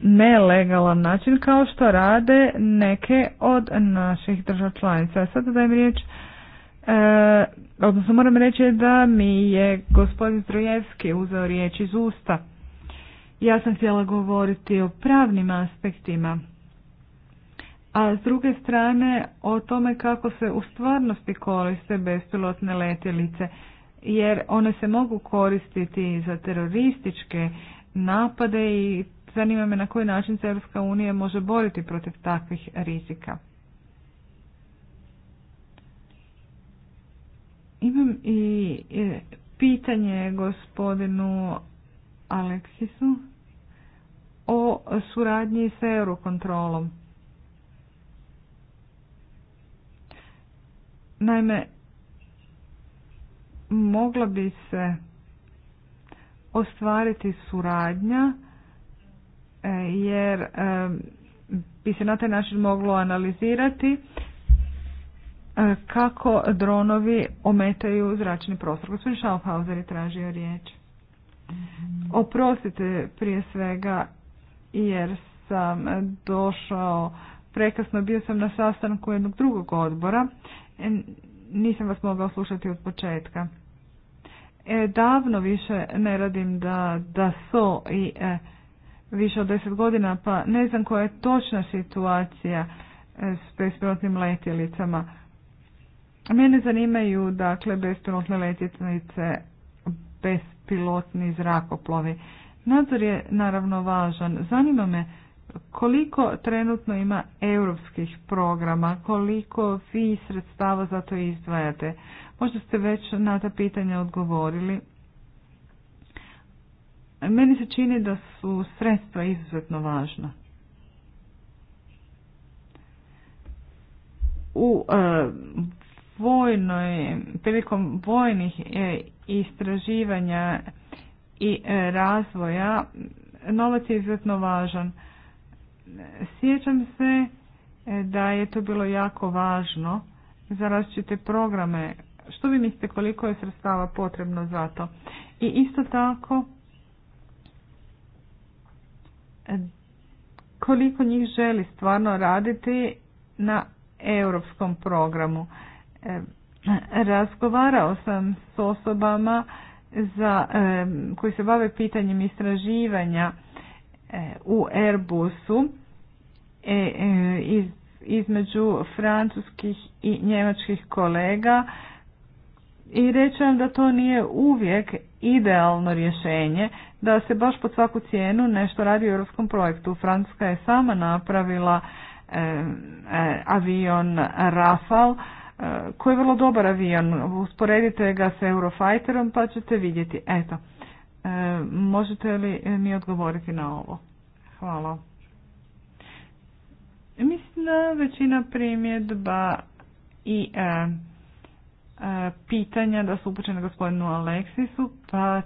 nelegalan način kao što rade neke od naših država članica. Sada dajem riječ E, odnosno moram reći da mi je gospodin Zdrojevski uzeo riječ iz usta. Ja sam htjela govoriti o pravnim aspektima, a s druge strane o tome kako se u stvarnosti koriste bespilotne letjelice, jer one se mogu koristiti za terorističke napade i zanima me na koji način se Europska unija može boriti protiv takvih rizika. Imam i e, pitanje gospodinu Aleksisu o suradnji s eurokontrolom. Naime, mogla bi se ostvariti suradnja e, jer e, bi se na taj način moglo analizirati e, kako dronovi ometaju zračni prostor. Gospodin Schaufhauser je tražio riječ. Mhm. Oprostite prije svega jer sam došao prekasno, bio sam na sastanku jednog drugog odbora, e, nisam vas mogao slušati od početka. E, davno više ne radim da, da so i e, više od deset godina, pa ne znam koja je točna situacija e, s bespilotnim letjelicama. Mene zanimaju dakle bespilotne letjelice, bespilotni zrakoplovi. Nadzor je naravno važan. Zanima me koliko trenutno ima europskih programa, koliko vi sredstava za to izdvajate. Možda ste već na ta pitanja odgovorili. Meni se čini da su sredstva izuzetno važna. U e, vojnoj, prilikom vojnih e, istraživanja i e, razvoja, novac je izuzetno važan. Sjećam se e, da je to bilo jako važno za različite programe. Što vi mislite koliko je sredstava potrebno za to? I isto tako e, koliko njih želi stvarno raditi na europskom programu. Razgovarao sam s osobama za, koji se bave pitanjem istraživanja e, u Airbusu e, e, iz, između francuskih i njemačkih kolega i reći vam da to nije uvijek idealno rješenje da se baš pod svaku cijenu nešto radi u europskom projektu. Francuska je sama napravila avion Rafal koji je vrlo dobar avion. Usporedite ga s Eurofighterom pa ćete vidjeti. Eto, e, možete li mi odgovoriti na ovo? Hvala. Mislim da većina primjedba i e, e, pitanja da su upućene gospodinu Aleksisu, pa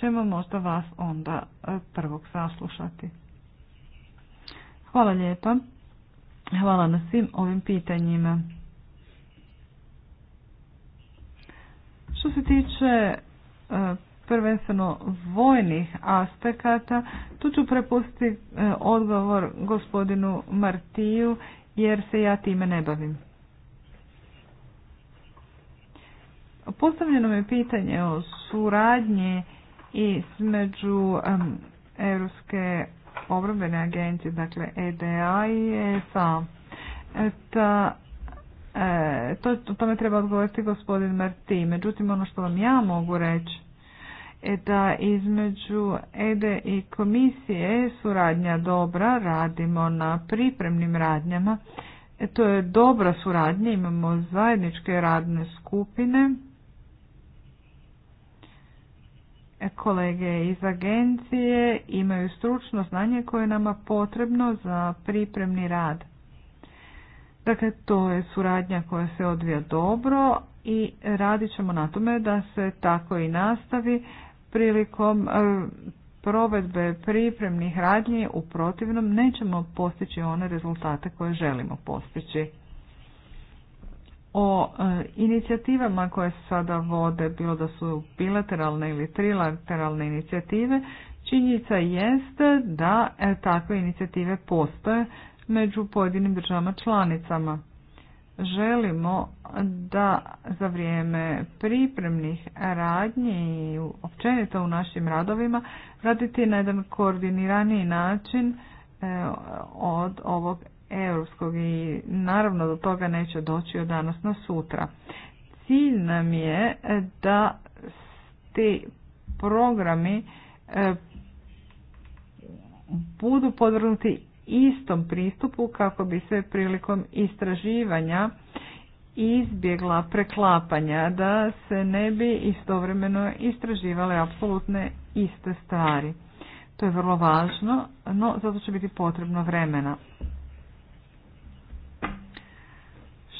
ćemo možda vas onda prvog saslušati. Hvala lijepa. Hvala na svim ovim pitanjima. Što se tiče e, prvenstveno vojnih aspekata, tu ću prepustiti e, odgovor gospodinu Martiju jer se ja time ne bavim. Postavljeno je pitanje o suradnji između Europske obrambene agencije, dakle EDA i ESA. E, ta E, to, o tome treba odgovoriti gospodin Marti. Međutim, ono što vam ja mogu reći je da između EDE i komisije suradnja dobra, radimo na pripremnim radnjama. E, to je dobra suradnja, imamo zajedničke radne skupine. E, kolege iz agencije imaju stručno znanje koje je nama potrebno za pripremni rad. Dakle, to je suradnja koja se odvija dobro i radit ćemo na tome da se tako i nastavi prilikom e, provedbe pripremnih radnji. U protivnom nećemo postići one rezultate koje želimo postići. O e, inicijativama koje se sada vode, bilo da su bilateralne ili trilateralne inicijative, činjenica jeste da e, takve inicijative postoje među pojedinim državama članicama. Želimo da za vrijeme pripremnih radnji i općenito u našim radovima raditi na jedan koordiniraniji način e, od ovog europskog i naravno do toga neće doći od danas na sutra. Cilj nam je da ti programi e, budu podvrnuti istom pristupu kako bi se prilikom istraživanja izbjegla preklapanja, da se ne bi istovremeno istraživale apsolutne iste stvari. To je vrlo važno, no zato će biti potrebno vremena.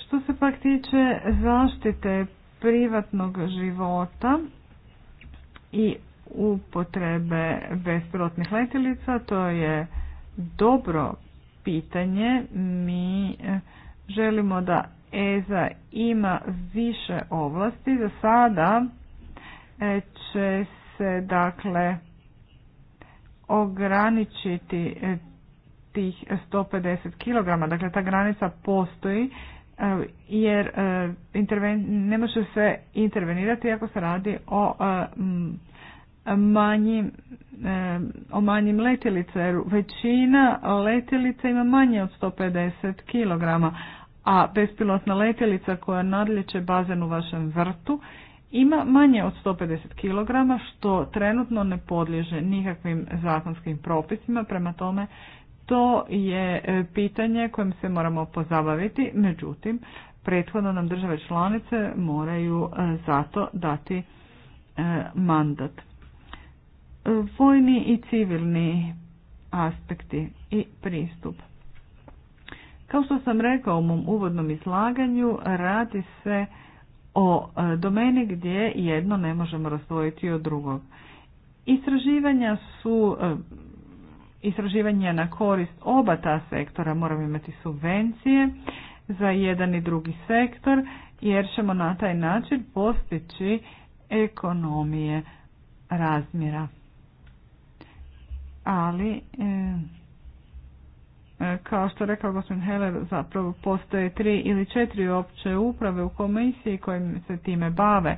Što se pak tiče zaštite privatnog života i upotrebe bespilotnih letilica, to je dobro pitanje. Mi e, želimo da EZA ima više ovlasti. Za sada e, će se dakle ograničiti e, tih 150 kg. Dakle, ta granica postoji jer ne može se intervenirati ako se radi o manjim e, o manjim letilica, jer većina letjelica ima manje od 150 kg, a bespilotna letjelica koja nadlječe bazen u vašem vrtu ima manje od 150 kg, što trenutno ne podliježe nikakvim zakonskim propisima, prema tome to je e, pitanje kojim se moramo pozabaviti, međutim, prethodno nam države članice moraju e, zato dati mandat vojni i civilni aspekti i pristup. Kao što sam rekao u mom uvodnom izlaganju, radi se o e, domeni gdje jedno ne možemo razdvojiti od drugog. Istraživanja su e, istraživanja na korist oba ta sektora moramo imati subvencije za jedan i drugi sektor jer ćemo na taj način postići ekonomije razmjera ali e, e, kao što rekao gospodin Heller, zapravo postoje tri ili četiri opće uprave u komisiji koje se time bave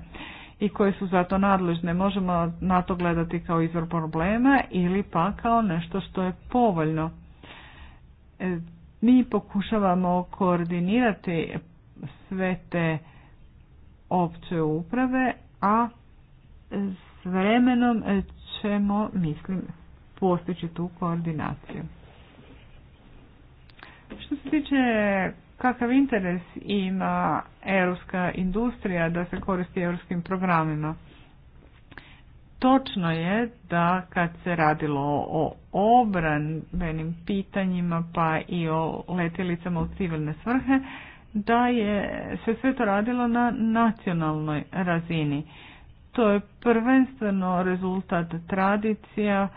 i koje su zato nadležne. Možemo na to gledati kao izvor problema ili pa kao nešto što je povoljno. E, mi pokušavamo koordinirati sve te opće uprave, a s vremenom ćemo, mislim, postići tu koordinaciju. Što se tiče kakav interes ima europska industrija da se koristi europskim programima, Točno je da kad se radilo o obranbenim pitanjima pa i o letjelicama u civilne svrhe, da je se sve to radilo na nacionalnoj razini. To je prvenstveno rezultat tradicija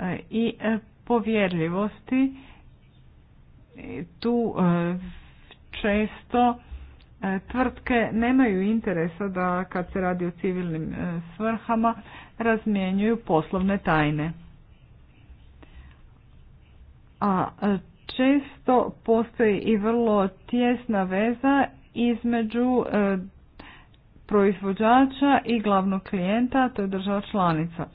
E, i e, povjerljivosti. E, tu često tvrtke nemaju interesa da kad se radi o civilnim svrhama razmjenjuju poslovne tajne. A često postoji i vrlo tjesna veza između proizvođača i glavnog klijenta, to je država članica.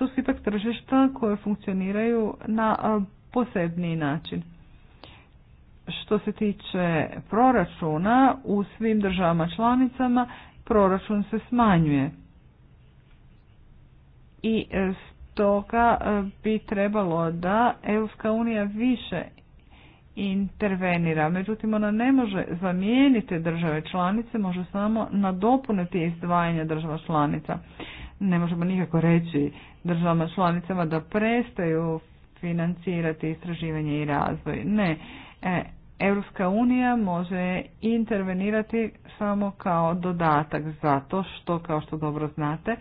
To su ipak tržišta koje funkcioniraju na posebniji način. Što se tiče proračuna, u svim državama članicama proračun se smanjuje. I e, stoga e, bi trebalo da Europska unija više intervenira. Međutim, ona ne može zamijeniti države članice, može samo nadopuniti izdvajanje država članica. Ne možemo nikako reći državama članicama da prestaju financirati istraživanje i razvoj. Ne, e, Europska unija može intervenirati samo kao dodatak zato što, kao što dobro znate,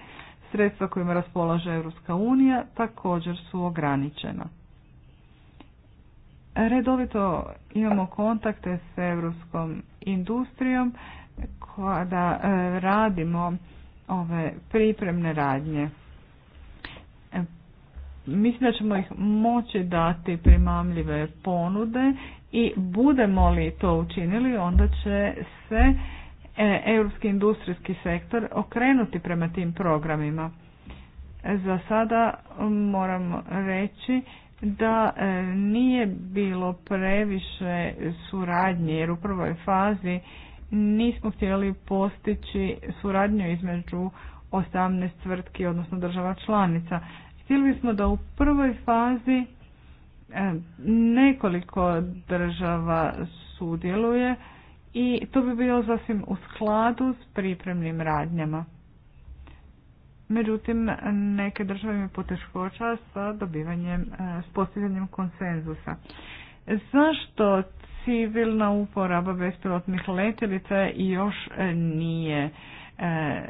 sredstva kojima raspolaže Europska unija također su ograničena. Redovito imamo kontakte s europskom industrijom kada e, radimo ove pripremne radnje. Mislim da ćemo ih moći dati primamljive ponude i budemo li to učinili onda će se e, europski industrijski sektor okrenuti prema tim programima. E, za sada moram reći da e, nije bilo previše suradnje jer u prvoj fazi nismo htjeli postići suradnju između 18 tvrtki, odnosno država članica. Htjeli smo da u prvoj fazi e, nekoliko država sudjeluje i to bi bilo sasvim u skladu s pripremnim radnjama. Međutim, neke države imaju poteškoća sa dobivanjem, e, s postizanjem konsenzusa. Zašto civilna uporaba bespilotnih letjelica još e, nije E,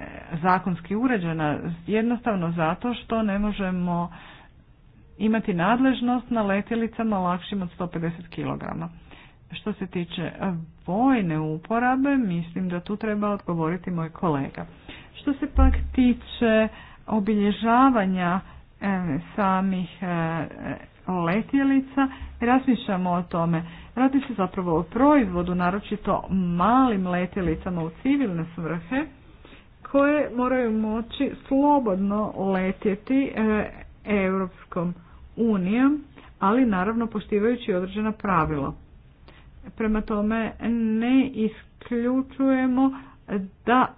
zakonski uređena jednostavno zato što ne možemo imati nadležnost na letjelicama lakšim od 150 kg. Što se tiče vojne uporabe, mislim da tu treba odgovoriti moj kolega. Što se pak tiče obilježavanja e, samih e, letjelica, razmišljamo o tome. Radi se zapravo o proizvodu, naročito malim letjelicama u civilne svrhe, koje moraju moći slobodno letjeti e, Europskom unijom, ali naravno poštivajući određena pravila. Prema tome ne isključujemo da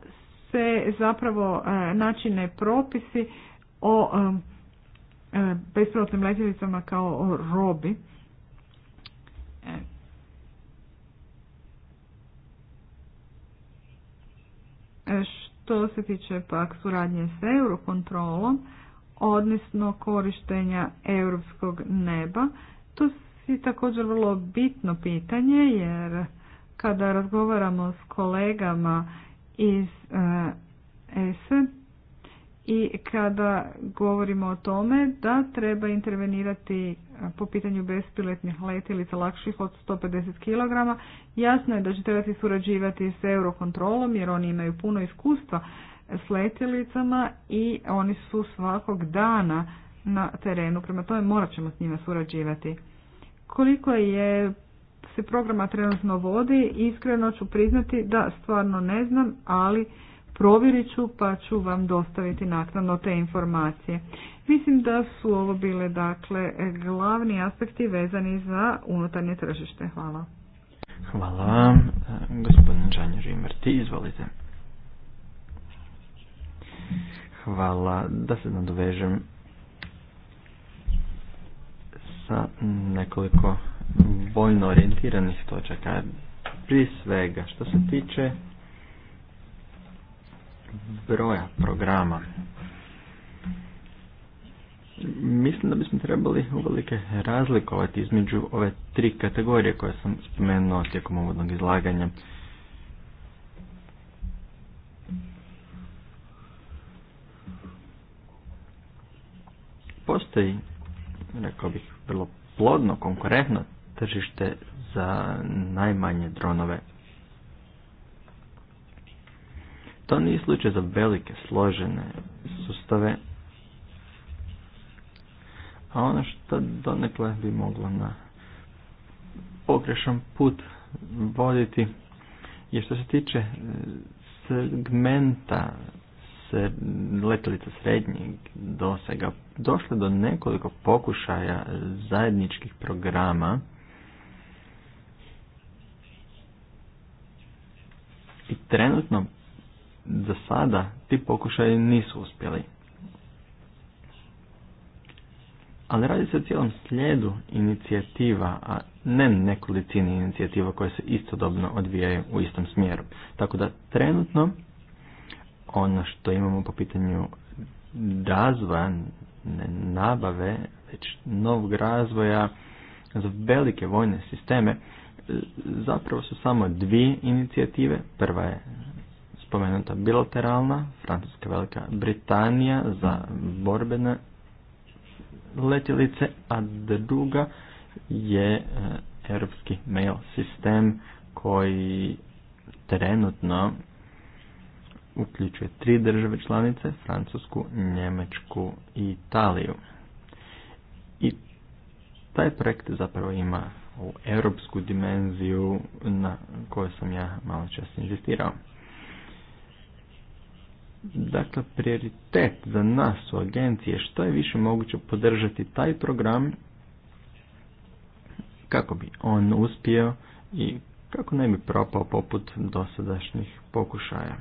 se zapravo e, načine propisi o e, besplatnim letjelicama kao o robi to se tiče pak suradnje s eurokontrolom, odnosno korištenja europskog neba, to je također vrlo bitno pitanje jer kada razgovaramo s kolegama iz ESE, eh, i kada govorimo o tome da treba intervenirati e, po pitanju bespiletnih letilica lakših od 150 kg, jasno je da će trebati surađivati s eurokontrolom jer oni imaju puno iskustva s letilicama i oni su svakog dana na terenu, prema tome morat ćemo s njima surađivati. Koliko je se programa trenutno vodi, iskreno ću priznati da stvarno ne znam, ali provjerit ću pa ću vam dostaviti naknadno te informacije. Mislim da su ovo bile dakle glavni aspekti vezani za unutarnje tržište. Hvala. Hvala vam. Gospodin Žanjer Imerti, izvolite. Hvala. Da se nadovežem sa nekoliko vojno orijentiranih točaka. Prije svega, što se tiče broja programa. Mislim da bismo trebali uvelike razlikovati između ove tri kategorije koje sam spomenuo tijekom uvodnog izlaganja. Postoji, rekao bih, vrlo plodno, konkurentno tržište za najmanje dronove To nije slučaj za velike, složene sustave, a ono što donekle bi moglo na pogrešan put voditi je što se tiče e, segmenta se letelica srednjeg dosega došle do nekoliko pokušaja zajedničkih programa i trenutno za sada ti pokušaji nisu uspjeli. Ali radi se o cijelom slijedu inicijativa, a ne nekolicini inicijativa koje se istodobno odvijaju u istom smjeru. Tako da trenutno ono što imamo po pitanju razvoja, ne nabave, već novog razvoja za velike vojne sisteme, e, zapravo su samo dvije inicijative. Prva je spomenuta bilateralna, Francuska Velika Britanija za borbene letjelice, a druga je e, europski mail sistem koji trenutno uključuje tri države članice, Francusku, Njemačku i Italiju. I taj projekt zapravo ima ovu europsku dimenziju na kojoj sam ja malo čas inzistirao. Dakle, prioritet za nas u agenciji što je više moguće podržati taj program kako bi on uspio i kako ne bi propao poput dosadašnjih pokušaja.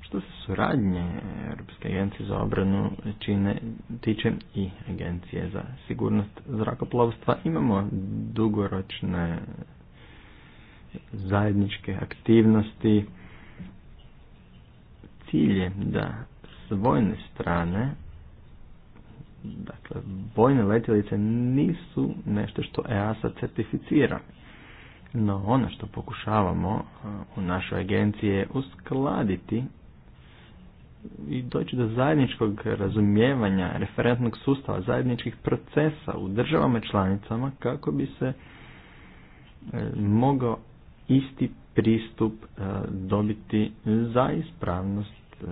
Što se suradnje Europske agencije za obranu čine, tiče i Agencije za sigurnost zrakoplovstva, imamo dugoročne zajedničke aktivnosti. Cilj je da s vojne strane dakle, vojne letjelice nisu nešto što EASA certificira. No ono što pokušavamo u našoj agenciji je uskladiti i doći do zajedničkog razumijevanja referentnog sustava, zajedničkih procesa u državama članicama kako bi se e, mogao isti pristup e, dobiti za ispravnost e,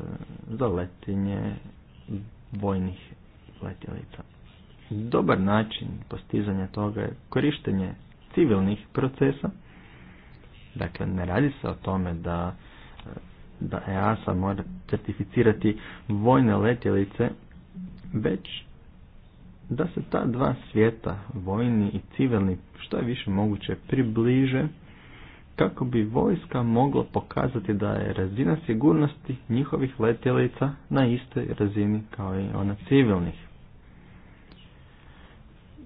za letenje vojnih letjelica. Dobar način postizanja toga je korištenje civilnih procesa. Dakle, ne radi se o tome da, e, da EASA mora certificirati vojne letjelice, već da se ta dva svijeta, vojni i civilni, što je više moguće približe kako bi vojska mogla pokazati da je razina sigurnosti njihovih letjelica na istoj razini kao i ona civilnih.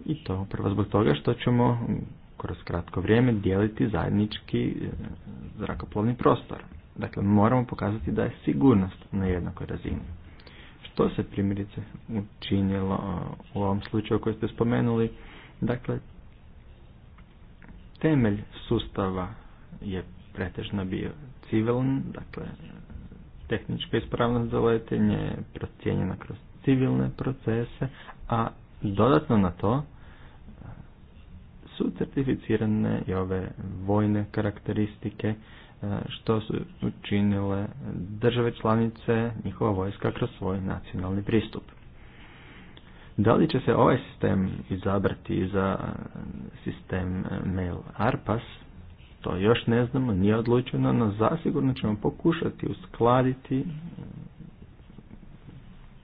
I to upravo zbog toga što ćemo mm, kroz kratko vrijeme dijeliti zajednički e, zrakoplovni prostor. Dakle, moramo pokazati da je sigurnost na jednakoj razini. Što se primjerice učinilo e, u ovom slučaju koji ste spomenuli? Dakle, temelj sustava je pretežno bio civilan, dakle tehnička ispravnost za letenje je procijenjena kroz civilne procese, a dodatno na to su certificirane i ove vojne karakteristike e, što su učinile države članice, njihova vojska kroz svoj nacionalni pristup. Da li će se ovaj sistem izabrati za e, sistem e, Mail ARPAS, to još ne znamo, nije odlučeno, no zasigurno ćemo pokušati uskladiti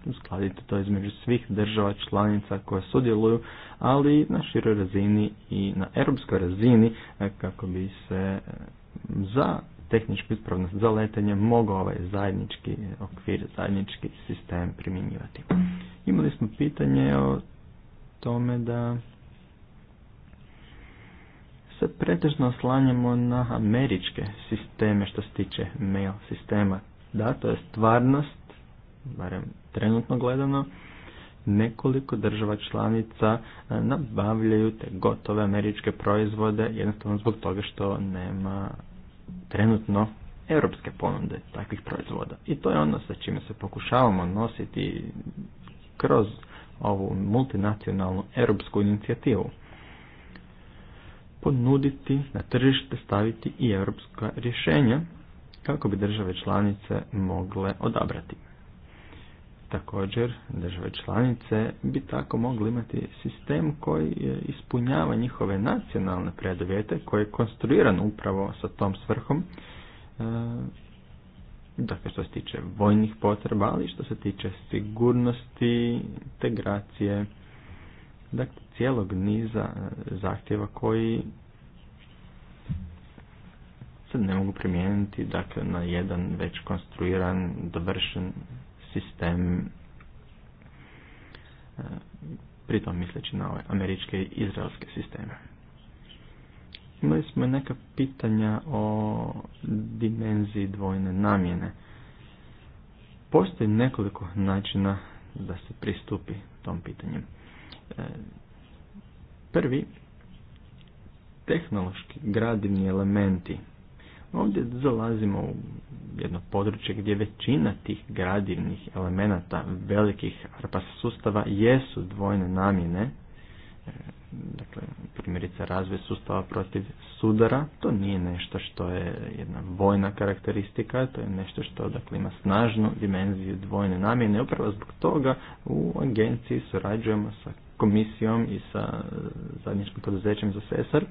uskladiti to između svih država članica koje sudjeluju, ali na široj razini i na europskoj razini e, kako bi se e, za tehničku ispravnost za letenje mogao ovaj zajednički okvir, zajednički sistem primjenjivati. Imali smo pitanje o tome da se pretežno oslanjamo na američke sisteme što se tiče mail sistema. Da, to je stvarnost, barem trenutno gledano, nekoliko država članica e, nabavljaju te gotove američke proizvode jednostavno zbog toga što nema trenutno europske ponude takvih proizvoda. I to je ono sa čime se pokušavamo nositi kroz ovu multinacionalnu europsku inicijativu ponuditi, na tržište staviti i europska rješenja kako bi države članice mogle odabrati. Također, države članice bi tako mogli imati sistem koji e, ispunjava njihove nacionalne preduvjete, koji je konstruiran upravo sa tom svrhom, e, dakle što se tiče vojnih potreba, ali što se tiče sigurnosti, integracije, dakle cijelog niza e, zahtjeva koji se ne mogu primijeniti dakle, na jedan već konstruiran, dovršen sistem e, pritom misleći na ove američke i izraelske sisteme. Imali smo neka pitanja o dimenziji dvojne namjene. Postoji nekoliko načina da se pristupi tom pitanju. E, Prvi, tehnološki gradivni elementi. Ovdje zalazimo u jedno područje gdje većina tih gradivnih elemenata velikih ARPAS sustava jesu dvojne namjene. E, dakle, primjerice razvoj sustava protiv sudara, to nije nešto što je jedna vojna karakteristika, to je nešto što dakle, ima snažnu dimenziju dvojne namjene. Upravo zbog toga u agenciji surađujemo sa komisijom i sa zajedničkim poduzećem za SESAR.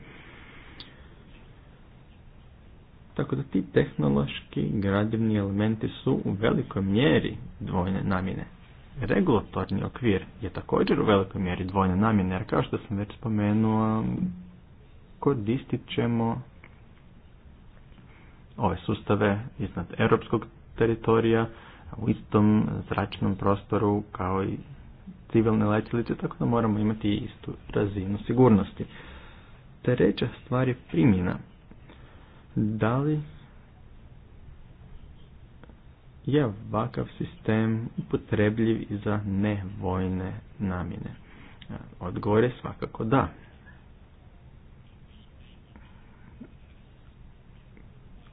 Tako da ti tehnološki gradivni elementi su u velikoj mjeri dvojne namjene. Regulatorni okvir je također u velikoj mjeri dvojne namjene, jer kao što sam već spomenuo, koristit ćemo ove sustave iznad europskog teritorija u istom zračnom prostoru kao i civilne letjelice, tako da moramo imati istu razinu sigurnosti. Treća stvar je primjena. Da li je ovakav sistem upotrebljiv i za nevojne namjene? Odgovor je svakako da.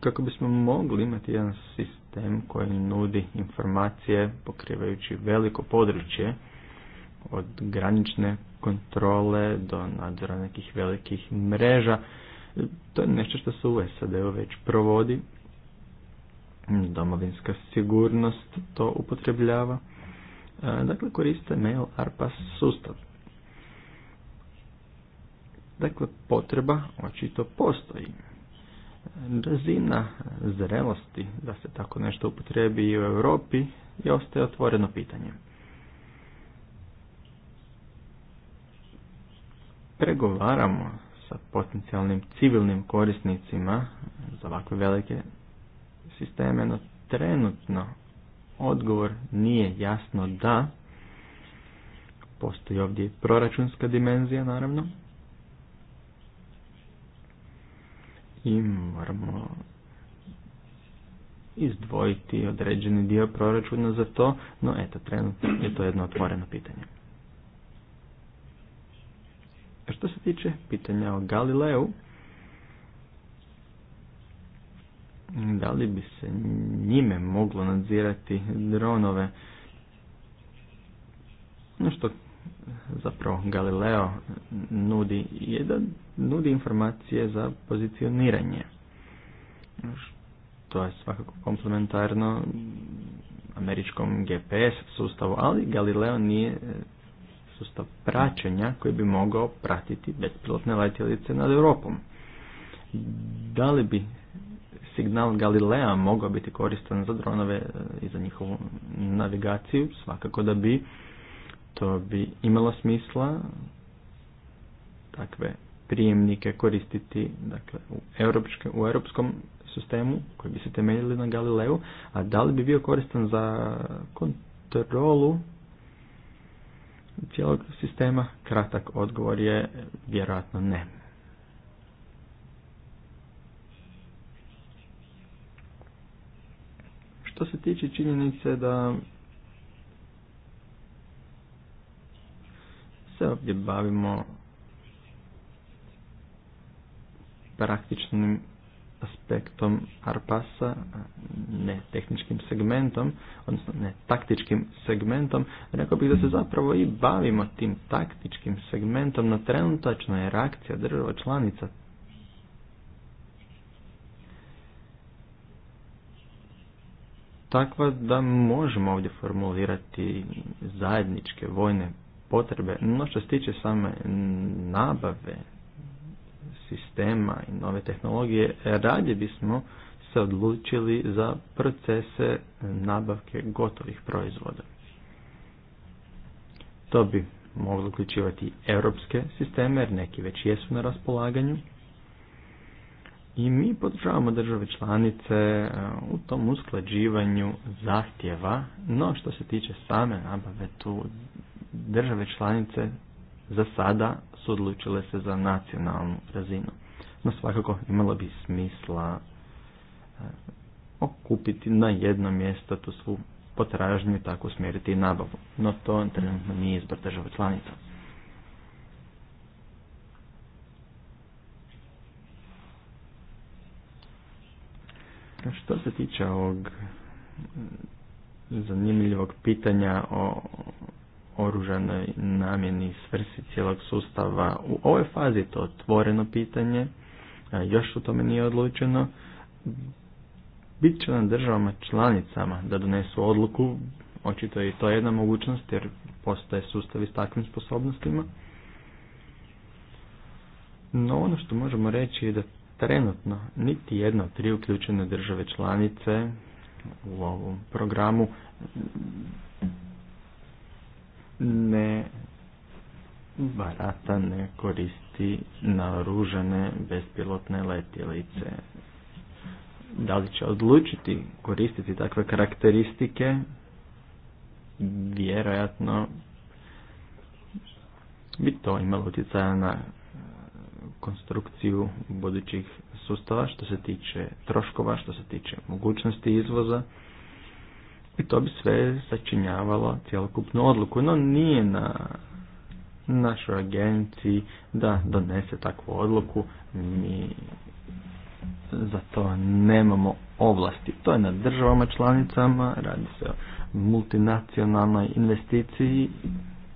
Kako bismo mogli imati jedan sistem koji nudi informacije pokrivajući veliko područje, od granične kontrole do nadzora nekih velikih mreža. To je nešto što se u SAD-u već provodi. Domovinska sigurnost to upotrebljava. E, dakle, koriste mail ARPAS sustav. Dakle, potreba očito postoji. Razina zrelosti da se tako nešto upotrebi i u Europi je ostaje otvoreno pitanje. pregovaramo sa potencijalnim civilnim korisnicima za ovakve velike sisteme, no trenutno odgovor nije jasno da. Postoji ovdje proračunska dimenzija, naravno. I moramo izdvojiti određeni dio proračuna za to, no eto, trenutno je to jedno otvoreno pitanje. Što se tiče pitanja o Galileu, da li bi se njime moglo nadzirati dronove? No što zapravo Galileo nudi je da nudi informacije za pozicioniranje. To je svakako komplementarno američkom GPS sustavu, ali Galileo nije sustav praćenja koji bi mogao pratiti bespilotne letjelice nad Europom. Da li bi signal Galilea mogao biti koristan za dronove e, i za njihovu navigaciju? Svakako da bi. To bi imalo smisla takve prijemnike koristiti dakle, u, europske, u europskom sistemu koji bi se temeljili na Galileu, a da li bi bio koristan za kontrolu cijelog sistema? Kratak odgovor je vjerojatno ne. Što se tiče činjenice da se ovdje bavimo praktičnim aspektom Arpasa, ne tehničkim segmentom, odnosno ne taktičkim segmentom, rekao bih da se zapravo i bavimo tim taktičkim segmentom, na trenutačno je reakcija država članica takva da možemo ovdje formulirati zajedničke vojne potrebe, no što se tiče same nabave sistema i nove tehnologije, radije bismo se odlučili za procese nabavke gotovih proizvoda. To bi moglo uključivati europske sisteme, jer neki već jesu na raspolaganju. I mi podržavamo države članice e, u tom usklađivanju zahtjeva, no što se tiče same nabave tu države članice za sada su odlučile se za nacionalnu razinu. No svakako imalo bi smisla e, okupiti na jedno mjesto tu svu potražnju i tako smjeriti nabavu. No to trenutno nije izbor država članica. Što se tiče ovog e, zanimljivog pitanja o oružanoj namjeni svrsi cijelog sustava. U ovoj fazi to otvoreno pitanje, još o tome nije odlučeno. Bit će na državama članicama da donesu odluku, očito je i to jedna mogućnost jer postoje sustavi s takvim sposobnostima. No ono što možemo reći je da trenutno niti jedna od tri uključene države članice u ovom programu ne barata, ne koristi naoružane bespilotne letjelice. Da li će odlučiti koristiti takve karakteristike? Vjerojatno bi to imalo utjecaja na konstrukciju budućih sustava što se tiče troškova, što se tiče mogućnosti izvoza i to bi sve sačinjavalo cjelokupnu odluku, no nije na našoj agenciji da donese takvu odluku, mi za to nemamo ovlasti. To je na državama članicama, radi se o multinacionalnoj investiciji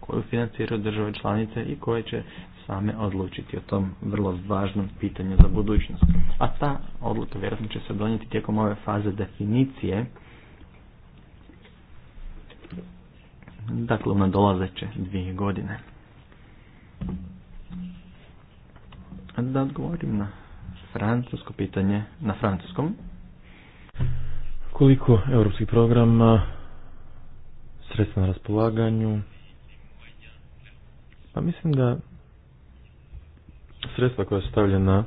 koju financiraju države članice i koje će same odlučiti o tom vrlo važnom pitanju za budućnost. A ta odluka vjerojatno će se donijeti tijekom ove faze definicije dakle u nadolazeće dvije godine. Da odgovorim na francusko pitanje, na francuskom. Koliko europskih programa, sredstva na raspolaganju, pa mislim da sredstva koja su stavljena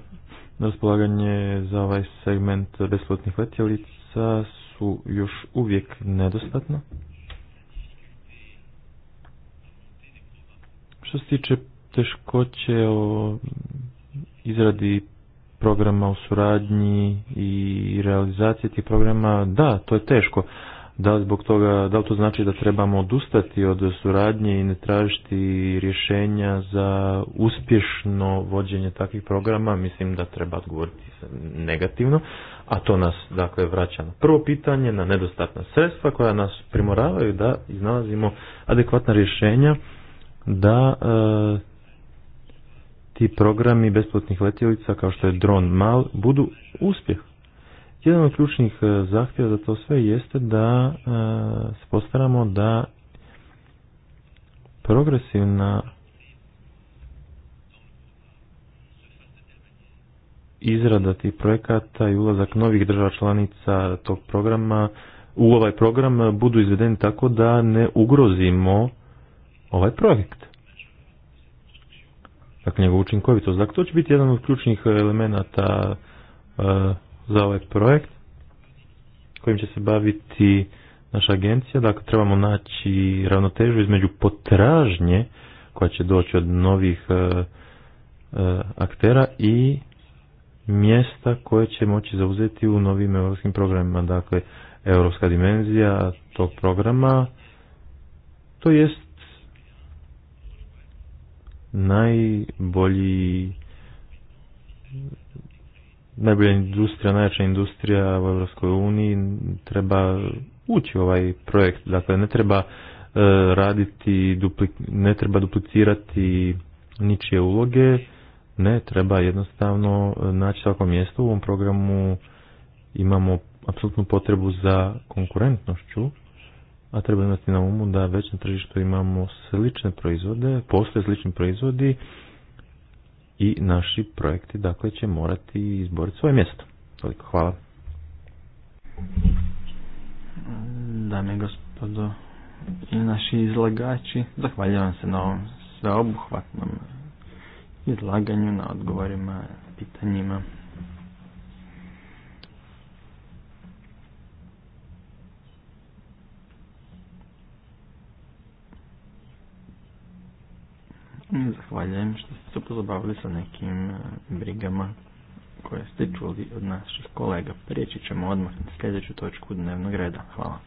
na raspolaganje za ovaj segment besplatnih letjelica su još uvijek nedostatna. Što se tiče teškoće o izradi programa u suradnji i realizacije tih programa, da, to je teško. Da li, zbog toga, da li to znači da trebamo odustati od suradnje i ne tražiti rješenja za uspješno vođenje takvih programa? Mislim da treba odgovoriti negativno, a to nas dakle vraća na prvo pitanje, na nedostatna sredstva koja nas primoravaju da iznalazimo adekvatna rješenja da e, ti programi besplatnih letjelica kao što je dron mal budu uspjeh. Jedan od ključnih e, zahtjeva za to sve jeste da e, postaramo da progresivna izrada tih projekata i ulazak novih država članica tog programa u ovaj program budu izvedeni tako da ne ugrozimo ovaj projekt. Dakle, njegov učinkovitost. Dakle, to će biti jedan od ključnih elemenata e, za ovaj projekt kojim će se baviti naša agencija. Dakle, trebamo naći ravnotežu između potražnje koja će doći od novih e, e, aktera i mjesta koje će moći zauzeti u novim europskim programima. Dakle, europska dimenzija tog programa, to jest najbolji najbolja industrija, najjača industrija u Europskoj uniji treba ući u ovaj projekt. Dakle, ne treba e, raditi, ne treba duplicirati ničije uloge, ne, treba jednostavno e, naći svako mjesto u ovom programu imamo apsolutnu potrebu za konkurentnošću a treba imati na umu da već na tržištu imamo slične proizvode, postoje slični proizvodi i naši projekti dakle će morati izboriti svoje mjesto. Toliko, hvala. Dame i gospodo i naši izlagači, zahvaljujem vam se na ovom sveobuhvatnom izlaganju, na odgovorima, pitanjima. Zahvaljujem što ste se pozabavili sa nekim e, brigama koje ste čuli od naših kolega. Prijeći ćemo odmah na sljedeću točku dnevnog reda. Hvala.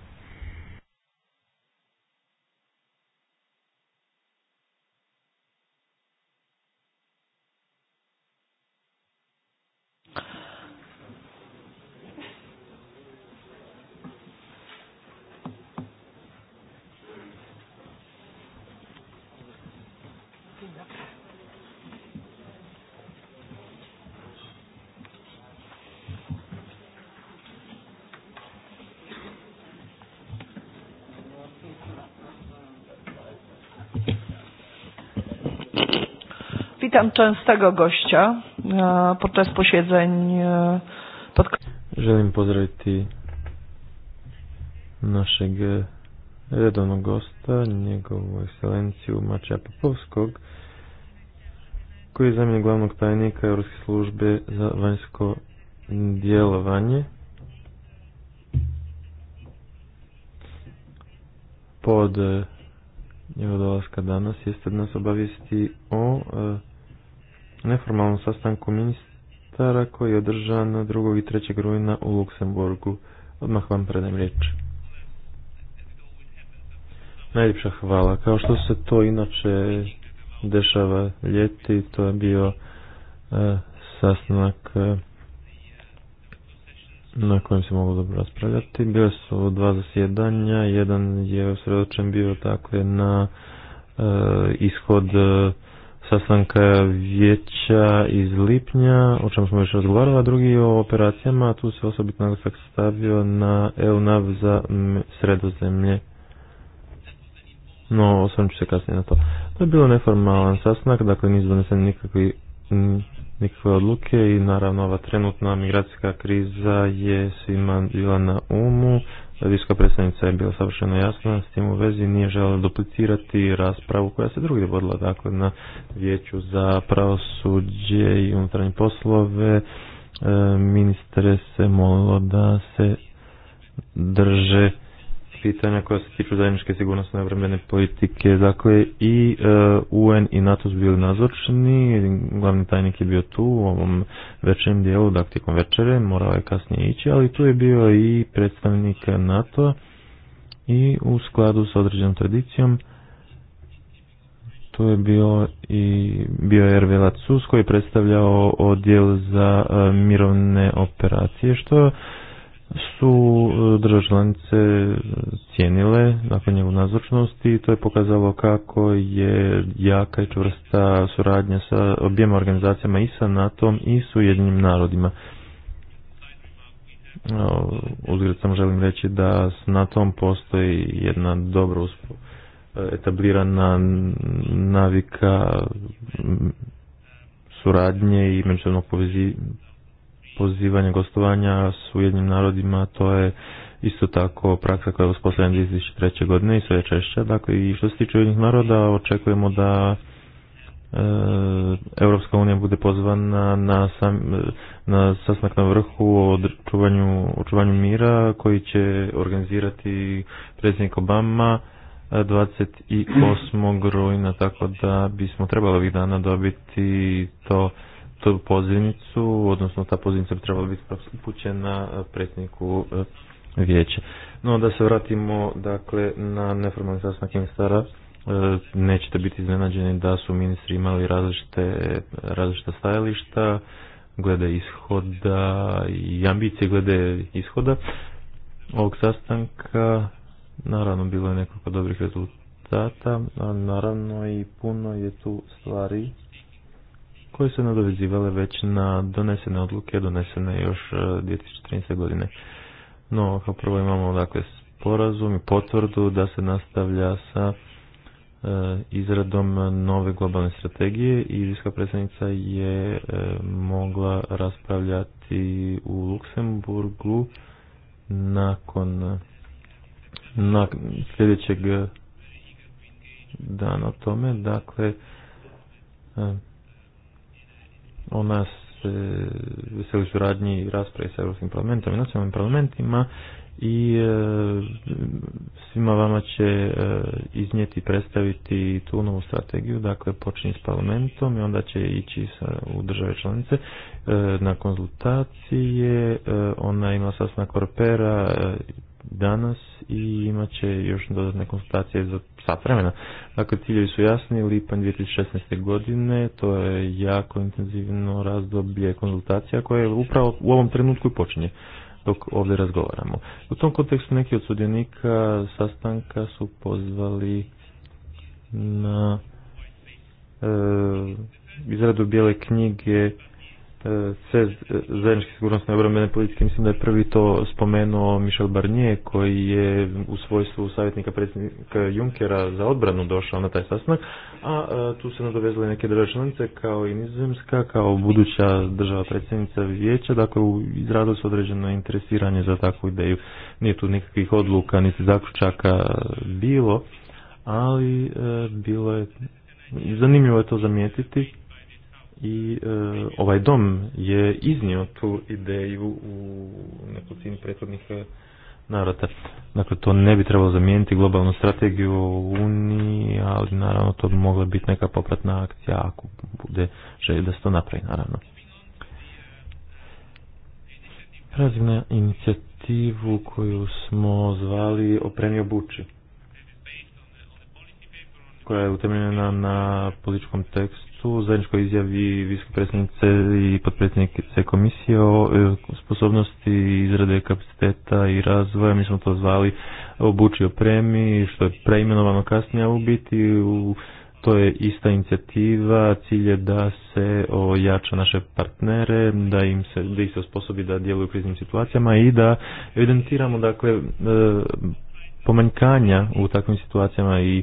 Witam częstego gościa e, podczas posiedzeń e, pod... Želim pozdraviti našeg redovnog gosta, njegovu ekscelenciju Mačeja Popovskog, koji je zamjenik glavnog tajnika Europske službe za vanjsko djelovanje. Pod njegov dolaska danas jeste da nas obavijesti o e, neformalnom sastanku ministara koji je održan 2. i 3. rujna u Luksemburgu. Odmah vam predam riječ. Najljepša hvala. Kao što se to inače dešava ljeti, to je bio e, sastanak e, na kojem se moglo dobro raspravljati. Bile su dva zasjedanja, jedan je usredočen bio je dakle, na e, ishod sastanka vijeća iz lipnja, o čemu smo još razgovarali, a drugi o operacijama, tu se osobit naglasak stavio na EUNAV za sredozemlje. No, osvrnut ću se kasnije na to. To je bilo neformalan sastanak, dakle nisu doneseni nikakvi, nikakve odluke i naravno ova trenutna migracijska kriza je svima bila na umu. Radijska predstavnica je bila savršeno jasna, s tim u vezi nije željela duplicirati raspravu koja se drugdje vodila, dakle na vijeću za pravosuđe i unutarnje poslove, e, ministre se molilo da se drže pitanja koja se tiču zajedničke sigurnosne obrambene politike. Dakle, i e, UN i NATO su bili nazočni, glavni tajnik je bio tu u ovom večernjem dijelu, dakle tijekom večere, morao je kasnije ići, ali tu je bio i predstavnik NATO i u skladu sa određenom tradicijom tu je bio i bio je koji je predstavljao odjel za e, mirovne operacije što su e, države članice cijenile nakon njegovu nazočnosti i to je pokazalo kako je jaka i čvrsta suradnja sa objema organizacijama i sa NATO-om i s Ujedinjenim narodima. E, Uzgled sam želim reći da s NATO-om postoji jedna dobro e, etablirana navika suradnje i međusobnog pozivanje gostovanja s Ujednim narodima, to je isto tako praksa koja je uspostavljena 2003. godine i sve češće. Dakle, i što se tiče Ujednih naroda, očekujemo da EU Europska unija bude pozvana na, sam, na sastanak na vrhu o očuvanju, očuvanju mira koji će organizirati predsjednik Obama 28. E, rujna, tako da bismo trebali ovih dana dobiti to pozivnicu, odnosno ta pozivnica bi trebala biti upućena e, predsjedniku e, vijeća. No da se vratimo dakle na neformalni sastanak ministara, e, nećete biti iznenađeni da su ministri imali različite, različita stajališta glede ishoda i ambicije glede ishoda ovog sastanka. Naravno bilo je nekoliko dobrih rezultata, a naravno i puno je tu stvari koje su nadovezivale već na donesene odluke, donesene još 2013. E, godine. No, kao prvo imamo dakle sporazum i potvrdu da se nastavlja sa e, izradom nove globalne strategije i viska predsjednica je e, mogla raspravljati u Luksemburgu nakon na sljedećeg dana o tome. Dakle, onas se veseli suradnji i raspravi sa Europskim parlamentom i nacionalnim parlamentima i e, svima vama će e, iznijeti predstaviti tu novu strategiju, dakle počinje s parlamentom i onda će ići sa, u države članice e, na konzultacije, e, ona ima sasna korpera e, danas i imat će još dodatne konsultacije za sat vremena. Dakle, ciljevi su jasni, lipanj 2016. godine, to je jako intenzivno razdoblje konsultacija koje upravo u ovom trenutku i počinje dok ovdje razgovaramo. U tom kontekstu neki od sudionika sastanka su pozvali na e, izradu bijele knjige E, sve zajedničke sigurnosne obrambene politike, mislim da je prvi to spomenuo Michel Barnier, koji je u svojstvu savjetnika predsjednika Junkera za odbranu došao na taj sastanak, a e, tu se nadovezale neke države članice kao i Nizozemska, kao buduća država predsjednica vijeća, dakle izradili su određeno interesiranje za takvu ideju. Nije tu nikakvih odluka, niti zaključaka bilo, ali e, bilo je, zanimljivo je to zamijetiti i e, ovaj dom je iznio tu ideju u nekocini prethodnih e, narata Dakle, to ne bi trebalo zamijeniti globalnu strategiju u Uniji, ali naravno to bi mogla biti neka popratna akcija ako bude želje da se to napravi, naravno. Prelazim na inicijativu koju smo zvali Opremi obuči, koja je utemljena na političkom tekstu su zajedničkoj izjavi visoke predsjednice i potpredsjednice komisije o e, sposobnosti izrade kapaciteta i razvoja. Mi smo to zvali obuči opremi, što je preimenovano kasnije, u biti to je ista inicijativa, cilj je da se ojača naše partnere, da im se, da ih se osposobi da djeluju u kriznim situacijama i da evidentiramo dakle e, pomanjkanja u takvim situacijama i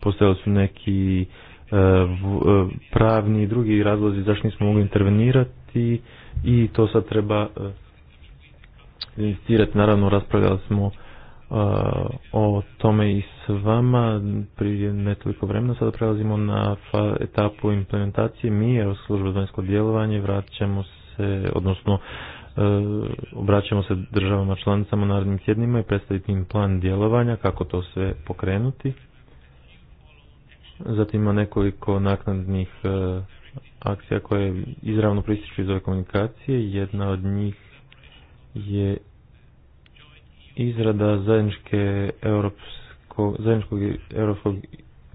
postojali su neki E, e, pravni i drugi razlozi zašto nismo mogli intervenirati i to sad treba e, inicirati. Naravno, raspravljali smo o tome i s vama prije netoliko vremena. Sada prelazimo na etapu implementacije. Mi, Europska služba vanjsko djelovanje, vraćamo se, odnosno obraćamo se državama članicama narednim tjednima i predstaviti im plan djelovanja, kako to sve pokrenuti. Zatim ima nekoliko naknadnih e, akcija koje izravno prističu iz ove komunikacije. Jedna od njih je izrada zajedničke europskog, zajedničkog europskog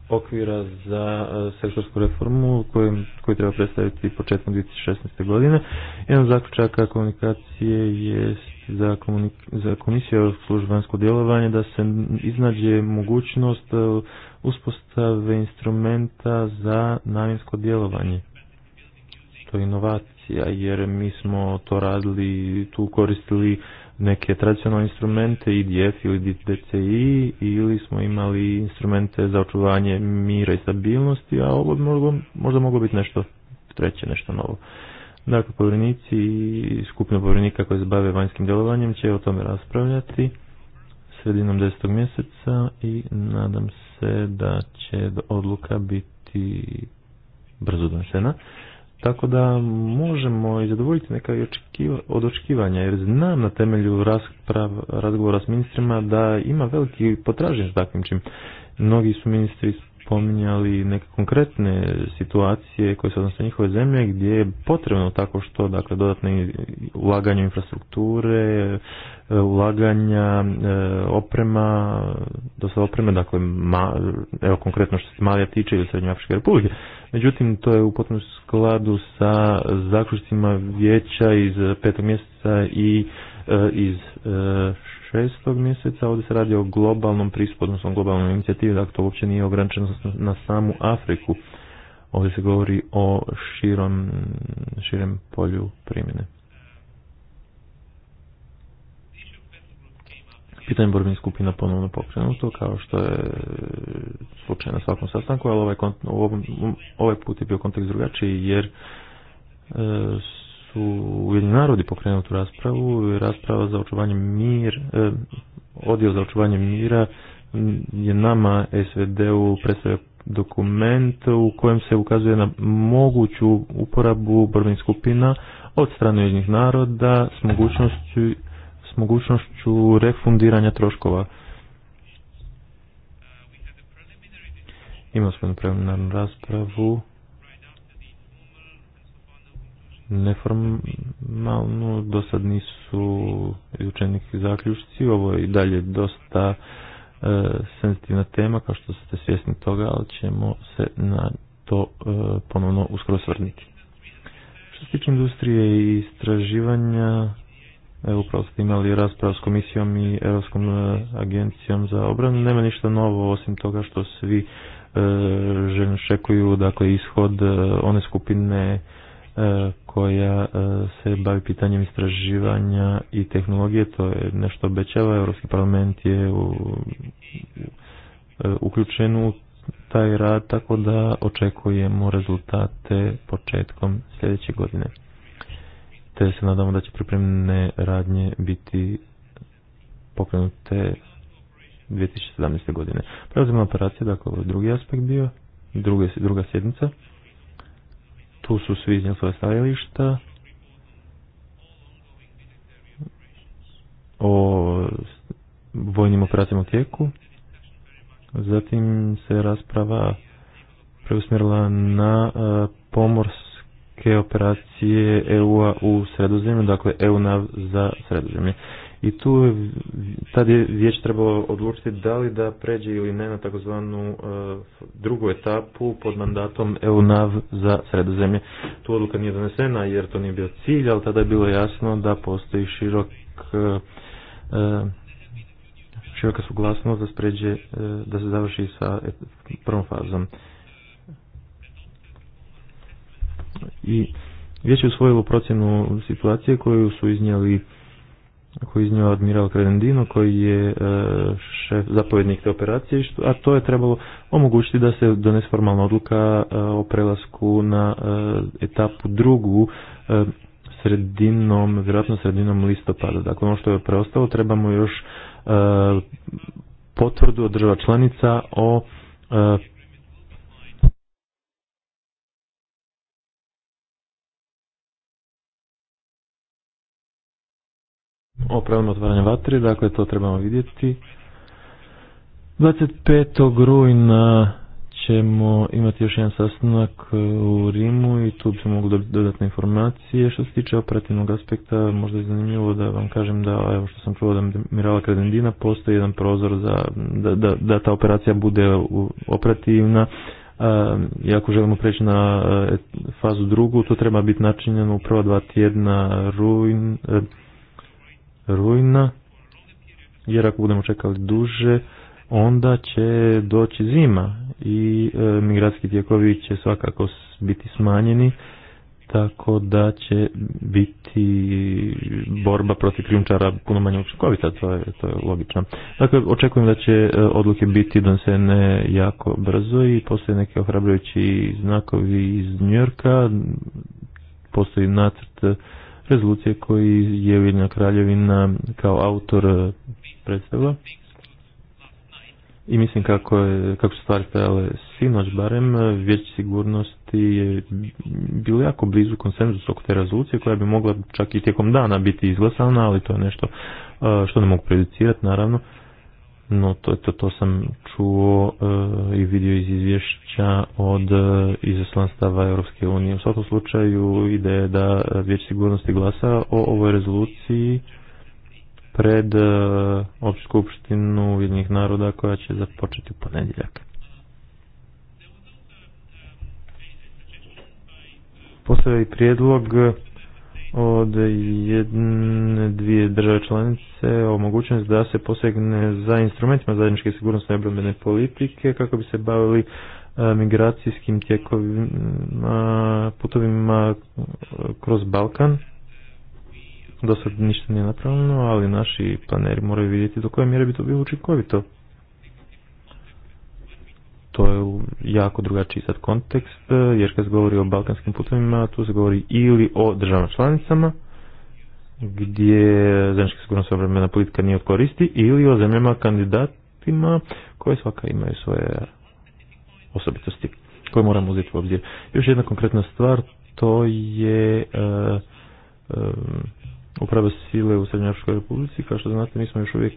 okvira za e, sektorsku reformu koju, koju treba predstaviti početkom 2016. godine. Jedan zaključak komunikacije je za, za komisiju službansko djelovanje da se iznađe mogućnost e, uspostave instrumenta za namjensko djelovanje. To je inovacija jer mi smo to radili, tu koristili neke tradicionalne instrumente, IDF e ili DCI, ili smo imali instrumente za očuvanje mira i stabilnosti, a ovo možda, možda moglo biti nešto treće, nešto novo. Dakle, povjerenici i skupina povjerenika koje se bave vanjskim djelovanjem će o tome raspravljati sredinom 10. mjeseca i nadam se da će odluka biti brzo donesena. Tako da možemo i zadovoljiti neka od očekivanja, jer znam na temelju razgovora s ministrima da ima veliki potražnje s takvim čim. Mnogi su ministri spominjali neke konkretne situacije koje se odnose njihove zemlje gdje je potrebno tako što, dakle, dodatne ulaganje u infrastrukture, e, ulaganja, e, oprema, dosta opreme, dakle, ma, evo konkretno što se Malija tiče ili Afričke republike. Međutim, to je u potpunom skladu sa zaključcima vijeća iz petog mjeseca i e, iz šestog mjeseca. Ovdje se radi o globalnom pristupu, odnosno globalnom inicijativi, dakle to uopće nije ograničeno na samu Afriku. Ovdje se govori o širom, širem polju primjene. Pitanje borbenih skupina ponovno pokrenuto, kao što je slučaj na svakom sastanku, ali ovaj, ovaj put je bio kontekst drugačiji, jer e, su Ujedinjeni narodi pokrenuti tu raspravu, rasprava za očuvanje mir, eh, odjel za očuvanje mira je nama SVD-u predstavio dokument u kojem se ukazuje na moguću uporabu borbenih skupina od strane Ujedinjenih naroda s mogućnošću, s mogućnošću refundiranja troškova. Imao smo preliminarnu raspravu neformalno, do sad nisu učenik zaključci, ovo je i dalje dosta e, senzitivna tema, kao što ste svjesni toga, ali ćemo se na to e, ponovno uskoro svrniti. Što se tiče industrije i istraživanja, evo upravo ste imali raspravu s komisijom i Europskom e, agencijom za obranu, nema ništa novo osim toga što svi e, željno dakle ishod e, one skupine E, koja e, se bavi pitanjem istraživanja i tehnologije, to je nešto obećava, Europski parlament je e, uključen u taj rad, tako da očekujemo rezultate početkom sljedeće godine. Te se nadamo da će pripremne radnje biti pokrenute 2017. godine. Prelazimo na operacije, dakle drugi aspekt bio, druga, druga sjednica tu su svi iznijeli svoje stajališta o vojnim operacijama u tijeku. Zatim se rasprava preusmjerila na e, pomorske operacije EU-a u sredozemlju, dakle EU-NAV za sredozemlje i tu tad je vijeć trebalo odlučiti da li da pređe ili ne na takozvanu e, drugu etapu pod mandatom EUNAV za sredozemlje. Tu odluka nije donesena jer to nije bio cilj, ali tada je bilo jasno da postoji širok e, e, široka suglasnost da, spređe, da se završi sa prvom fazom. I već je usvojilo procjenu situacije koju su iznijeli koji je iznio admiral Credendino koji je e, šef zapovjednik te operacije, a to je trebalo omogućiti da se donese formalna odluka e, o prelasku na e, etapu drugu sredinom, vjerojatno sredinom listopada. Dakle, ono što je preostalo, trebamo još potvrdu od država članica o o pravilno otvaranju vatre, dakle to trebamo vidjeti. 25. rujna ćemo imati još jedan sastanak uh, u Rimu i tu bi se mogli dobiti dodatne informacije. Što se tiče operativnog aspekta, možda je zanimljivo da vam kažem da, evo što sam čuo da Mirala Kredendina, postoji jedan prozor za, da, da, da ta operacija bude operativna. Um, I ako želimo preći na uh, fazu drugu, to treba biti načinjeno u prva dva tjedna rujna, rujna, jer ako budemo čekali duže, onda će doći zima i e, migratski tijekovi će svakako biti smanjeni, tako da će biti borba protiv krijumčara puno manje učinkovita, to je, to je logično. Dakle, očekujem da će e, odluke biti donesene jako brzo i postoje neke ohrabrujući znakovi iz Njorka, postoji nacrt rezolucije koji je Ujedinjena kraljevina kao autor e, predstavila. I mislim kako, je, kako su stvari stajale sinoć, barem e, vječ sigurnosti je bilo jako blizu konsenzus oko te rezolucije koja bi mogla čak i tijekom dana biti izglasana, ali to je nešto e, što ne mogu prejudicirati naravno. No to, to, to sam čuo e, i vidio iz izvješća od e, izaslanstava Europske unije. U svakom slučaju ide da Vijeće sigurnosti glasa o ovoj rezoluciji pred e, opštinu skupštinu naroda koja će započeti u ponedjeljak. i prijedlog od jedne, dvije države članice o mogućnosti da se posegne za instrumentima zajedničke sigurnosne obrambene politike kako bi se bavili e, migracijskim tijekovima, putovima kroz Balkan. Dosad ništa nije napravljeno, ali naši planeri moraju vidjeti do koje mjere bi to bilo učinkovito to je jako drugačiji sad kontekst, e, jer kad se govori o balkanskim putovima, tu se govori ili o državama članicama, gdje zemljska sigurnost obremena politika nije od koristi, ili o zemljama kandidatima koje svaka imaju svoje osobitosti koje moramo uzeti u obzir. Još jedna konkretna stvar, to je e, e, uprave sile u Srednjoafričkoj republici. Kao što znate, mi smo još uvijek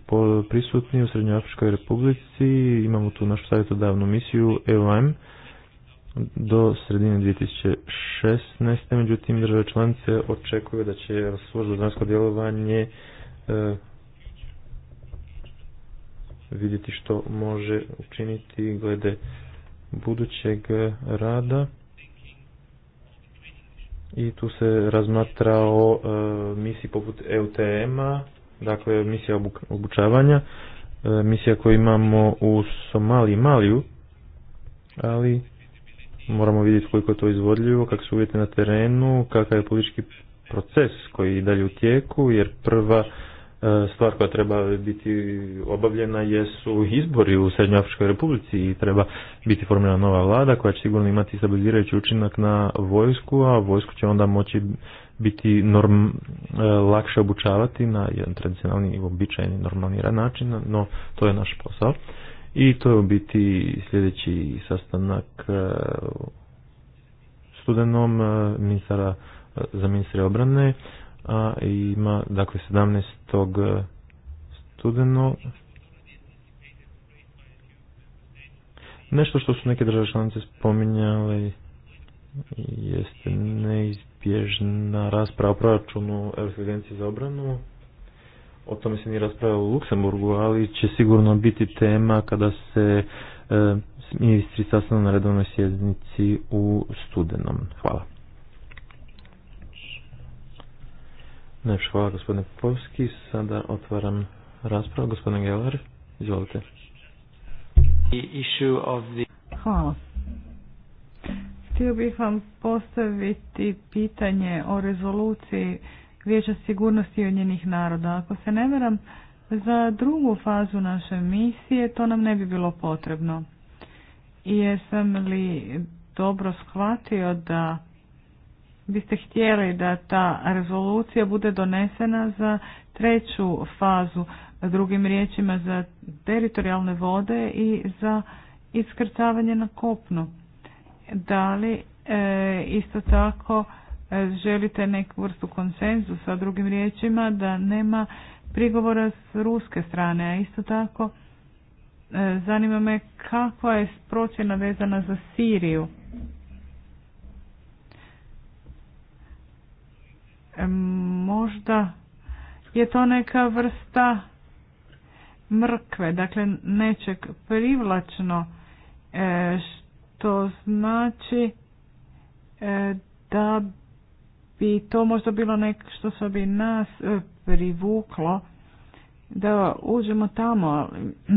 prisutni u Srednjoafričkoj republici. Imamo tu našu savjetodavnu misiju EOM do sredine 2016. Međutim, države članice očekuju da će služba za djelovanje e, vidjeti što može učiniti glede budućeg rada i tu se razmatra o e, misiji poput EUTM-a, dakle misija obučavanja, e, misija koju imamo u Somaliji i Maliju, ali moramo vidjeti koliko je to izvodljivo, kak su uvjeti na terenu, kakav je politički proces koji je dalje u tijeku, jer prva E, stvar koja treba biti obavljena jesu izbori u Srednjoafričkoj republici i treba biti formirana nova vlada koja će sigurno imati stabilizirajući učinak na vojsku, a vojsku će onda moći biti norm, e, lakše obučavati na jedan tradicionalni i običajni normaliran način, no to je naš posao. I to je u biti sljedeći sastanak e, studenom ministara za ministre obrane a ima dakle 17. E, studeno nešto što su neke države članice spominjale jeste neizbježna rasprava o proračunu Europske agencije za obranu o tome se nije raspravilo u Luksemburgu, ali će sigurno biti tema kada se e, ministri sastanu na redovnoj sjednici u studenom. Hvala. Najprej hvala gospodine Popovski. Sada otvaram raspravu. Gospodine Gelar, izvolite. Hvala. Htio bih vam postaviti pitanje o rezoluciji Vijeća sigurnosti Ujedinjenih naroda. Ako se ne veram, za drugu fazu naše misije to nam ne bi bilo potrebno. I jesam li dobro shvatio da Biste htjeli da ta rezolucija bude donesena za treću fazu, drugim riječima za teritorijalne vode i za iskrcavanje na kopnu. Da li e, isto tako e, želite neku vrstu konsenzusa, drugim riječima da nema prigovora s ruske strane, a isto tako e, zanima me kakva je procjena vezana za Siriju. možda je to neka vrsta mrkve, dakle nečeg privlačno, e, što znači e, da bi to možda bilo nešto što se bi nas e, privuklo da uđemo tamo,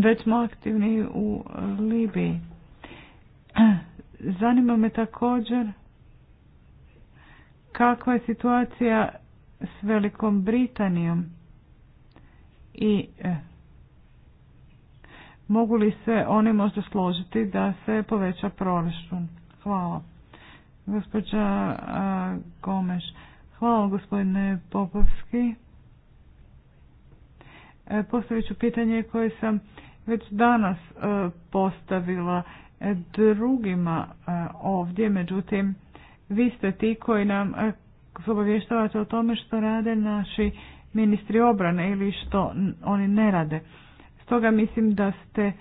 već smo aktivni u Libiji. Zanima me također kakva je situacija s Velikom Britanijom i eh, mogu li se oni možda složiti da se poveća proračun? Hvala. Gospođa eh, Gomeš. Hvala gospodine Popovski. Eh, postavit ću pitanje koje sam već danas postavila drugima ovdje, međutim vi ste ti koji nam e, obavještavate o tome što rade naši ministri obrane ili što oni ne rade. Stoga mislim da ste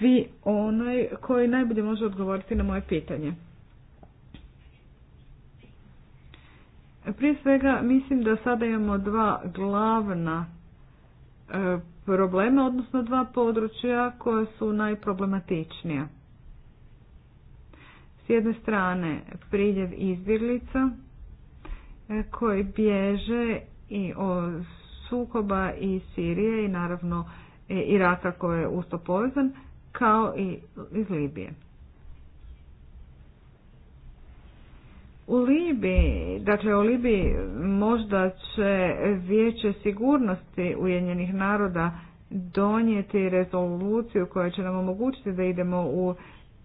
vi onaj koji najbolje može odgovoriti na moje pitanje. Prije svega mislim da sada imamo dva glavna e, problema, odnosno dva područja koja su najproblematičnija. S jedne strane priljev izbjeglica e, koji bježe i od sukoba i Sirije i naravno e, Iraka koji je usto povezan, kao i iz Libije. U Libiji, dakle u Libiji možda će vijeće sigurnosti Ujedinjenih naroda donijeti rezoluciju koja će nam omogućiti da idemo u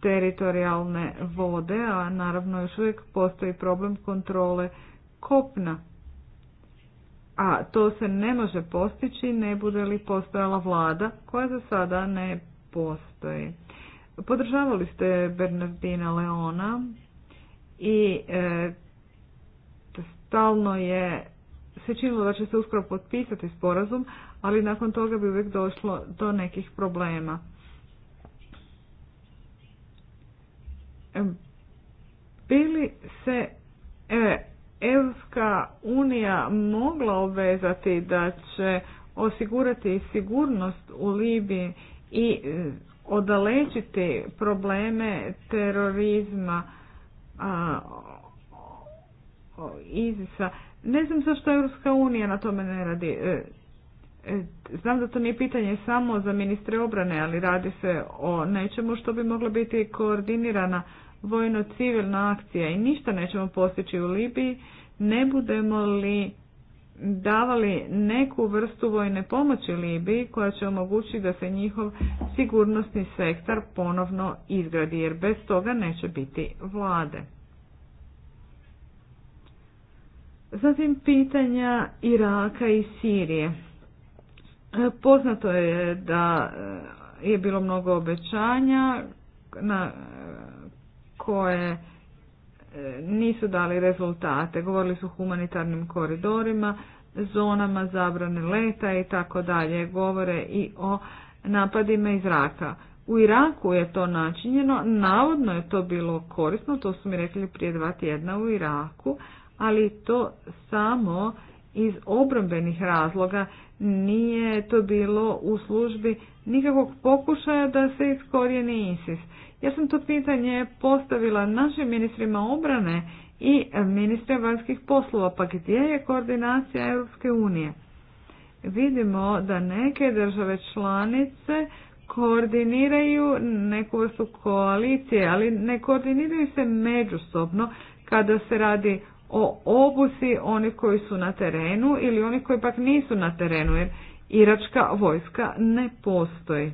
teritorijalne vode, a naravno još uvijek postoji problem kontrole kopna. A to se ne može postići ne bude li postojala vlada koja za sada ne postoji. Podržavali ste Bernardina Leona i e, stalno je se činilo da će se uskoro potpisati sporazum, ali nakon toga bi uvijek došlo do nekih problema. li se Europska unija mogla obvezati da će osigurati sigurnost u Libiji i e, odalečiti probleme terorizma a, Izisa. Ne znam zašto Europska unija na tome ne radi. E, e, znam da to nije pitanje samo za ministre obrane, ali radi se o nečemu što bi mogla biti koordinirana vojno-civilna akcija i ništa nećemo postići u Libiji, ne budemo li davali neku vrstu vojne pomoći Libiji koja će omogućiti da se njihov sigurnosni sektor ponovno izgradi, jer bez toga neće biti vlade. Zatim pitanja Iraka i Sirije. Poznato je da e, je bilo mnogo obećanja na koje e, nisu dali rezultate. Govorili su o humanitarnim koridorima, zonama zabrane leta i tako dalje. Govore i o napadima iz Raka. U Iraku je to načinjeno, navodno je to bilo korisno, to su mi rekli prije dva tjedna u Iraku, ali to samo iz obrambenih razloga nije to bilo u službi nikakvog pokušaja da se iskorijeni ISIS. Ja sam to pitanje postavila našim ministrima obrane i ministre vanjskih poslova, pa gdje je koordinacija Europske unije? Vidimo da neke države članice koordiniraju neku vrstu koalicije, ali ne koordiniraju se međusobno kada se radi o obusi onih koji su na terenu ili onih koji pak nisu na terenu jer iračka vojska ne postoji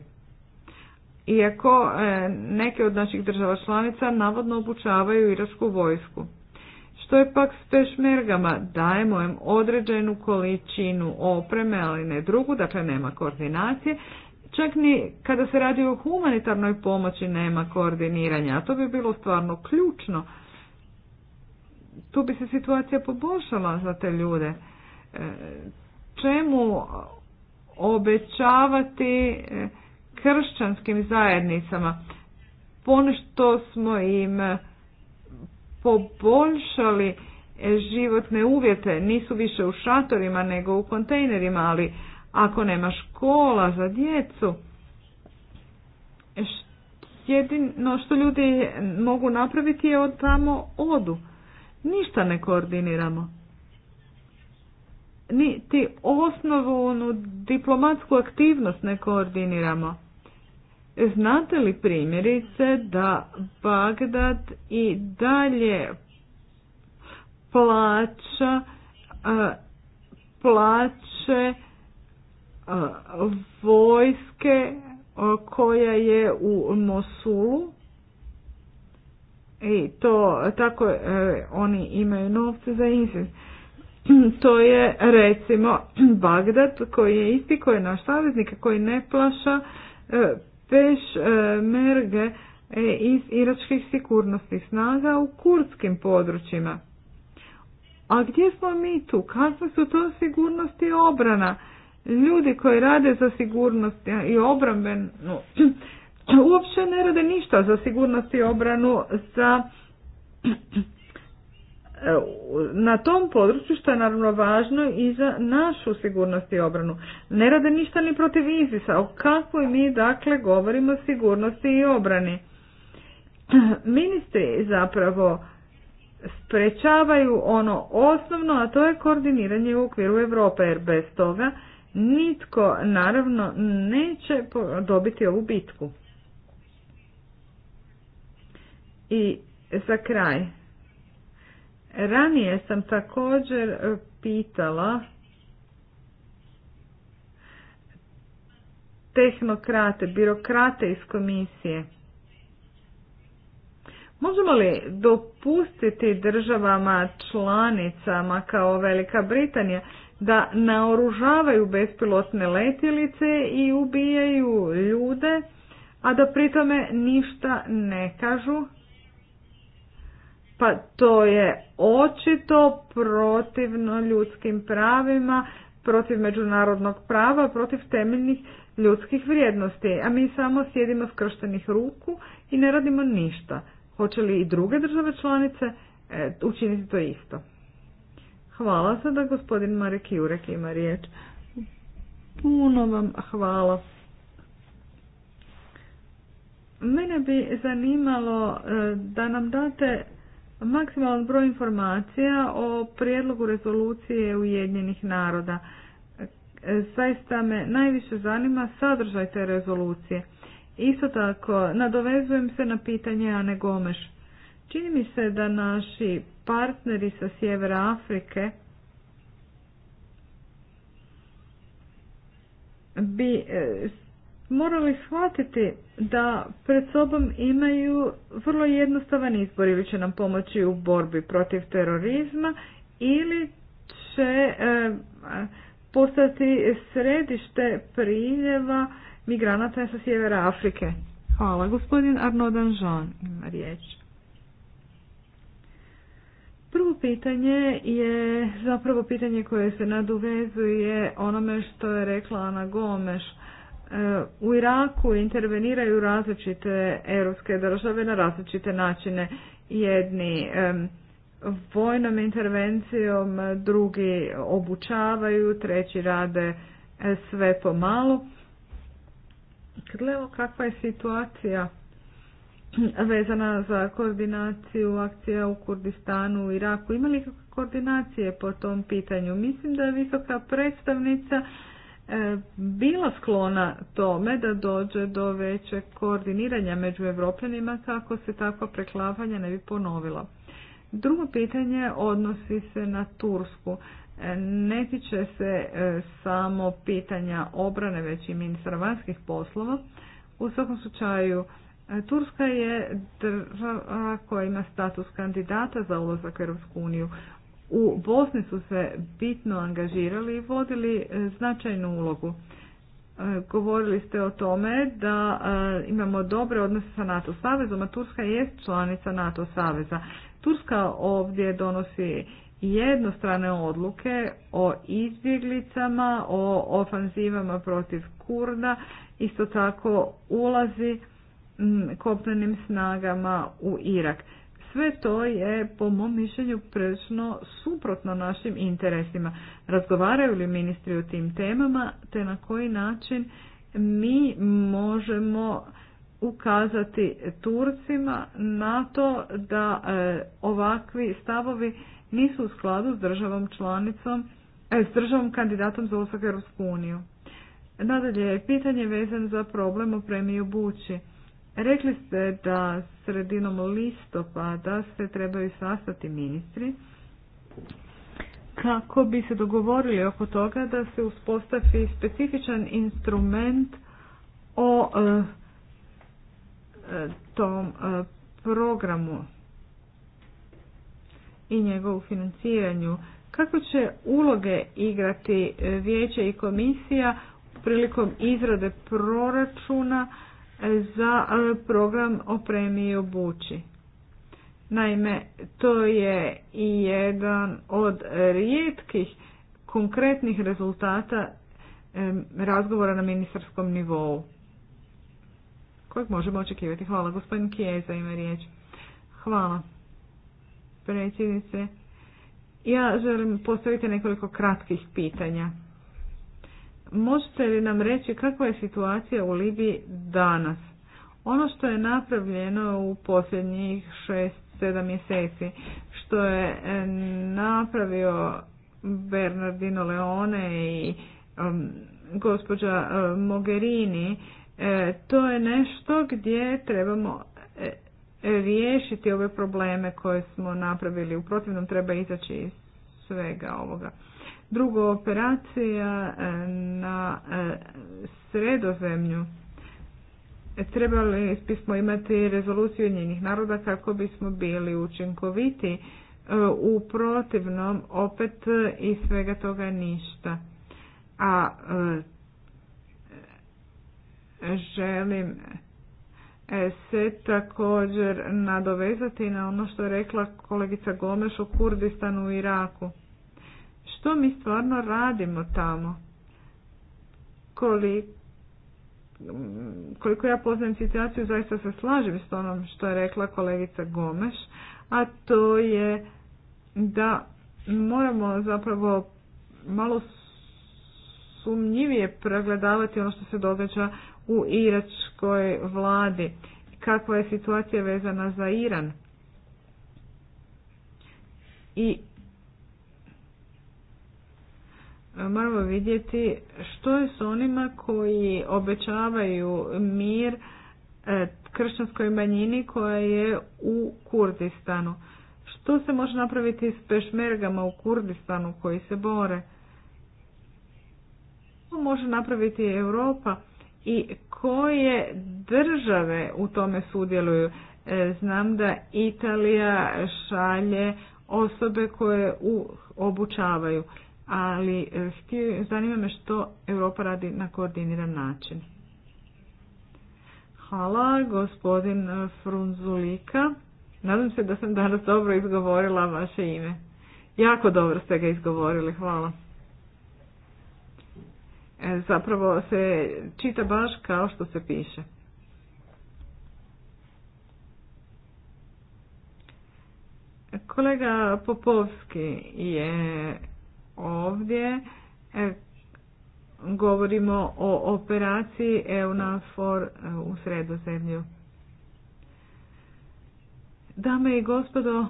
iako e, neke od naših država članica navodno obučavaju iračku vojsku. Što je pak s pešmergama? Dajemo im određenu količinu opreme, ali ne drugu, dakle nema koordinacije. Čak ni kada se radi o humanitarnoj pomoći nema koordiniranja, a to bi bilo stvarno ključno. Tu bi se situacija poboljšala za te ljude. E, čemu obećavati e, kršćanskim zajednicama. Ponešto smo im eh, poboljšali eh, životne uvjete, nisu više u šatorima nego u kontejnerima, ali ako nema škola za djecu, eh, jedino što ljudi mogu napraviti je od tamo odu. Ništa ne koordiniramo. Niti osnovnu diplomatsku aktivnost ne koordiniramo. Znate li primjerice da Bagdad i dalje plaća plaće vojske koja je u Mosulu i to tako e, oni imaju novce za insin. To je recimo Bagdad koji je isti koji je naš koji ne plaša e, Peš e, Merge e, iz iračkih sigurnostnih snaga u kurdskim područjima. A gdje smo mi tu? Kakve su to sigurnosti i obrana? Ljudi koji rade za sigurnost i obrambenu uopće ne rade ništa za sigurnost i obranu za na tom području što je naravno važno i za našu sigurnost i obranu. Ne rade ništa ni protiv Izisa. O kakvoj mi dakle govorimo sigurnosti i obrani? Ministri zapravo sprečavaju ono osnovno, a to je koordiniranje u okviru Europe, jer bez toga nitko naravno neće dobiti ovu bitku. I za kraj, Ranije sam također e, pitala tehnokrate, birokrate iz komisije. Možemo li dopustiti državama članicama kao Velika Britanija da naoružavaju bespilotne letjelice i ubijaju ljude, a da pritome ništa ne kažu pa to je očito protivno ljudskim pravima, protiv međunarodnog prava, protiv temeljnih ljudskih vrijednosti, a mi samo sjedimo skrštenih ruku i ne radimo ništa. Hoće li i druge države članice e, učiniti to isto? Hvala sada gospodin Marek Jurek ima riječ. Puno vam hvala. Mene bi zanimalo e, da nam date maksimalan broj informacija o prijedlogu rezolucije Ujedinjenih naroda. E, zaista me najviše zanima sadržaj te rezolucije. Isto tako, nadovezujem se na pitanje Ane Gomeš. Čini mi se da naši partneri sa sjevera Afrike bi e, morali shvatiti da pred sobom imaju vrlo jednostavan izbor ili će nam pomoći u borbi protiv terorizma ili će e, postati središte priljeva migranata sa sjevera Afrike. Hvala, gospodin Arnaud Danjean ima riječ. Prvo pitanje je zapravo pitanje koje se nadovezuje onome što je rekla Ana Gomeš E, u Iraku interveniraju različite europske države na različite načine. Jedni vojnom intervencijom, drugi obučavaju, treći rade e, sve pomalu. Gledamo kakva je situacija vezana za koordinaciju akcija u Kurdistanu, u Iraku. Ima li koordinacije po tom pitanju? Mislim da je visoka predstavnica E, bila sklona tome da dođe do većeg koordiniranja među Evropljanima kako se takva preklapanja ne bi ponovila. Drugo pitanje odnosi se na Tursku. E, ne tiče se e, samo pitanja obrane, već i ministra vanjskih poslova. U svakom slučaju, Turska je država koja ima status kandidata za ulazak u Europsku uniju u Bosni su se bitno angažirali i vodili e, značajnu ulogu. E, govorili ste o tome da e, imamo dobre odnose sa NATO savezom, a Turska je članica NATO saveza. Turska ovdje donosi jednostrane odluke o izbjeglicama, o ofanzivama protiv Kurda, isto tako ulazi kopnenim snagama u Irak. Sve to je po mom mišljenju prilično suprotno našim interesima. Razgovaraju li ministri o tim temama te na koji način mi možemo ukazati Turcima na to da e, ovakvi stavovi nisu u skladu s državom članicom, e, s državom kandidatom za ulazak u Europsku uniju. Nadalje, pitanje vezan za problem o premiju Bući. Rekli ste da sredinom listopada se trebaju sastati ministri kako bi se dogovorili oko toga da se uspostavi specifičan instrument o e, e, tom e, programu i njegovu financiranju. Kako će uloge igrati vijeće i komisija prilikom izrade proračuna za e, program opremi i obući. Naime, to je i jedan od rijetkih konkretnih rezultata e, razgovora na ministarskom nivou kojeg možemo očekivati. Hvala. Gospodin Kijeza ima riječ. Hvala. Predsjednice, ja želim postaviti nekoliko kratkih pitanja. Možete li nam reći kakva je situacija u Libiji danas? Ono što je napravljeno u posljednjih šest, sedam mjeseci, što je e, napravio Bernardino Leone i gospođa e, Mogherini, e, to je nešto gdje trebamo riješiti ove probleme koje smo napravili. U protivnom treba izaći iz svega ovoga. Drugo, operacija e, na e, sredozemlju. E, trebali bismo imati rezoluciju njenih naroda kako bismo bili učinkoviti. U protivnom, opet iz svega toga ništa. A želim se također nadovezati na ono što je rekla kolegica Gomeš o Kurdistanu u Iraku što mi stvarno radimo tamo. Koliko mm, koliko ja poznajem situaciju, zaista se slažem s onom što je rekla kolegica Gomeš, a to je da moramo zapravo malo sumnjivije pregledavati ono što se događa u iračkoj vladi, kakva je situacija vezana za Iran. I moramo vidjeti što je s onima koji obećavaju mir e, kršćanskoj manjini koja je u Kurdistanu. Što se može napraviti s pešmergama u Kurdistanu koji se bore? Što može napraviti Europa i koje države u tome sudjeluju? E, znam da Italija šalje osobe koje obučavaju ali e, zanima me što Europa radi na koordiniran način. Hvala, gospodin e, Frunzulika. Nadam se da sam danas dobro izgovorila vaše ime. Jako dobro ste ga izgovorili, hvala. E, zapravo se čita baš kao što se piše. Kolega Popovski je ovdje e, govorimo o operaciji EUNAFOR e, u sredozemlju. Dame i gospodo,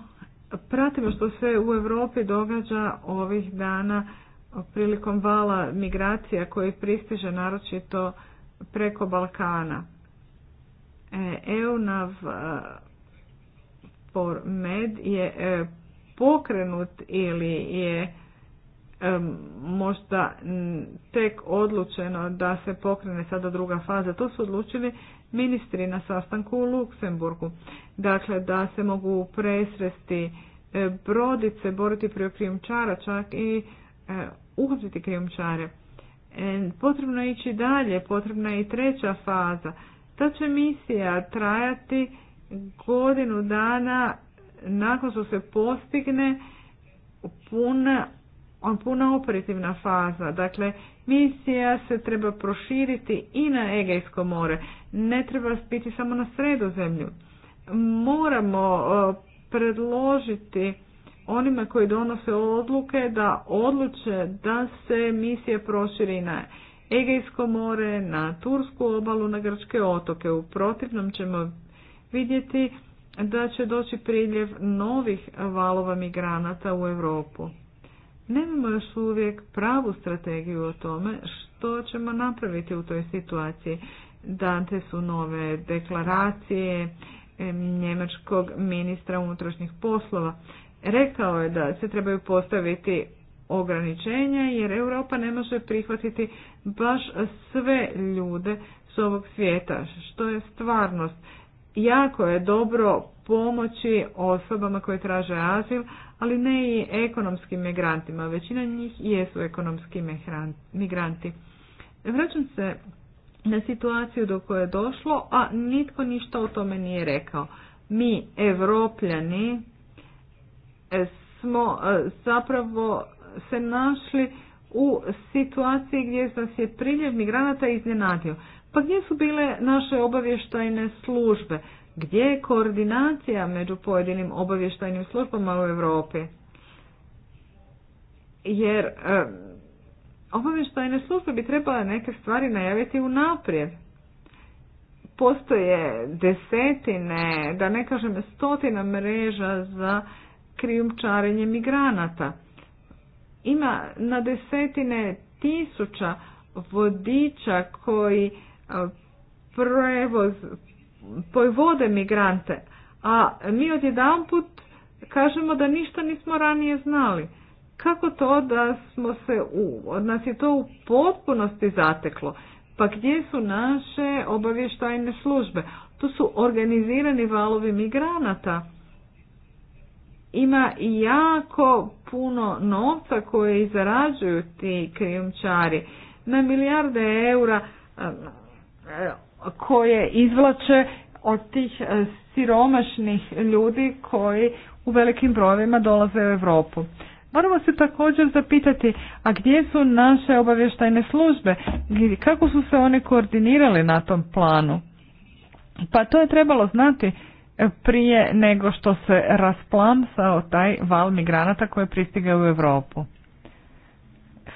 pratimo što se u Europi događa ovih dana prilikom vala migracija koji pristiže naročito preko Balkana. E, EUNAV Med je pokrenut ili je možda tek odlučeno da se pokrene sada druga faza. To su odlučili ministri na sastanku u Luksemburgu. Dakle, da se mogu presresti e, brodice, boriti prije krijumčara, čak i e, uhapsiti krijumčare. E, potrebno je ići dalje, potrebna je i treća faza. Ta će misija trajati godinu dana nakon što se postigne puna puna operativna faza. Dakle, misija se treba proširiti i na Egejsko more. Ne treba biti samo na sredozemlju. Moramo e, predložiti onima koji donose odluke da odluče da se misija proširi na Egejsko more, na Tursku obalu, na Grčke otoke. U protivnom ćemo vidjeti da će doći priljev novih valova migranata u Europu. Nemamo još uvijek pravu strategiju o tome što ćemo napraviti u toj situaciji. Dante su nove deklaracije njemačkog ministra unutrašnjih poslova. Rekao je da se trebaju postaviti ograničenja jer Europa ne može prihvatiti baš sve ljude s ovog svijeta, što je stvarnost. Jako je dobro pomoći osobama koje traže azil, ali ne i ekonomskim migrantima. Većina njih jesu ekonomski migranti. Vraćam se na situaciju do koje je došlo, a nitko ništa o tome nije rekao. Mi, evropljani, smo e, zapravo se našli u situaciji gdje nas je priljev migranata iznenadio. Pa gdje su bile naše obavještajne službe? Gdje je koordinacija među pojedinim obavještajnim službama u Europi? Jer obavještajne službe bi trebale neke stvari najaviti unaprijed. Postoje desetine, da ne kažem stotina mreža za krijumčarenje migranata. Ima na desetine tisuća vodiča koji prevoz vode migrante, a mi odjedanput kažemo da ništa nismo ranije znali. Kako to da smo se, u, od nas je to u potpunosti zateklo? Pa gdje su naše obavještajne službe? To su organizirani valovi migranata. Ima jako puno novca koje zarađuju ti krijumčari. Na milijarde eura koje izvlače od tih e, siromašnih ljudi koji u velikim brojevima dolaze u Europu. Moramo se također zapitati, a gdje su naše obavještajne službe? Kako su se one koordinirali na tom planu? Pa to je trebalo znati e, prije nego što se rasplamsao taj val migranata koji je pristigao u Europu.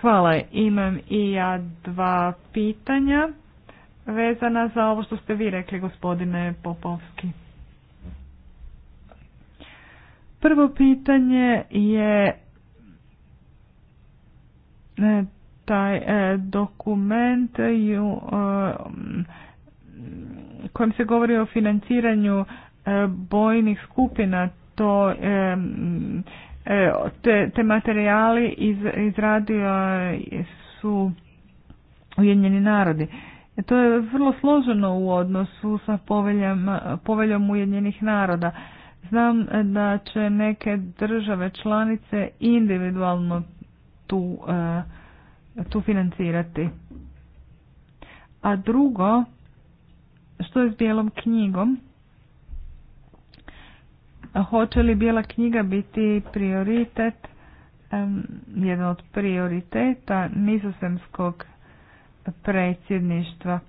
Hvala, imam i ja dva pitanja vezana za ovo što ste vi rekli gospodine Popovski. Prvo pitanje je e, taj e, dokument e, kojim se govori o financiranju bojnih skupina, to te, te materijali iz, izradio su Ujedinjeni narodi. E, to je vrlo složeno u odnosu sa poveljom, poveljom Ujedinjenih naroda. Znam e, da će neke države članice individualno tu, e, tu financirati. A drugo, što je s bijelom knjigom? Hoće li bijela knjiga biti prioritet, jedan od prioriteta misosemskog? predsjedništva.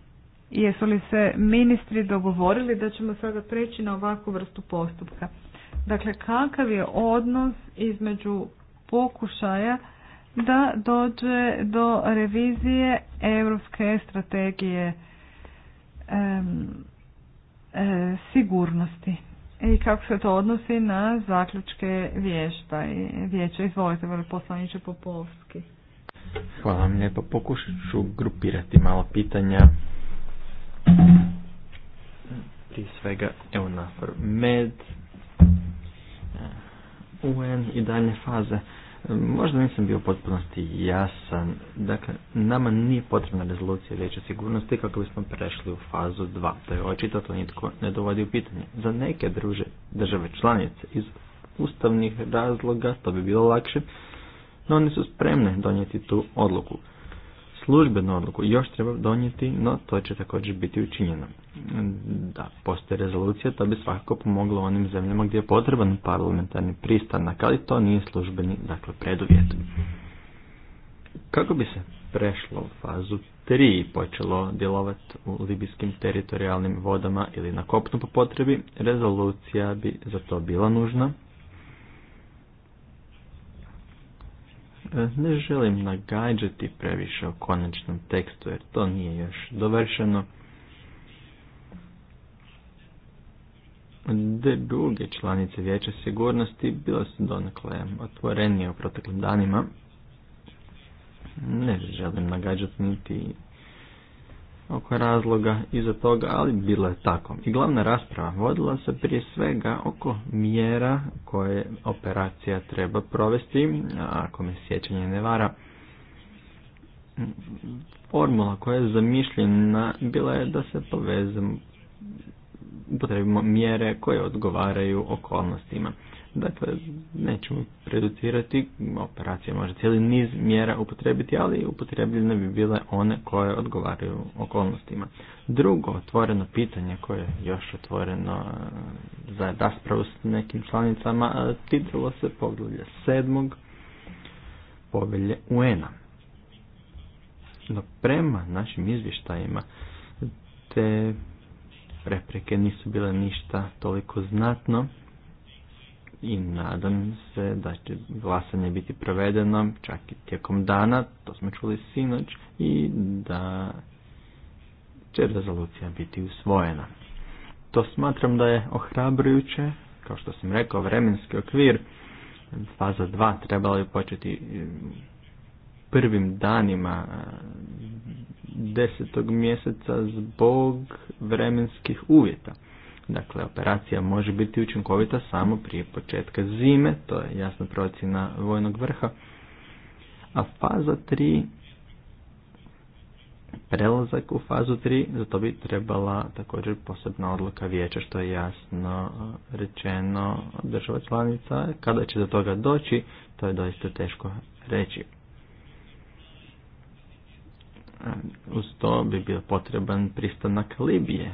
Jesu li se ministri dogovorili da ćemo sada preći na ovakvu vrstu postupka? Dakle, kakav je odnos između pokušaja da dođe do revizije europske strategije e, sigurnosti i kako se to odnosi na zaključke vješta? i vijeća. Izvolite, veliposlaniče Popovski. Hvala vam lijepo. Pokušat ću grupirati malo pitanja. Prije svega na MED, eh, UN i dalje faze. Možda nisam bio potpunosti jasan. Dakle, nama nije potrebna rezolucija vijeća sigurnosti kako bismo prešli u fazu 2. To je očito, to nitko ne dovodi u pitanje. Za neke druže, države članice iz ustavnih razloga to bi bilo lakše, no one su spremne donijeti tu odluku. Službenu odluku još treba donijeti, no to će također biti učinjeno. Da, postoji rezolucija, to bi svakako pomoglo onim zemljama gdje je potreban parlamentarni pristanak, ali to nije službeni, dakle, preduvjet. Kako bi se prešlo u fazu 3 počelo djelovati u libijskim teritorijalnim vodama ili na kopnu po potrebi, rezolucija bi za to bila nužna, Ne želim nagađati previše o konačnom tekstu jer to nije još dovršeno. Druge članice vijeća sigurnosti bile su donekle otvorenije u proteklim danima. Ne želim nagađati niti oko razloga iza toga, ali bilo je tako. I glavna rasprava vodila se prije svega oko mjera koje operacija treba provesti, ako me sjećanje ne vara. Formula koja je zamišljena bila je da se povezamo, potrebimo mjere koje odgovaraju okolnostima. Dakle, nećemo reducirati operacija može cijeli niz mjera upotrebiti, ali upotrebljene bi bile one koje odgovaraju okolnostima. Drugo otvoreno pitanje koje je još otvoreno e, za raspravu s nekim članicama e, titulo se pogledlje sedmog povelje Uena No prema našim izvještajima te prepreke nisu bile ništa toliko znatno i nadam se da će glasanje biti provedeno čak i tijekom dana, to smo čuli sinoć, i da će rezolucija biti usvojena. To smatram da je ohrabrujuće, kao što sam rekao, vremenski okvir, faza 2 trebala je početi mm, prvim danima mm, desetog mjeseca zbog vremenskih uvjeta. Dakle, operacija može biti učinkovita samo prije početka zime, to je jasna procjena vojnog vrha. A faza 3, prelazak u fazu 3, za to bi trebala također posebna odluka vijeća, što je jasno e, rečeno država članica. Kada će do toga doći, to je doista teško reći. E, uz to bi bio potreban pristanak Libije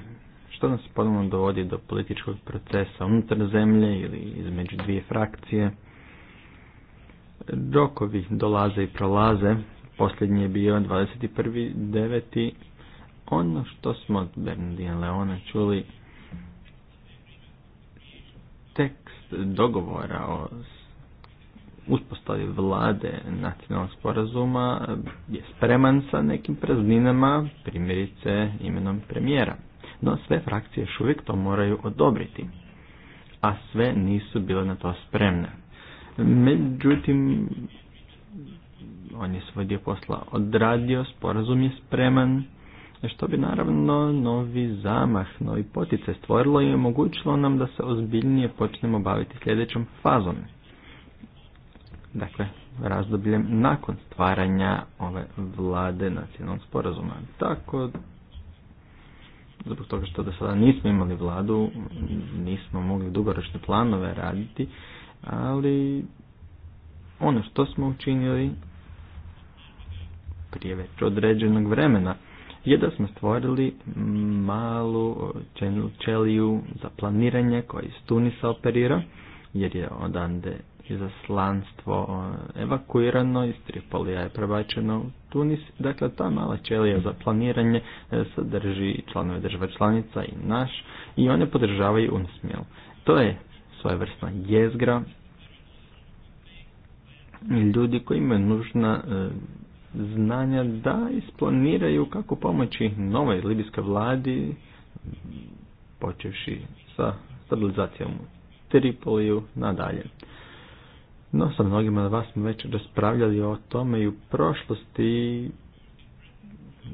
što nas ponovno dovodi do političkog procesa unutar zemlje ili između dvije frakcije. Rokovi dolaze i prolaze, posljednji je bio 21.9. Ono što smo od Bernardina Leona čuli, tekst dogovora o uspostavi vlade nacionalnog sporazuma je spreman sa nekim prazninama, primjerice imenom premijera no sve frakcije još uvijek to moraju odobriti, a sve nisu bile na to spremne. Međutim, on je svoj dio posla odradio, sporazum je spreman, što bi naravno novi zamah, novi potice stvorilo i omogućilo nam da se ozbiljnije počnemo baviti sljedećom fazom. Dakle, razdobljem nakon stvaranja ove vlade nacionalnog sporazuma. Tako zbog toga što do sada nismo imali vladu, nismo mogli dugoročne planove raditi, ali ono što smo učinili prije već određenog vremena je da smo stvorili malu čeliju za planiranje koji iz Tunisa operira, jer je odande izaslanstvo evakuirano iz Tripolija je prebačeno u Tunis. Dakle, ta mala ćelija za planiranje e, sadrži članove država članica i naš i one podržavaju UNSMIL. To je svojevrsna jezgra ljudi koji imaju nužna e, znanja da isplaniraju kako pomoći novoj libijskoj vladi počevši sa stabilizacijom u Tripoliju nadalje. No, sa mnogima od vas smo već raspravljali o tome i u prošlosti,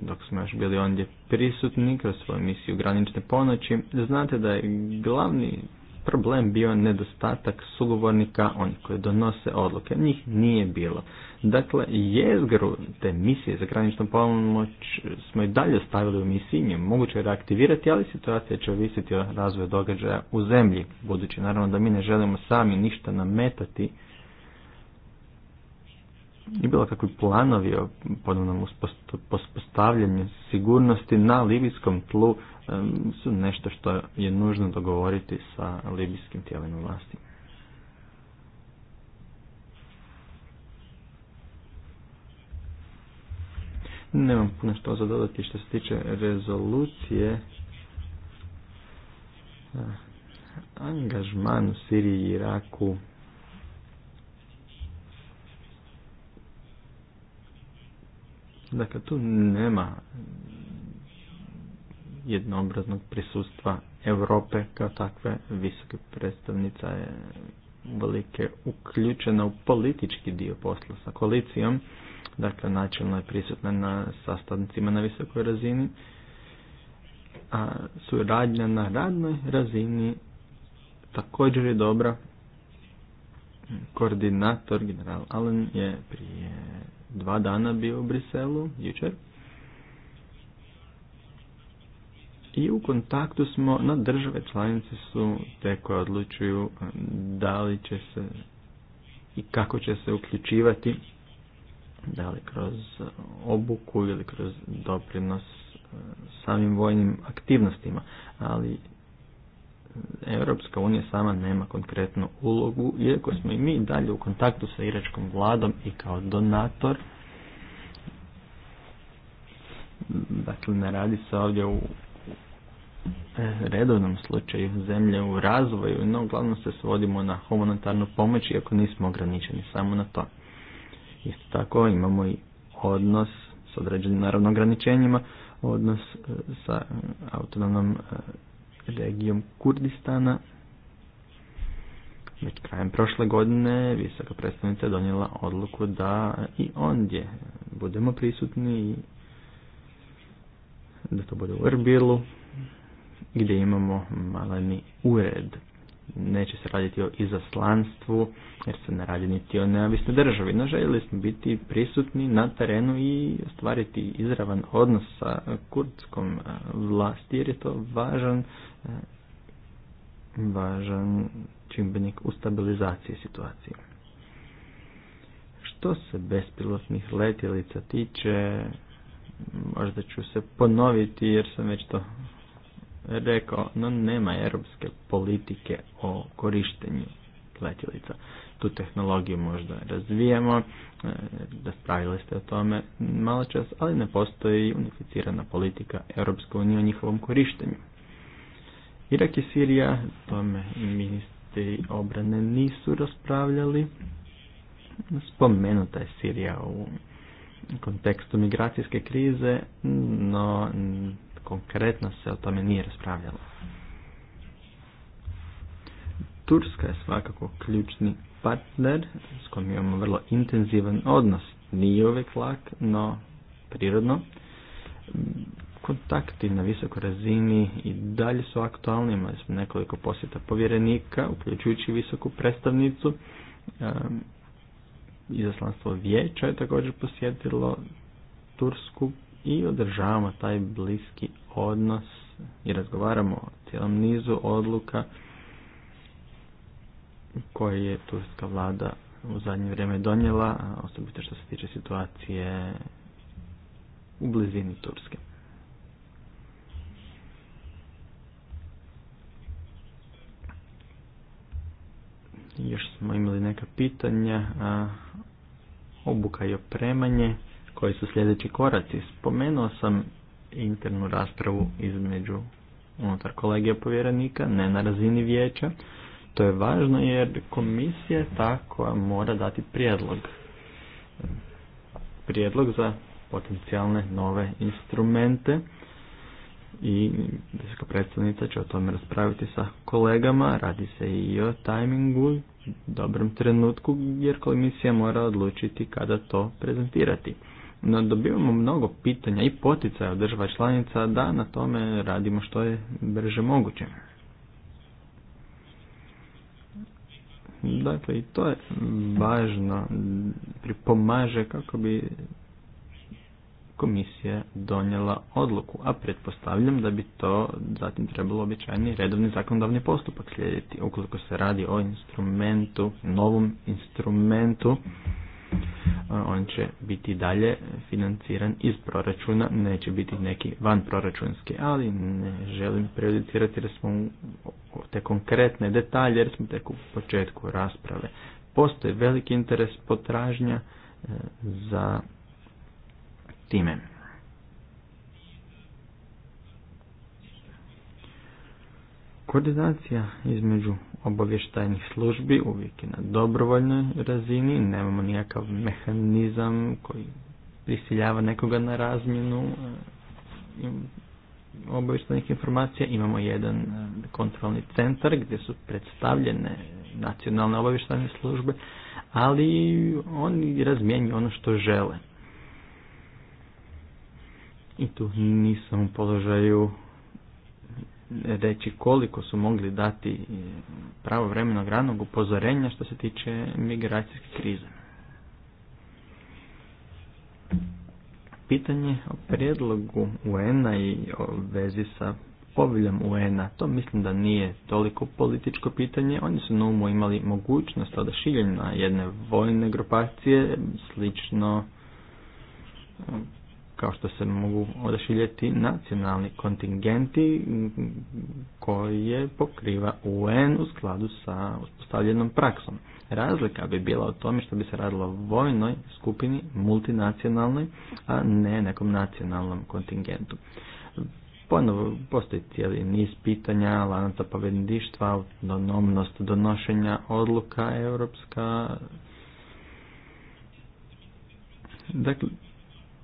dok smo još bili ondje prisutni kroz svoju misiju granične ponoći, znate da je glavni problem bio nedostatak sugovornika, oni koji donose odluke. Njih nije bilo. Dakle, jezgru te misije za graničnu pomoć smo i dalje stavili u misiji, moguće je reaktivirati, ali situacija će ovisiti o razvoju događaja u zemlji, budući naravno da mi ne želimo sami ništa nametati i bilo kakvi planovi o ponovnom uspostavljanju sigurnosti na libijskom tlu su nešto što je nužno dogovoriti sa libijskim tijelima vlasti. Nemam puno što za dodati što se tiče rezolucije. Eh, angažman u Siriji i Iraku Dakle, tu nema jednoobraznog prisustva Europe kao takve visoke predstavnica je velike uključena u politički dio posla sa koalicijom, dakle načelno je prisutna na sastavnicima na visokoj razini, a suradnja na radnoj razini također je dobra. Koordinator general Allen je prije dva dana bio u Briselu, jučer. I u kontaktu smo, na države članice su te koje odlučuju e, da li će se i kako će se uključivati, da li kroz obuku ili kroz doprinos e, samim vojnim aktivnostima, ali Europska unija sama nema konkretnu ulogu, iako smo i mi dalje u kontaktu sa iračkom vladom i kao donator. Dakle, ne radi se ovdje u redovnom slučaju zemlje u razvoju, no uglavnom se svodimo na humanitarnu pomoć, iako nismo ograničeni samo na to. Isto tako imamo i odnos s određenim naravno ograničenjima, odnos e, sa autonomnom e, regijom Kurdistana. Već krajem prošle godine visoka predstavnica je donijela odluku da i ondje budemo prisutni i da to bude u Erbilu gdje imamo maleni ured. Neće se raditi o izaslanstvu jer se ne radi niti o neovisnoj državi. No željeli smo biti prisutni na terenu i ostvariti izravan odnos sa kurdskom vlasti jer je to važan važan čimbenik u stabilizaciji situacije. Što se bespilotnih letjelica tiče, možda ću se ponoviti jer sam već to rekao, no nema europske politike o korištenju letjelica. Tu tehnologiju možda razvijamo, e, raspravili ste o tome malo čas, ali ne postoji unificirana politika Europske unije o njihovom korištenju. Irak i Sirija, tome ministri obrane nisu raspravljali. Spomenuta je Sirija u kontekstu migracijske krize, no konkretno se o tome nije raspravljalo. Turska je svakako ključni partner s kojim imamo vrlo intenzivan odnos. Nije uvijek lak, no prirodno. Kontakti na visokoj razini i dalje su aktualni, imali smo nekoliko posjeta povjerenika, uključujući visoku predstavnicu. izaslanstvo vijeća je također posjetilo Tursku i održavamo taj bliski odnos i razgovaramo o cijelom nizu odluka koje je turska vlada u zadnje vrijeme donijela, osobito što se tiče situacije u blizini Turske. Još smo imali neka pitanja. obuka i opremanje. Koji su sljedeći koraci? Spomenuo sam internu raspravu između unutar kolegija povjerenika, ne na razini vijeća. To je važno jer komisija je ta koja mora dati prijedlog. Prijedlog za potencijalne nove instrumente i visoka predstavnica će o tome raspraviti sa kolegama, radi se i o tajmingu, dobrom trenutku, jer komisija mora odlučiti kada to prezentirati. No dobivamo mnogo pitanja i poticaja od država članica da na tome radimo što je brže moguće. Dakle, i to je važno, pripomaže kako bi komisija donijela odluku, a pretpostavljam da bi to zatim trebalo običajni redovni zakonodavni postupak slijediti. Ukoliko se radi o instrumentu, novom instrumentu, e, on će biti dalje financiran iz proračuna, neće biti neki van proračunski, ali ne želim prejudicirati smo te konkretne detalje, jer smo tek u početku rasprave. Postoji veliki interes potražnja e, za time. Koordinacija između obavještajnih službi uvijek je na dobrovoljnoj razini, nemamo nijakav mehanizam koji prisiljava nekoga na razmjenu eh, obavještajnih informacija. Imamo jedan eh, kontrolni centar gdje su predstavljene nacionalne obavještajne službe, ali oni razmijenju ono što žele. I tu nisam u položaju reći koliko su mogli dati e, pravovremenog ranog upozorenja što se tiče migracijske krize. Pitanje o prijedlogu UN-a i o vezi sa poviljem UN-a, to mislim da nije toliko političko pitanje. Oni su na umu imali mogućnost na jedne vojne grupacije, slično kao što se mogu odašiljeti nacionalni kontingenti je pokriva UN u skladu sa uspostavljenom praksom. Razlika bi bila o tome što bi se radilo o vojnoj skupini, multinacionalnoj, a ne nekom nacionalnom kontingentu. Ponovo postoji cijeli niz pitanja, lanata povedništva, autonomnost donošenja odluka europska. Dakle,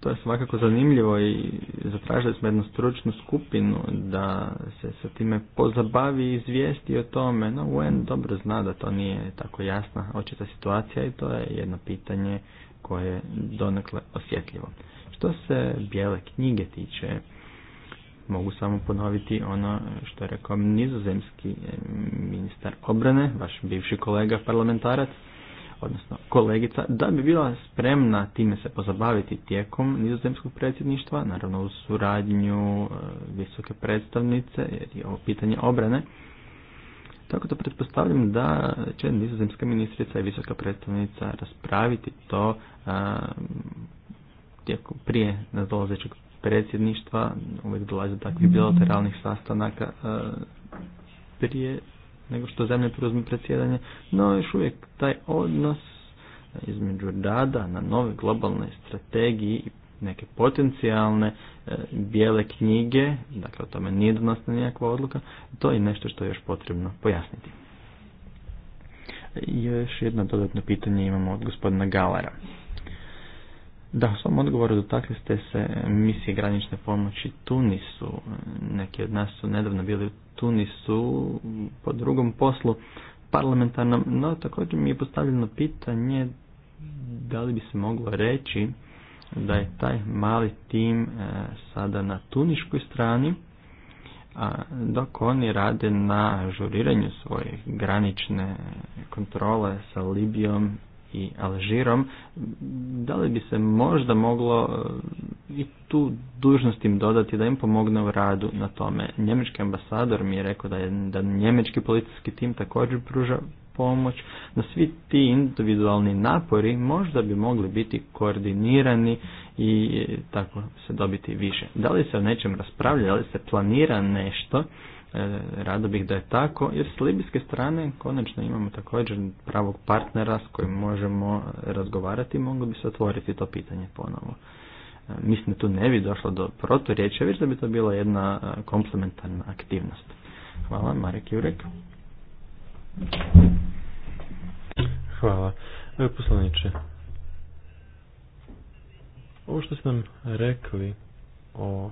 to je svakako zanimljivo i zatražili smo jednu stručnu skupinu da se sa time pozabavi i izvijesti o tome. No, UN dobro zna da to nije tako jasna očita situacija i to je jedno pitanje koje je donekle osjetljivo. Što se bijele knjige tiče, mogu samo ponoviti ono što je rekao nizozemski ministar obrane, vaš bivši kolega parlamentarac, odnosno kolegica, da bi bila spremna time se pozabaviti tijekom nizozemskog predsjedništva, naravno u suradnju e, visoke predstavnice, jer je ovo pitanje obrane. Tako da pretpostavljam da će nizozemska ministrica i visoka predstavnica raspraviti to e, tijekom prije nadolazećeg predsjedništva, uvijek dolaze takvih bilateralnih sastanaka e, prije nego što zemlje preuzme predsjedanje, no još uvijek taj odnos između rada na nove globalne strategiji i neke potencijalne e, bijele knjige, dakle o tome nije donosna nijakva odluka, to je nešto što je još potrebno pojasniti. Još jedno dodatno pitanje imamo od gospodina Galera. Da, u svom odgovoru dotakli ste se misije granične pomoći Tunisu. Neki od nas su nedavno bili u Tunisu po drugom poslu parlamentarnom, no također mi je postavljeno pitanje da li bi se moglo reći da je taj mali tim e, sada na tuniškoj strani, a, dok oni rade na žuriranju svoje granične kontrole sa Libijom i Alžirom, da li bi se možda moglo e, i tu dužnost im dodati da im pomogne u radu na tome. Njemački ambasador mi je rekao da, je, da njemački policijski tim također pruža pomoć, da svi ti individualni napori možda bi mogli biti koordinirani i e, tako se dobiti više. Da li se o nečem raspravlja, da li se planira nešto E, rado bih da je tako, jer s libijske strane konačno imamo također pravog partnera s kojim možemo razgovarati i moglo bi se otvoriti to pitanje ponovo. E, mislim da tu ne bi došlo do proturječja, već da bi to bila jedna e, komplementarna aktivnost. Hvala, Marek Jurek. Hvala. Poslaniče, ovo što ste nam rekli o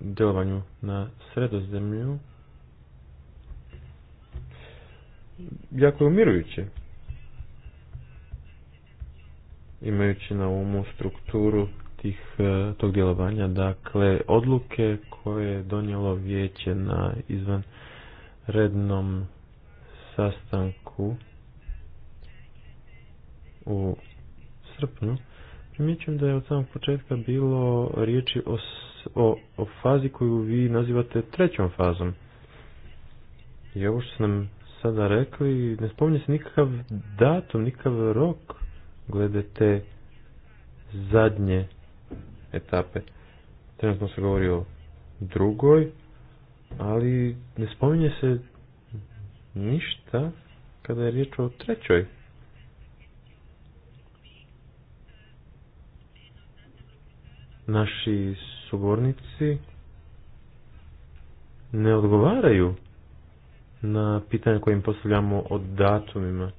djelovanju na sredozemlju jako je umirujuće. Imajući na umu strukturu tih, e, tog djelovanja, dakle, odluke koje je donijelo vijeće na izvanrednom sastanku u srpnju, primjećujem da je od samog početka bilo riječi o o, o fazi koju vi nazivate trećom fazom. I ovo što nam sada rekli, ne spominje se nikakav datum, nikakav rok glede te zadnje etape. Trenutno se govori o drugoj, ali ne spominje se ništa kada je riječ o trećoj. Naši govornici ne odgovaraju na pitanje koje im postavljamo o datumima.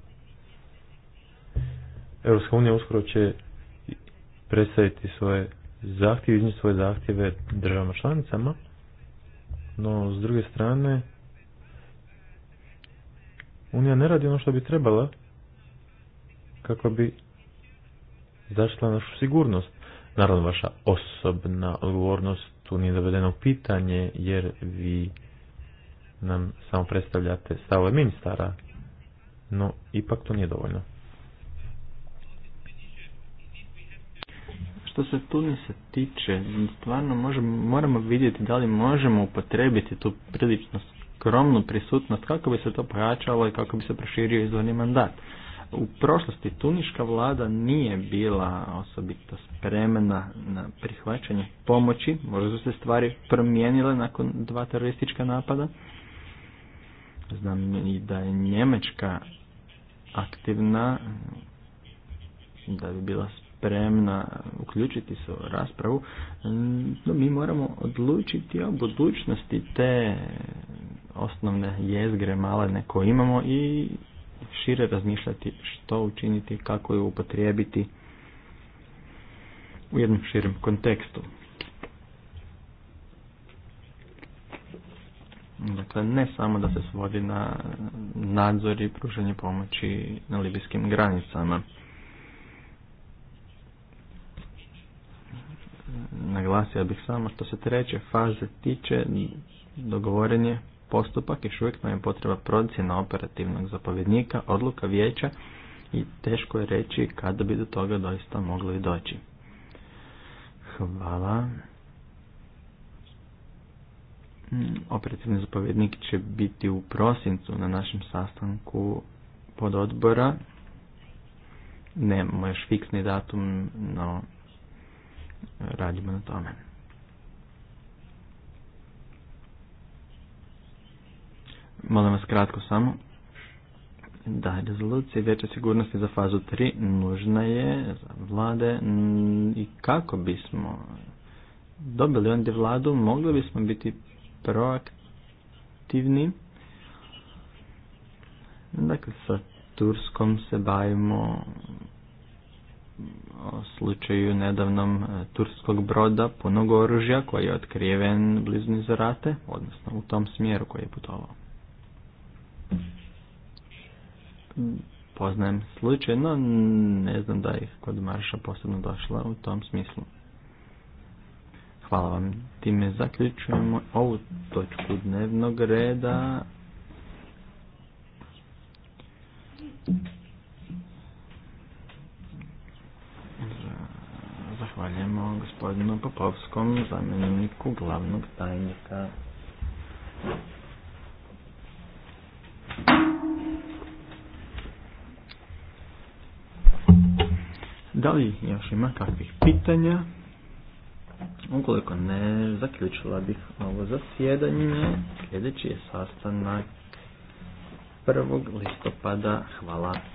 EU unija uskoro će predstaviti svoje zahtjeve, iznijeti svoje zahtjeve državama članicama, no s druge strane Unija ne radi ono što bi trebala kako bi zašla našu sigurnost. Naravno, vaša osobna odgovornost tu nije dovedena pitanje, jer vi nam samo predstavljate stavove ministara, no ipak to nije dovoljno. Što se se tiče, stvarno možemo, moramo vidjeti da li možemo upotrebiti tu prilično skromnu prisutnost kako bi se to pojačalo i kako bi se proširio izvorni mandat. U prošlosti tuniška vlada nije bila osobito spremna na prihvaćanje pomoći, možda su se stvari promijenile nakon dva teroristička napada. Znam i da je Njemačka aktivna, da bi bila spremna uključiti se u raspravu, no mi moramo odlučiti o budućnosti te osnovne jezgre malene koje imamo i šire razmišljati što učiniti, kako ju upotrijebiti u jednom širem kontekstu. Dakle, ne samo da se svodi na nadzor i pružanje pomoći na libijskim granicama. Naglasio bih samo što se treće faze tiče, dogovorenje postupak, još uvijek nam je potreba procjena operativnog zapovjednika, odluka vijeća i teško je reći kada bi do toga doista moglo i doći. Hvala. Mm, operativni zapovjednik će biti u prosincu na našem sastanku pod odbora. Nemamo još fiksni datum, no radimo na tome. Molim vas kratko samo. Da, rezolucija Vijeća sigurnosti za fazu 3 nužna je za vlade i kako bismo dobili onda vladu, mogli bismo biti proaktivni. Dakle, sa Turskom se bavimo o slučaju nedavnom e, turskog broda punog oružja koji je otkriven blizu Nizorate, odnosno u tom smjeru koji je putovao. Poznajem slučaj, no ne znam da je kod Marša posebno došla u tom smislu. Hvala vam. Time zaključujemo ovu točku dnevnog reda. Zahvaljujemo gospodinu Popovskom, zamjeniku glavnog tajnika. Da li još ima kakvih pitanja? Ukoliko ne, zaključila bih ovo zasjedanje. Sljedeći je sastanak 1. listopada. Hvala.